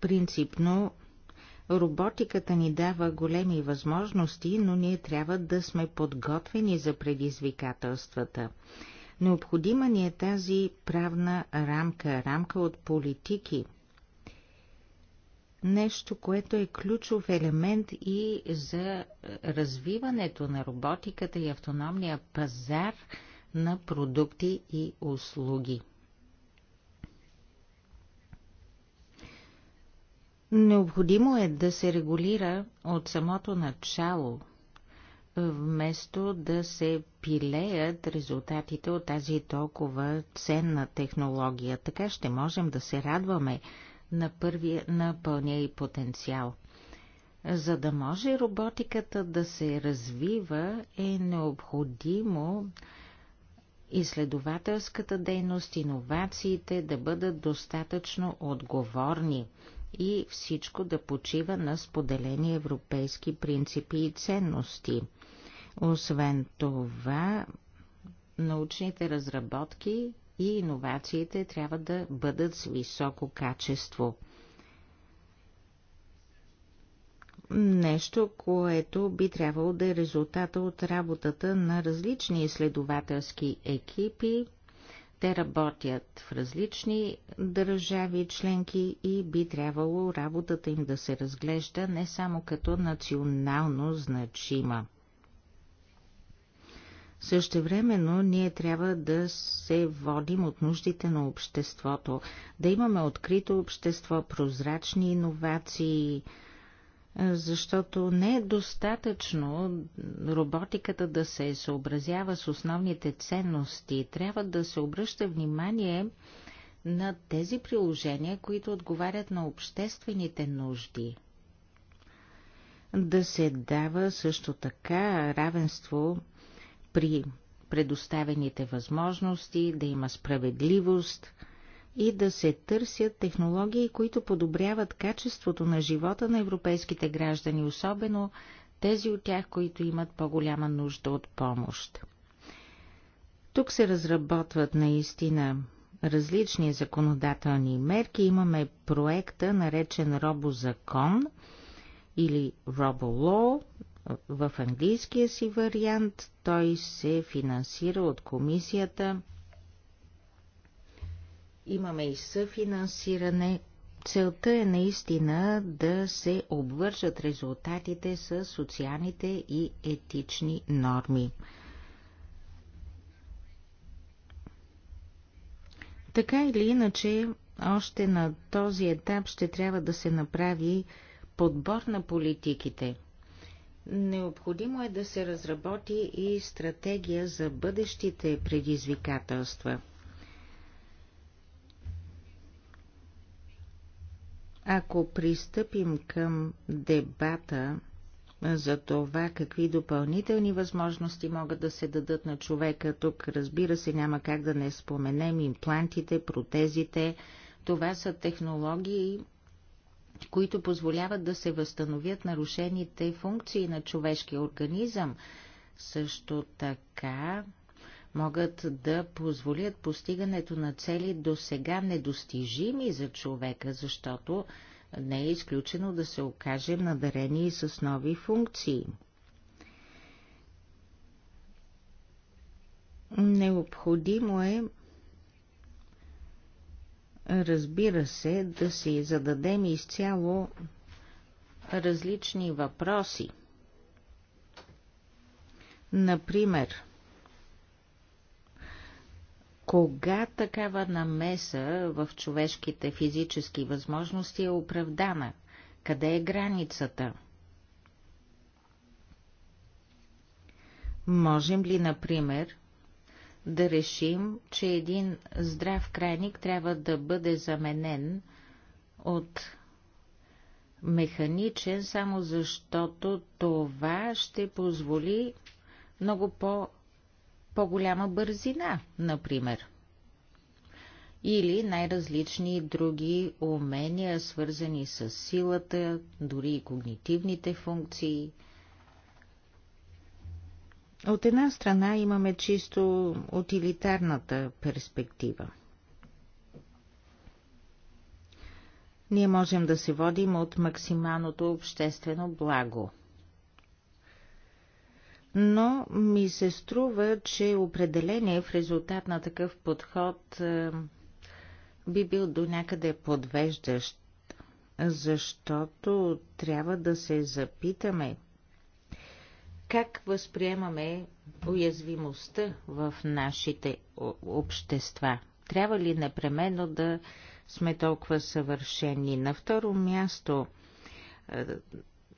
Принципно, роботиката ни дава големи възможности, но ние трябва да сме подготвени за предизвикателствата. Необходима ни е тази правна рамка, рамка от политики. Нещо, което е ключов елемент и за развиването на роботиката и автономния пазар на продукти и услуги. Необходимо е да се регулира от самото начало вместо да се пилеят резултатите от тази толкова ценна технология. Така ще можем да се радваме на, първия, на пълния и потенциал. За да може роботиката да се развива, е необходимо изследователската дейност, иновациите да бъдат достатъчно отговорни и всичко да почива на споделени европейски принципи и ценности – освен това, научните разработки и иновациите трябва да бъдат с високо качество. Нещо, което би трябвало да е резултата от работата на различни изследователски екипи. Те работят в различни държави членки и би трябвало работата им да се разглежда не само като национално значима. Същевременно ние трябва да се водим от нуждите на обществото, да имаме открито общество, прозрачни иновации, защото не е достатъчно роботиката да се съобразява с основните ценности. Трябва да се обръща внимание на тези приложения, които отговарят на обществените нужди. Да се дава също така равенство при предоставените възможности, да има справедливост и да се търсят технологии, които подобряват качеството на живота на европейските граждани, особено тези от тях, които имат по-голяма нужда от помощ. Тук се разработват наистина различни законодателни мерки. Имаме проекта, наречен Робозакон или Роболоу. В английския си вариант той се финансира от комисията. Имаме и съфинансиране. Целта е наистина да се обвържат резултатите с социалните и етични норми. Така или иначе, още на този етап ще трябва да се направи подбор на политиките – Необходимо е да се разработи и стратегия за бъдещите предизвикателства. Ако пристъпим към дебата за това какви допълнителни възможности могат да се дадат на човека, тук разбира се няма как да не споменем имплантите, протезите. Това са технологии, които позволяват да се възстановят нарушените функции на човешкия организъм. Също така могат да позволят постигането на цели до сега недостижими за човека, защото не е изключено да се окажем надарени с нови функции. Необходимо е разбира се, да си зададем изцяло различни въпроси. Например, кога такава намеса в човешките физически възможности е оправдана? Къде е границата? Можем ли, например, да решим, че един здрав крайник трябва да бъде заменен от механичен, само защото това ще позволи много по- по-голяма бързина, например. Или най-различни други умения, свързани с силата, дори и когнитивните функции – от една страна имаме чисто утилитарната перспектива. Ние можем да се водим от максималното обществено благо. Но ми се струва, че определение в резултат на такъв подход е, би бил до някъде подвеждащ, защото трябва да се запитаме – как възприемаме уязвимостта в нашите общества. Трябва ли непременно да сме толкова съвършени? На второ място, е,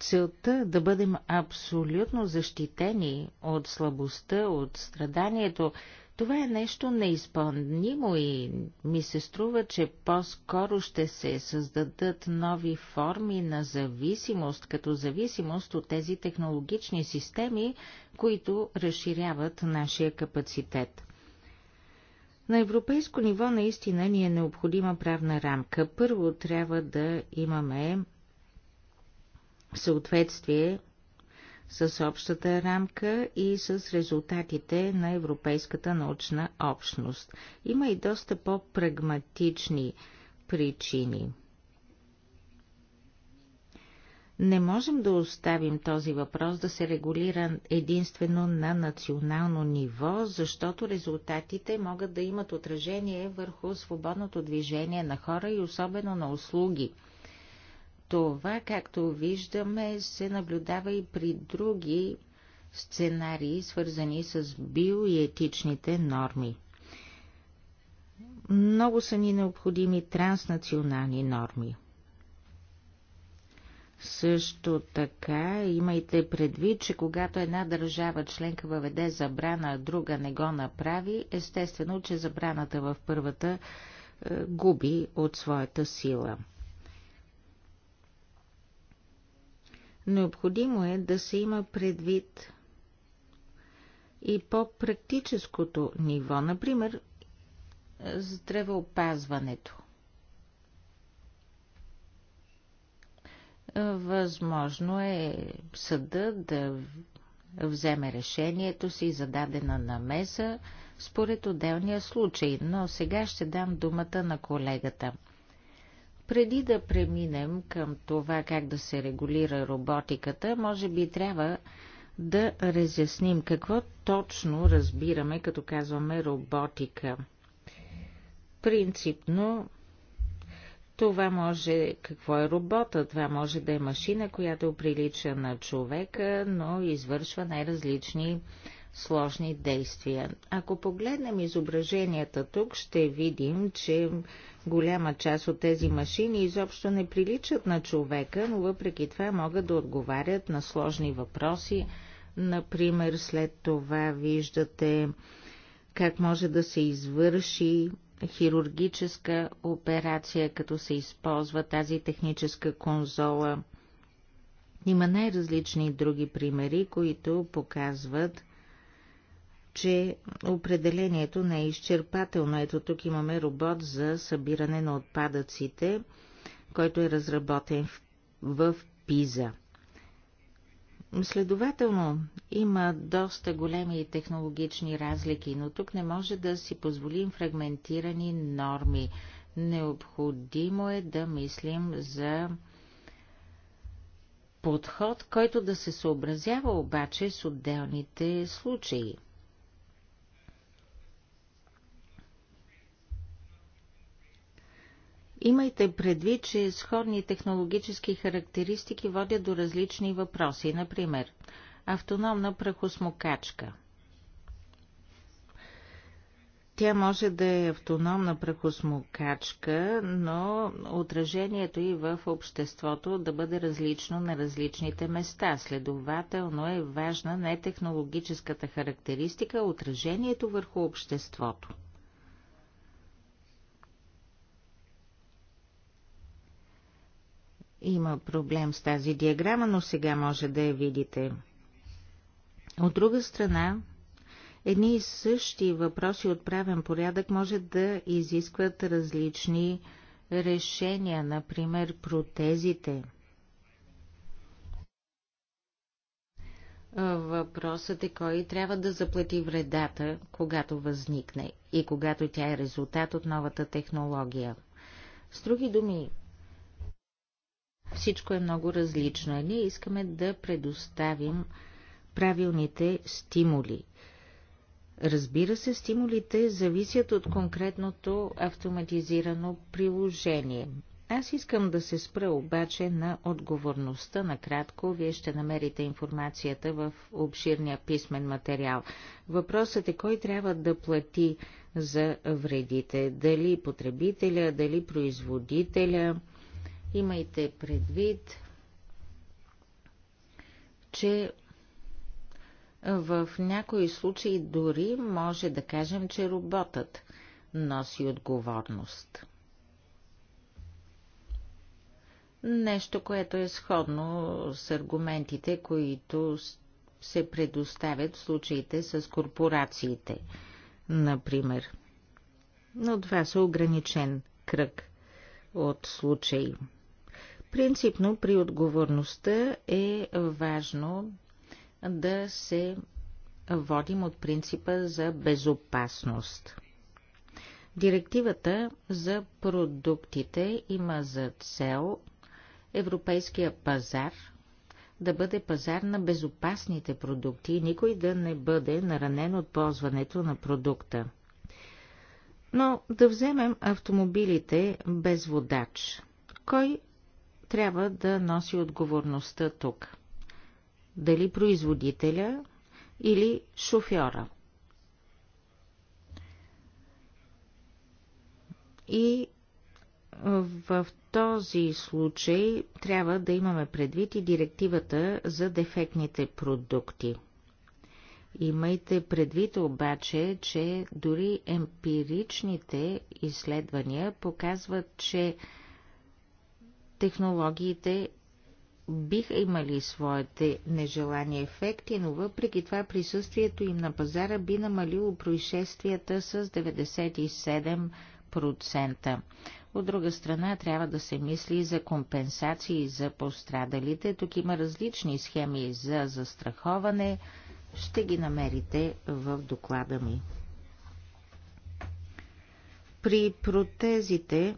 целта да бъдем абсолютно защитени от слабостта, от страданието, това е нещо неизпълнимо и ми се струва, че по-скоро ще се създадат нови форми на зависимост, като зависимост от тези технологични системи, които разширяват нашия капацитет. На европейско ниво наистина ни е необходима правна рамка. Първо трябва да имаме съответствие с общата рамка и с резултатите на Европейската научна общност. Има и доста по-прагматични причини. Не можем да оставим този въпрос да се регулира единствено на национално ниво, защото резултатите могат да имат отражение върху свободното движение на хора и особено на услуги – това, както виждаме, се наблюдава и при други сценарии, свързани с биоетичните норми. Много са ни необходими транснационални норми. Също така имайте предвид, че когато една държава членка въведе забрана, а друга не го направи, естествено, че забраната в първата е, губи от своята сила. Необходимо е да се има предвид и по-практическото ниво, например, здравеопазването. Възможно е съда да вземе решението си за дадена намеса според отделния случай, но сега ще дам думата на колегата. Преди да преминем към това как да се регулира роботиката, може би трябва да разясним какво точно разбираме, като казваме роботика. Принципно това може, какво е робота? Това може да е машина, която прилича на човека, но извършва най-различни сложни действия. Ако погледнем изображенията тук, ще видим, че голяма част от тези машини изобщо не приличат на човека, но въпреки това могат да отговарят на сложни въпроси. Например, след това виждате как може да се извърши хирургическа операция, като се използва тази техническа конзола. Има най-различни други примери, които показват че определението не е изчерпателно. Ето тук имаме робот за събиране на отпадъците, който е разработен в, в Пиза. Следователно, има доста големи технологични разлики, но тук не може да си позволим фрагментирани норми. Необходимо е да мислим за подход, който да се съобразява обаче с отделните случаи. Имайте предвид, че сходни технологически характеристики водят до различни въпроси, например автономна прахосмокачка. Тя може да е автономна прахосмокачка, но отражението и в обществото да бъде различно на различните места. Следователно е важна не технологическата характеристика, а отражението върху обществото. Има проблем с тази диаграма, но сега може да я видите. От друга страна, едни и същи въпроси от правен порядък може да изискват различни решения, например протезите. Въпросът е кой трябва да заплати вредата, когато възникне и когато тя е резултат от новата технология. С други думи, всичко е много различно. А ние искаме да предоставим правилните стимули. Разбира се, стимулите зависят от конкретното автоматизирано приложение. Аз искам да се спра обаче на отговорността накратко. Вие ще намерите информацията в обширния писмен материал. Въпросът е кой трябва да плати за вредите. Дали потребителя, дали производителя, Имайте предвид, че в някои случаи дори може да кажем, че роботът носи отговорност. Нещо, което е сходно с аргументите, които се предоставят в случаите с корпорациите, например. Но това са ограничен кръг от случаи. Принципно при отговорността е важно да се водим от принципа за безопасност. Директивата за продуктите има за цел европейския пазар да бъде пазар на безопасните продукти и никой да не бъде наранен от ползването на продукта. Но да вземем автомобилите без водач. Кой трябва да носи отговорността тук. Дали производителя или шофьора. И в този случай трябва да имаме предвид и директивата за дефектните продукти. Имайте предвид обаче, че дори емпиричните изследвания показват, че технологиите биха имали своите нежелани ефекти, но въпреки това присъствието им на пазара би намалило происшествията с 97%. От друга страна трябва да се мисли за компенсации за пострадалите. Тук има различни схеми за застраховане. Ще ги намерите в доклада ми. При протезите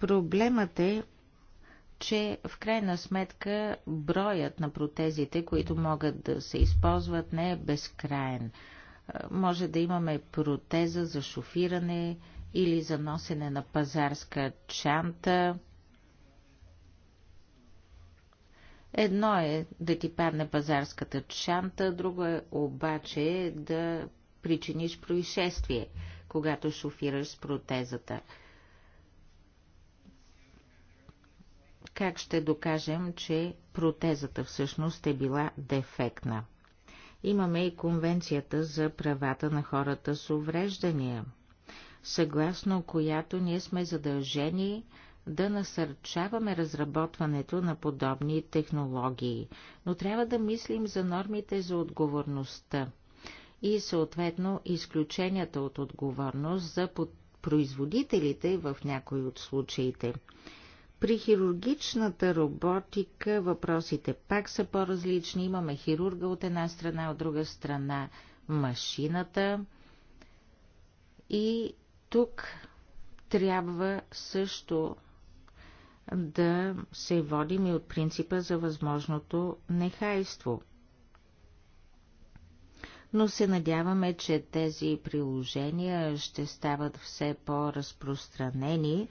Проблемът е, че в крайна сметка броят на протезите, които могат да се използват, не е безкраен. Може да имаме протеза за шофиране или за носене на пазарска чанта. Едно е да ти падне пазарската чанта, друго е обаче да причиниш происшествие, когато шофираш с протезата. Как ще докажем, че протезата всъщност е била дефектна? Имаме и Конвенцията за правата на хората с увреждания, съгласно която ние сме задължени да насърчаваме разработването на подобни технологии, но трябва да мислим за нормите за отговорността и съответно изключенията от отговорност за производителите в някои от случаите. При хирургичната роботика въпросите пак са по-различни. Имаме хирурга от една страна, от друга страна машината. И тук трябва също да се водим и от принципа за възможното нехайство. Но се надяваме, че тези приложения ще стават все по-разпространени,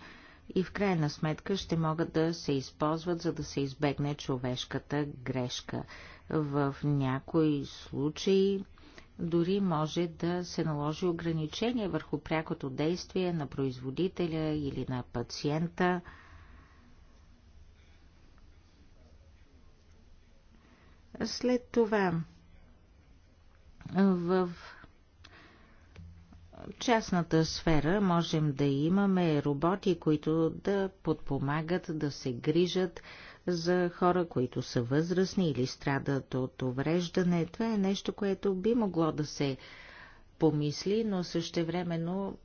и в крайна сметка ще могат да се използват, за да се избегне човешката грешка. В някои случаи дори може да се наложи ограничение върху прякото действие на производителя или на пациента. След това в частната сфера можем да имаме роботи, които да подпомагат, да се грижат за хора, които са възрастни или страдат от увреждане. Това е нещо, което би могло да се помисли, но същевременно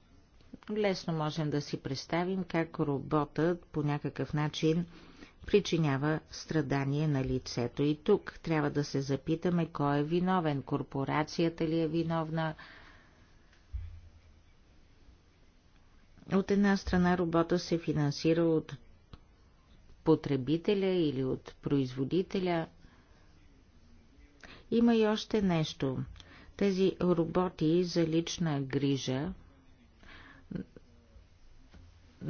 лесно можем да си представим как роботът по някакъв начин причинява страдание на лицето. И тук трябва да се запитаме кой е виновен. Корпорацията ли е виновна? От една страна работа се финансира от потребителя или от производителя. Има и още нещо. Тези роботи за лична грижа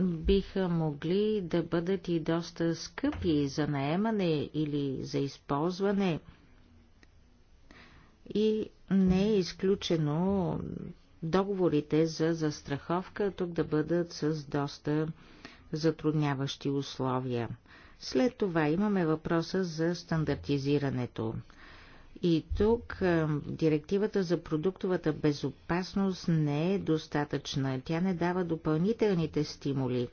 биха могли да бъдат и доста скъпи за наемане или за използване. И не е изключено договорите за застраховка тук да бъдат с доста затрудняващи условия. След това имаме въпроса за стандартизирането. И тук директивата за продуктовата безопасност не е достатъчна. Тя не дава допълнителните стимули.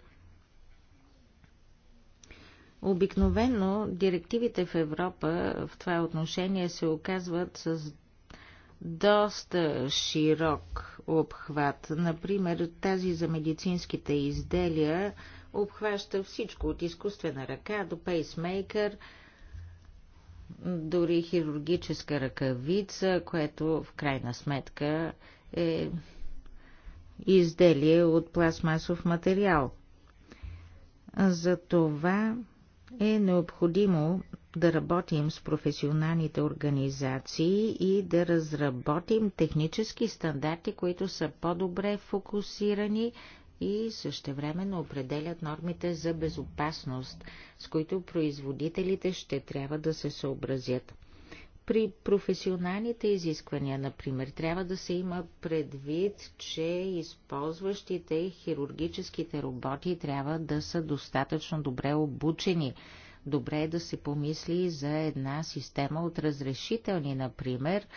Обикновено директивите в Европа в това отношение се оказват с доста широк обхват. Например, тази за медицинските изделия обхваща всичко от изкуствена ръка до пейсмейкър, дори хирургическа ръкавица, което в крайна сметка е изделие от пластмасов материал. За това е необходимо да работим с професионалните организации и да разработим технически стандарти, които са по-добре фокусирани и същевременно определят нормите за безопасност, с които производителите ще трябва да се съобразят. При професионалните изисквания, например, трябва да се има предвид, че използващите хирургическите роботи трябва да са достатъчно добре обучени – добре е да се помисли за една система от разрешителни, например.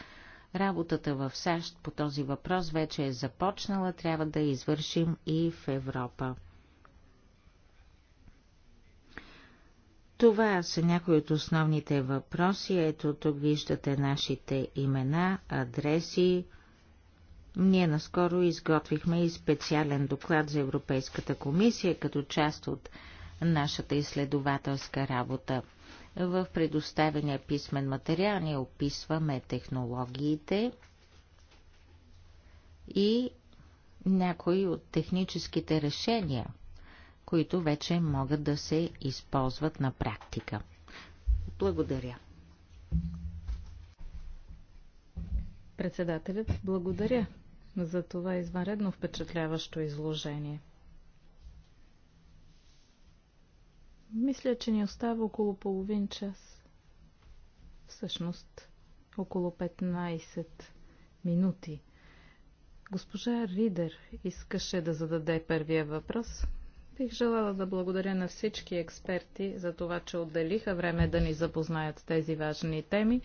Работата в САЩ по този въпрос вече е започнала, трябва да я извършим и в Европа. Това са някои от основните въпроси. Ето тук виждате нашите имена, адреси. Ние наскоро изготвихме и специален доклад за Европейската комисия като част от нашата изследователска работа. В предоставения писмен материал ние описваме технологиите и някои от техническите решения, които вече могат да се използват на практика. Благодаря. Председателят, благодаря за това извънредно впечатляващо изложение. Мисля, че ни остава около половин час. Всъщност, около 15 минути. Госпожа Ридер искаше да зададе първия въпрос. Бих желала да благодаря на всички експерти за това, че отделиха време да ни запознаят тези важни теми.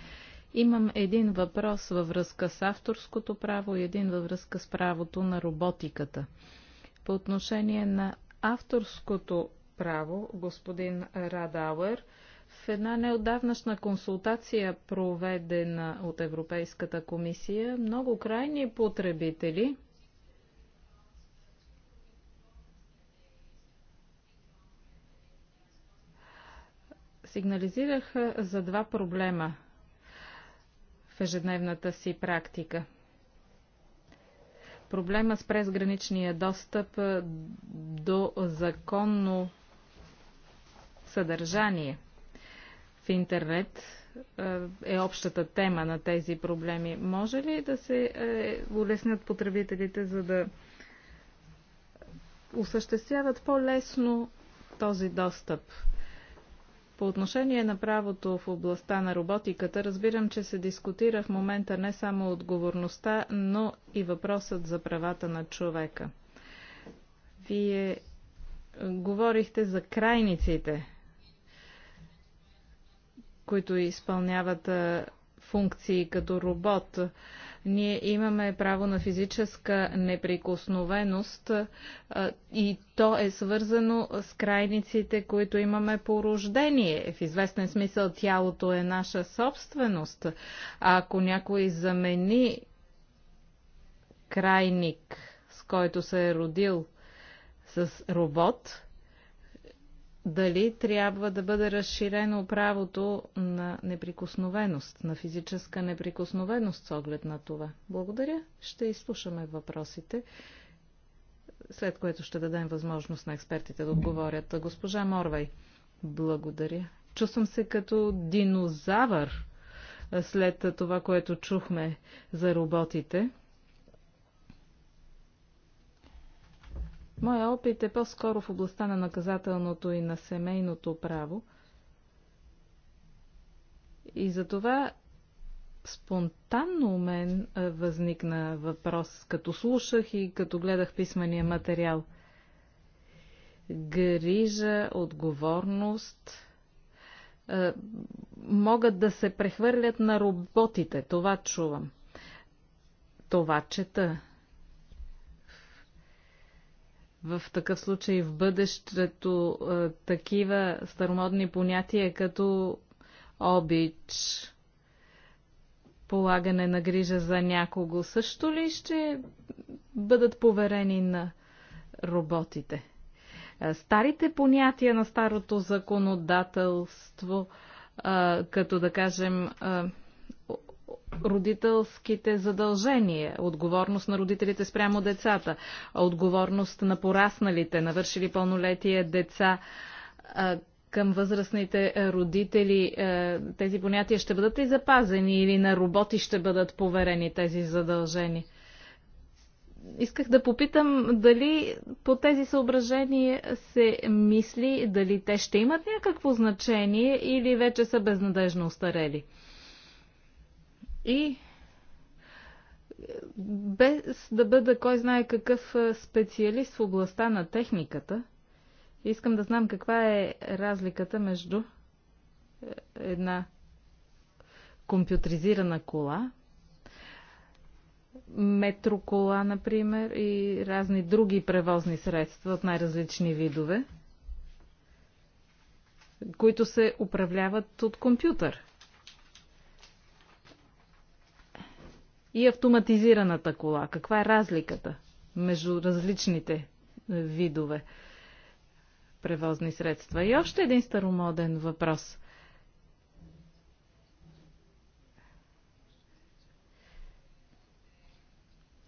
Имам един въпрос във връзка с авторското право и един във връзка с правото на роботиката. По отношение на авторското право, господин Радауер, в една неодавнашна консултация, проведена от Европейската комисия, много крайни потребители сигнализираха за два проблема в ежедневната си практика – проблема с презграничния достъп до законно съдържание в интернет е, е общата тема на тези проблеми. Може ли да се е, улеснят потребителите, за да осъществяват по-лесно този достъп? По отношение на правото в областта на роботиката, разбирам, че се дискутира в момента не само отговорността, но и въпросът за правата на човека. Вие говорихте за крайниците които изпълняват функции като робот. Ние имаме право на физическа неприкосновеност и то е свързано с крайниците, които имаме по рождение. В известен смисъл тялото е наша собственост. А ако някой замени крайник, с който се е родил с робот, дали трябва да бъде разширено правото на неприкосновеност, на физическа неприкосновеност с оглед на това. Благодаря. Ще изслушаме въпросите, след което ще дадем възможност на експертите да отговорят. Госпожа Морвай, благодаря. Чувствам се като динозавър след това, което чухме за роботите. Моя опит е по-скоро в областта на наказателното и на семейното право. И за това спонтанно у мен възникна въпрос, като слушах и като гледах писмения материал. Грижа, отговорност могат да се прехвърлят на роботите, това чувам. Това чета в такъв случай в бъдещето е, такива старомодни понятия като обич, полагане на грижа за някого също ли ще бъдат поверени на роботите? Е, старите понятия на старото законодателство, е, като да кажем родителските задължения, отговорност на родителите спрямо децата, отговорност на порасналите, навършили пълнолетие деца към възрастните е, родители. Е, тези понятия ще бъдат ли запазени или на роботи ще бъдат поверени тези задължения? исках да попитам дали по тези съображения се мисли, дали те ще имат някакво значение или вече са безнадежно устарели и е, без да бъда кой знае какъв е, специалист в областта на техниката, искам да знам каква е разликата между е, една компютризирана кола, метрокола, например, и разни други превозни средства от най-различни видове, които се управляват от компютър. и автоматизираната кола? Каква е разликата между различните е, видове превозни средства? И още един старомоден въпрос.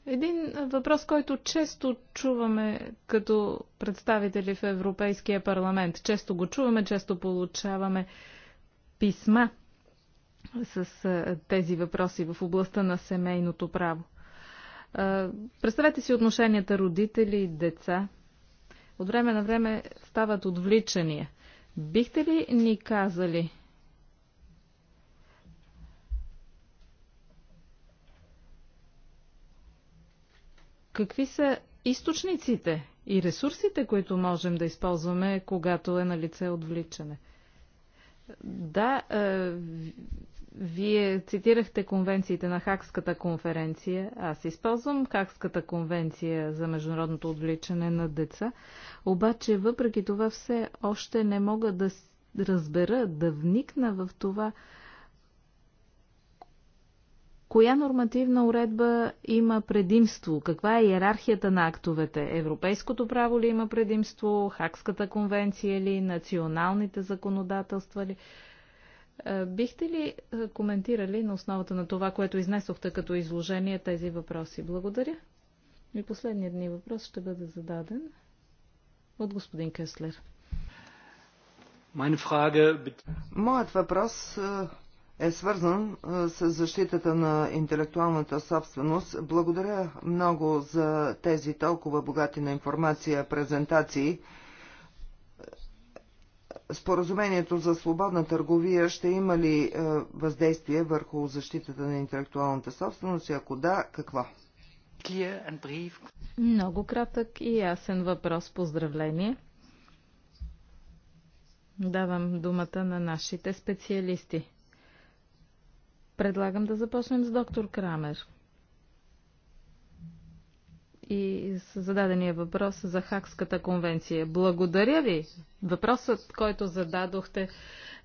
Един въпрос, който често чуваме като представители в Европейския парламент. Често го чуваме, често получаваме писма – с тези въпроси в областта на семейното право. Представете си отношенията родители и деца. От време на време стават отвличания. Бихте ли ни казали какви са източниците и ресурсите, които можем да използваме, когато е на лице отвличане? Да, е, вие цитирахте конвенциите на Хакската конференция. Аз използвам Хакската конвенция за международното отвличане на деца. Обаче, въпреки това, все още не мога да разбера, да вникна в това, коя нормативна уредба има предимство? Каква е иерархията на актовете? Европейското право ли има предимство? Хакската конвенция ли? Националните законодателства ли? Е, бихте ли е, коментирали на основата на това, което изнесохте като изложение тези въпроси? Благодаря. И последният ни въпрос ще бъде зададен от господин Кеслер. Моят въпрос е, е свързан с защитата на интелектуалната собственост. Благодаря много за тези толкова богати на информация презентации споразумението за свободна търговия ще има ли е, въздействие върху защитата на интелектуалната собственост и ако да, какво? Много кратък и ясен въпрос. Поздравление. Давам думата на нашите специалисти. Предлагам да започнем с доктор Крамер и зададения въпрос за Хакската конвенция. Благодаря ви. Въпросът, който зададохте,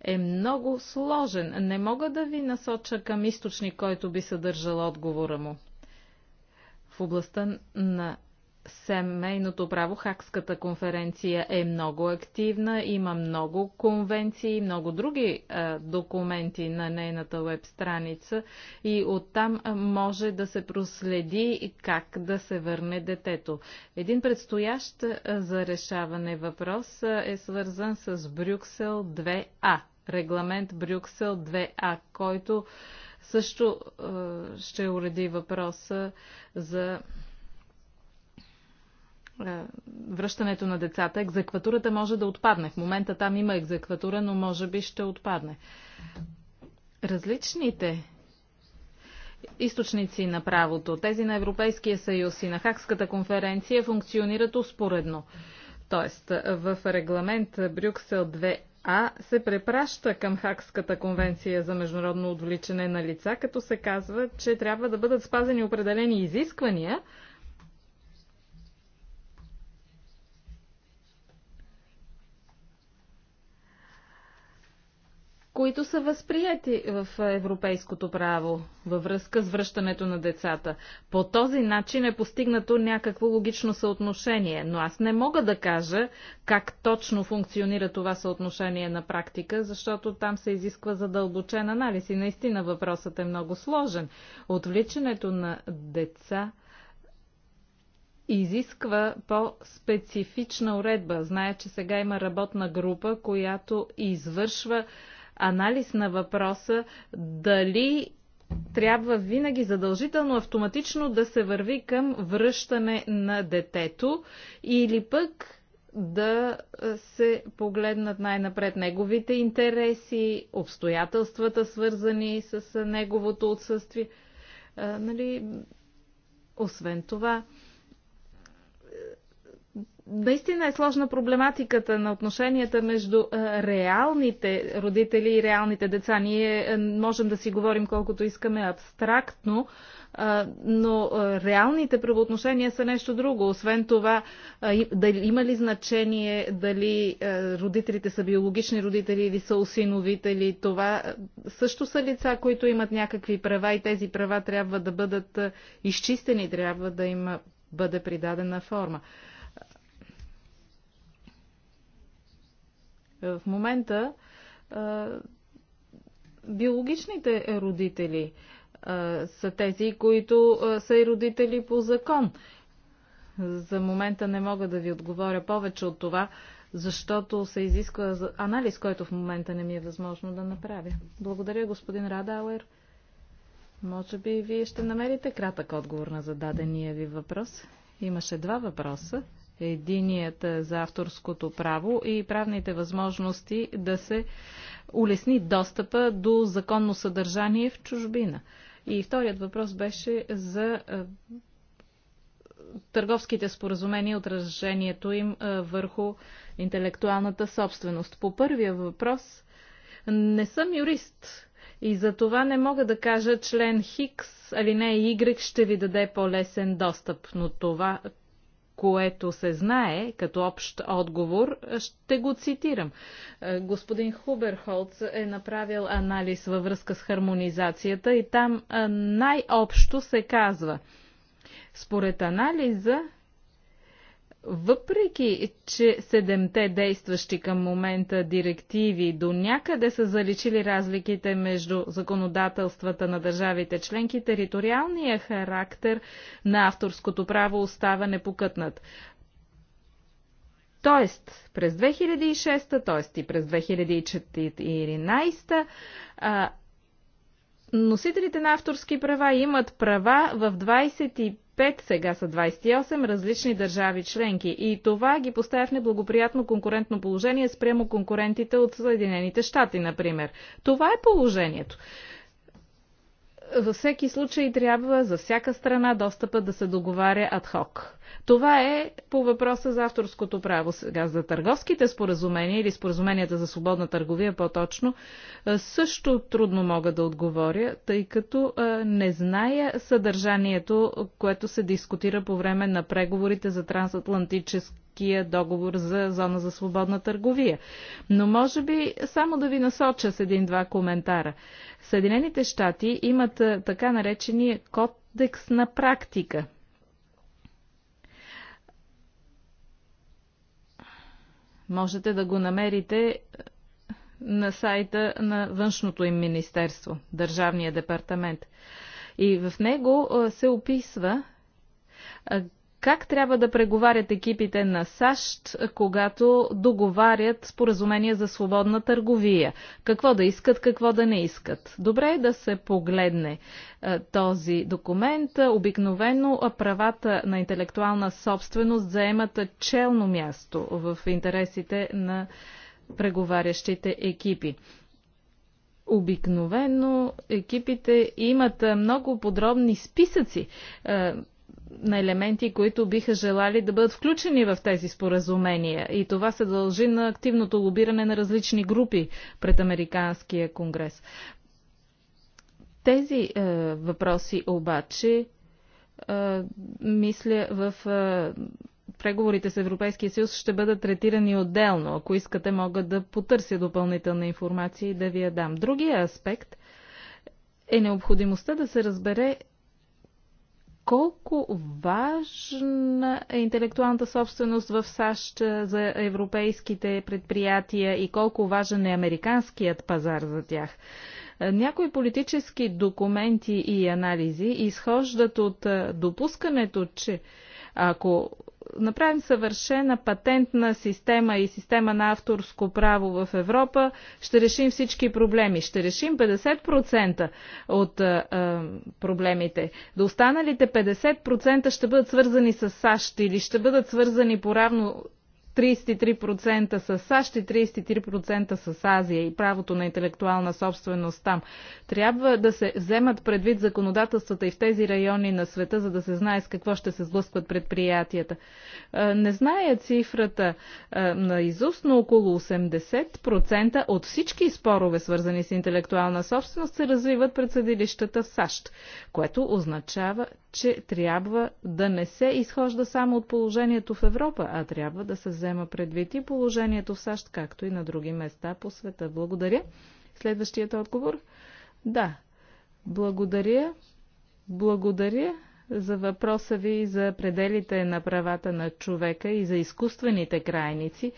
е много сложен. Не мога да ви насоча към източник, който би съдържал отговора му. В областта на семейното право, Хакската конференция е много активна, има много конвенции, много други документи на нейната веб страница и оттам може да се проследи как да се върне детето. Един предстоящ за решаване въпрос е свързан с Брюксел 2А, регламент Брюксел 2А, който също ще уреди въпроса за е, връщането на децата, екзекватурата може да отпадне. В момента там има екзекватура, но може би ще отпадне. Различните източници на правото, тези на Европейския съюз и на Хакската конференция функционират успоредно. Тоест, в регламент Брюксел 2А се препраща към Хакската конвенция за международно отвличане на лица, като се казва, че трябва да бъдат спазени определени изисквания – които са възприяти в европейското право във връзка с връщането на децата. По този начин е постигнато някакво логично съотношение, но аз не мога да кажа как точно функционира това съотношение на практика, защото там се изисква задълбочен анализ и наистина въпросът е много сложен. Отвличането на деца изисква по-специфична уредба. Зная, че сега има работна група, която извършва анализ на въпроса дали трябва винаги задължително автоматично да се върви към връщане на детето или пък да се погледнат най-напред неговите интереси, обстоятелствата свързани с неговото отсъствие. А, нали, освен това, Наистина е сложна проблематиката на отношенията между е, реалните родители и реалните деца. Ние е, можем да си говорим колкото искаме абстрактно, е, но реалните правоотношения са нещо друго. Освен това, дали, има ли значение дали родителите са биологични родители или са осиновители, това също са лица, които имат някакви права и тези права трябва да бъдат изчистени, трябва да им бъде придадена форма. Е, в момента е, биологичните родители е, са тези, които са и родители по закон. За момента не мога да ви отговоря повече от това, защото се изисква анализ, който в момента не ми е възможно да направя. Благодаря, господин Радауер. Може би вие ще намерите кратък отговор на зададения ви въпрос. Имаше два въпроса единият е, за авторското право и правните възможности да се улесни достъпа до законно съдържание в чужбина. И вторият въпрос беше за е, търговските споразумения, отражението им е, върху интелектуалната собственост. По първия въпрос не съм юрист и за това не мога да кажа член Хикс, алинея Y ще ви даде по-лесен достъп, но това, което се знае като общ отговор, ще го цитирам. Е, господин Хуберхолц е направил анализ във връзка с хармонизацията и там е, най-общо се казва. Според анализа въпреки, че седемте действащи към момента директиви до някъде са заличили разликите между законодателствата на държавите членки, териториалният характер на авторското право остава непокътнат. Тоест, през 2006, т.е. и през 2014, носителите на авторски права имат права в 25 сега са 28 различни държави членки и това ги поставя в неблагоприятно конкурентно положение спрямо конкурентите от Съединените щати, например. Това е положението във всеки случай трябва за всяка страна достъпа да се договаря адхок. Това е по въпроса за авторското право. Сега за търговските споразумения или споразуменията за свободна търговия по-точно също трудно мога да отговоря, тъй като не зная съдържанието, което се дискутира по време на преговорите за трансатлантически Търговския договор за зона за свободна търговия. Но може би само да ви насоча с един-два коментара. Съединените щати имат така наречения кодекс на практика. Можете да го намерите на сайта на външното им министерство, Държавния департамент. И в него се описва как трябва да преговарят екипите на САЩ, когато договарят споразумение за свободна търговия? Какво да искат, какво да не искат? Добре е да се погледне е, този документ. Обикновено правата на интелектуална собственост заемат челно място в интересите на преговарящите екипи. Обикновено екипите имат е, много подробни списъци е, на елементи, които биха желали да бъдат включени в тези споразумения. И това се дължи на активното лобиране на различни групи пред Американския конгрес. Тези е, въпроси обаче, е, мисля, в. Е, преговорите с Европейския съюз ще бъдат третирани отделно. Ако искате, мога да потърся допълнителна информация и да ви я дам. Другия аспект е необходимостта да се разбере колко важна е интелектуалната собственост в САЩ за европейските предприятия и колко важен е американският пазар за тях. Някои политически документи и анализи изхождат от допускането, че ако направим съвършена патентна система и система на авторско право в Европа, ще решим всички проблеми. Ще решим 50% от а, а, проблемите. До останалите 50% ще бъдат свързани с САЩ или ще бъдат свързани по равно 33% с САЩ и 33% с Азия и правото на интелектуална собственост там. Трябва да се вземат предвид законодателствата и в тези райони на света, за да се знае с какво ще се сблъскват предприятията. Е, не зная цифрата е, на изуст, но около 80% от всички спорове, свързани с интелектуална собственост, се развиват пред съдилищата в САЩ, което означава, че трябва да не се изхожда само от положението в Европа, а трябва да се взема предвид и положението в САЩ, както и на други места по света. Благодаря. Следващият отговор? Да. Благодаря. Благодаря за въпроса ви за пределите на правата на човека и за изкуствените крайници.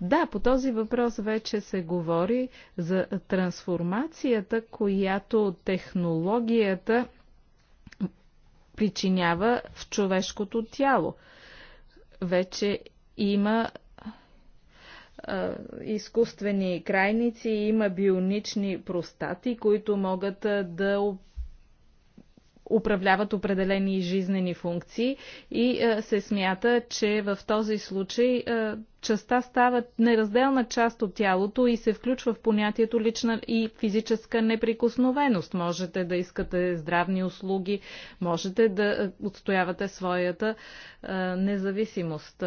Да, по този въпрос вече се говори за трансформацията, която технологията причинява в човешкото тяло. Вече има изкуствени крайници, има бионични простати, които могат да управляват определени жизнени функции и се смята, че в този случай частта стават неразделна част от тялото и се включва в понятието лична и физическа неприкосновеност. Можете да искате здравни услуги, можете да е, отстоявате своята а, е, независимост.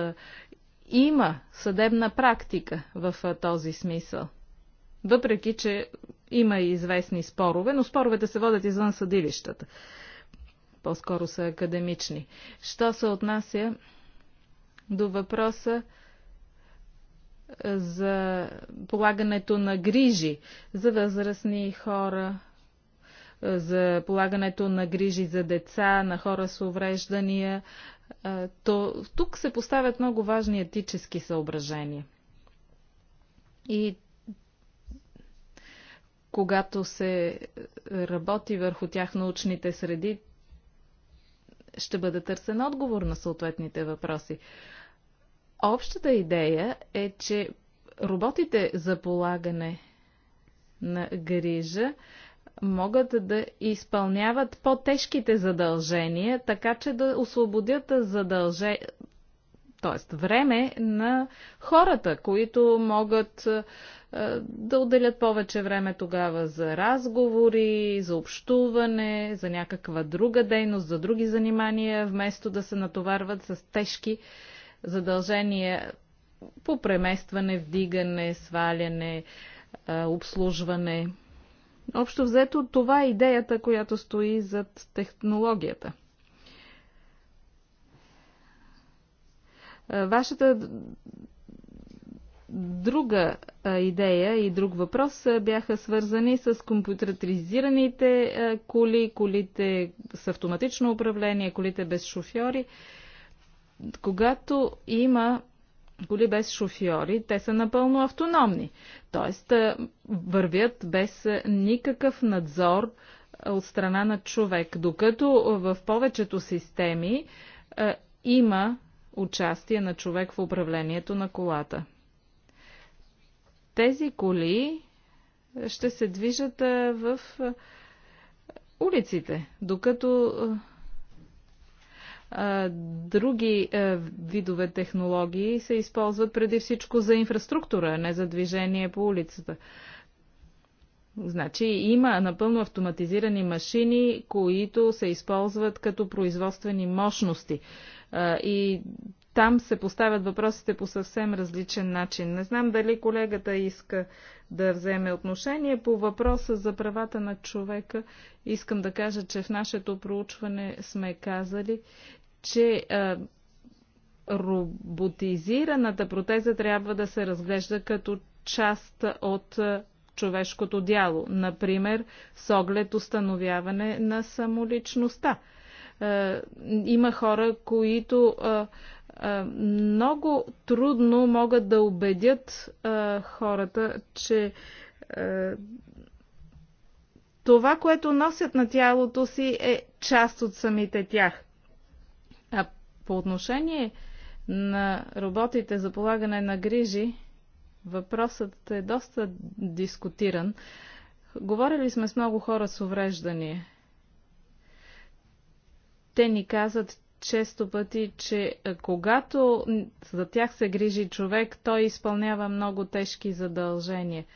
Има съдебна практика в а, е, този смисъл. Въпреки, че има и известни спорове, но споровете се водят извън съдилищата. По-скоро са академични. Що се отнася до въпроса за полагането на грижи за възрастни хора, за полагането на грижи за деца, на хора с увреждания, то тук се поставят много важни етически съображения. И когато се работи върху тях научните среди, ще бъде търсен отговор на съответните въпроси. Общата идея е, че роботите за полагане на грижа могат да изпълняват по-тежките задължения, така че да освободят задълже... т.е. време на хората, които могат да отделят повече време тогава за разговори, за общуване, за някаква друга дейност, за други занимания, вместо да се натоварват с тежки задължения по преместване, вдигане, сваляне, обслужване. Общо взето това е идеята, която стои зад технологията. Вашата друга идея и друг въпрос бяха свързани с компютризираните коли, колите с автоматично управление, колите без шофьори когато има коли без шофьори, те са напълно автономни. Тоест, е, вървят без никакъв надзор е, от страна на човек. Докато в повечето системи е, има участие на човек в управлението на колата. Тези коли ще се движат в улиците, докато други е, видове технологии се използват преди всичко за инфраструктура, не за движение по улицата. Значи има напълно автоматизирани машини, които се използват като производствени мощности. И там се поставят въпросите по съвсем различен начин. Не знам дали колегата иска да вземе отношение по въпроса за правата на човека. Искам да кажа, че в нашето проучване сме казали, че роботизираната протеза трябва да се разглежда като част от човешкото дяло, например с оглед установяване на самоличността. Има хора, които много трудно могат да убедят хората, че това, което носят на тялото си, е част от самите тях. По отношение на роботите за полагане на грижи, въпросът е доста дискутиран. Говорили сме с много хора с увреждания. Те ни казват често пъти, че когато за тях се грижи човек, той изпълнява много тежки задължения –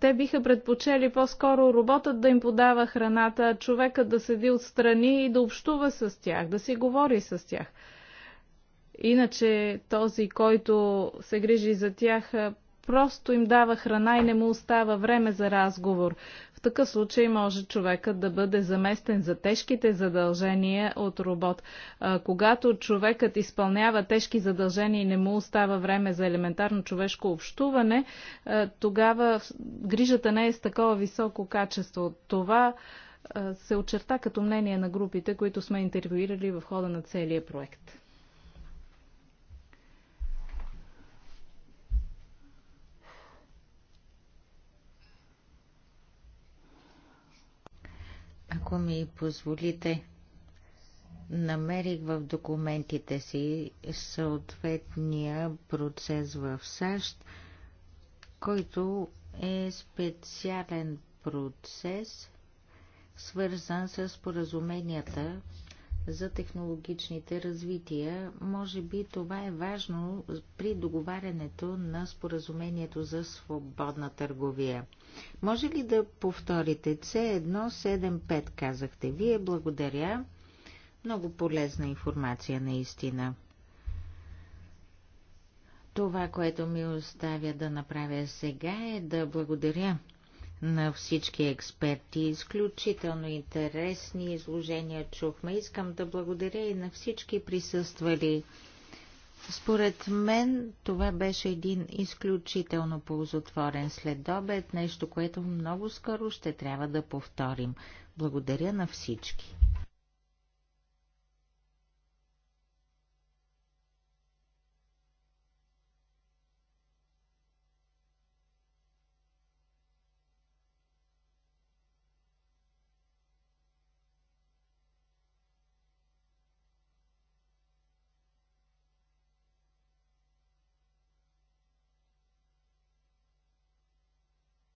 те биха предпочели по-скоро роботът да им подава храната, човекът да седи отстрани и да общува с тях, да си говори с тях. Иначе този, който се грижи за тях, просто им дава храна и не му остава време за разговор. В такъв случай може човекът да бъде заместен за тежките задължения от робот. А, когато човекът изпълнява тежки задължения и не му остава време за елементарно човешко общуване, а, тогава грижата не е с такова високо качество. Това а, се очерта като мнение на групите, които сме интервюирали в хода на целия проект. Ако ми позволите, намерих в документите си съответния процес в САЩ, който е специален процес, свързан с поразуменията за технологичните развития. Може би това е важно при договарянето на споразумението за свободна търговия. Може ли да повторите C175, казахте вие? Благодаря. Много полезна информация наистина. Това, което ми оставя да направя сега е да благодаря на всички експерти. Изключително интересни изложения чухме. Искам да благодаря и на всички присъствали. Според мен това беше един изключително ползотворен следобед, нещо, което много скоро ще трябва да повторим. Благодаря на всички.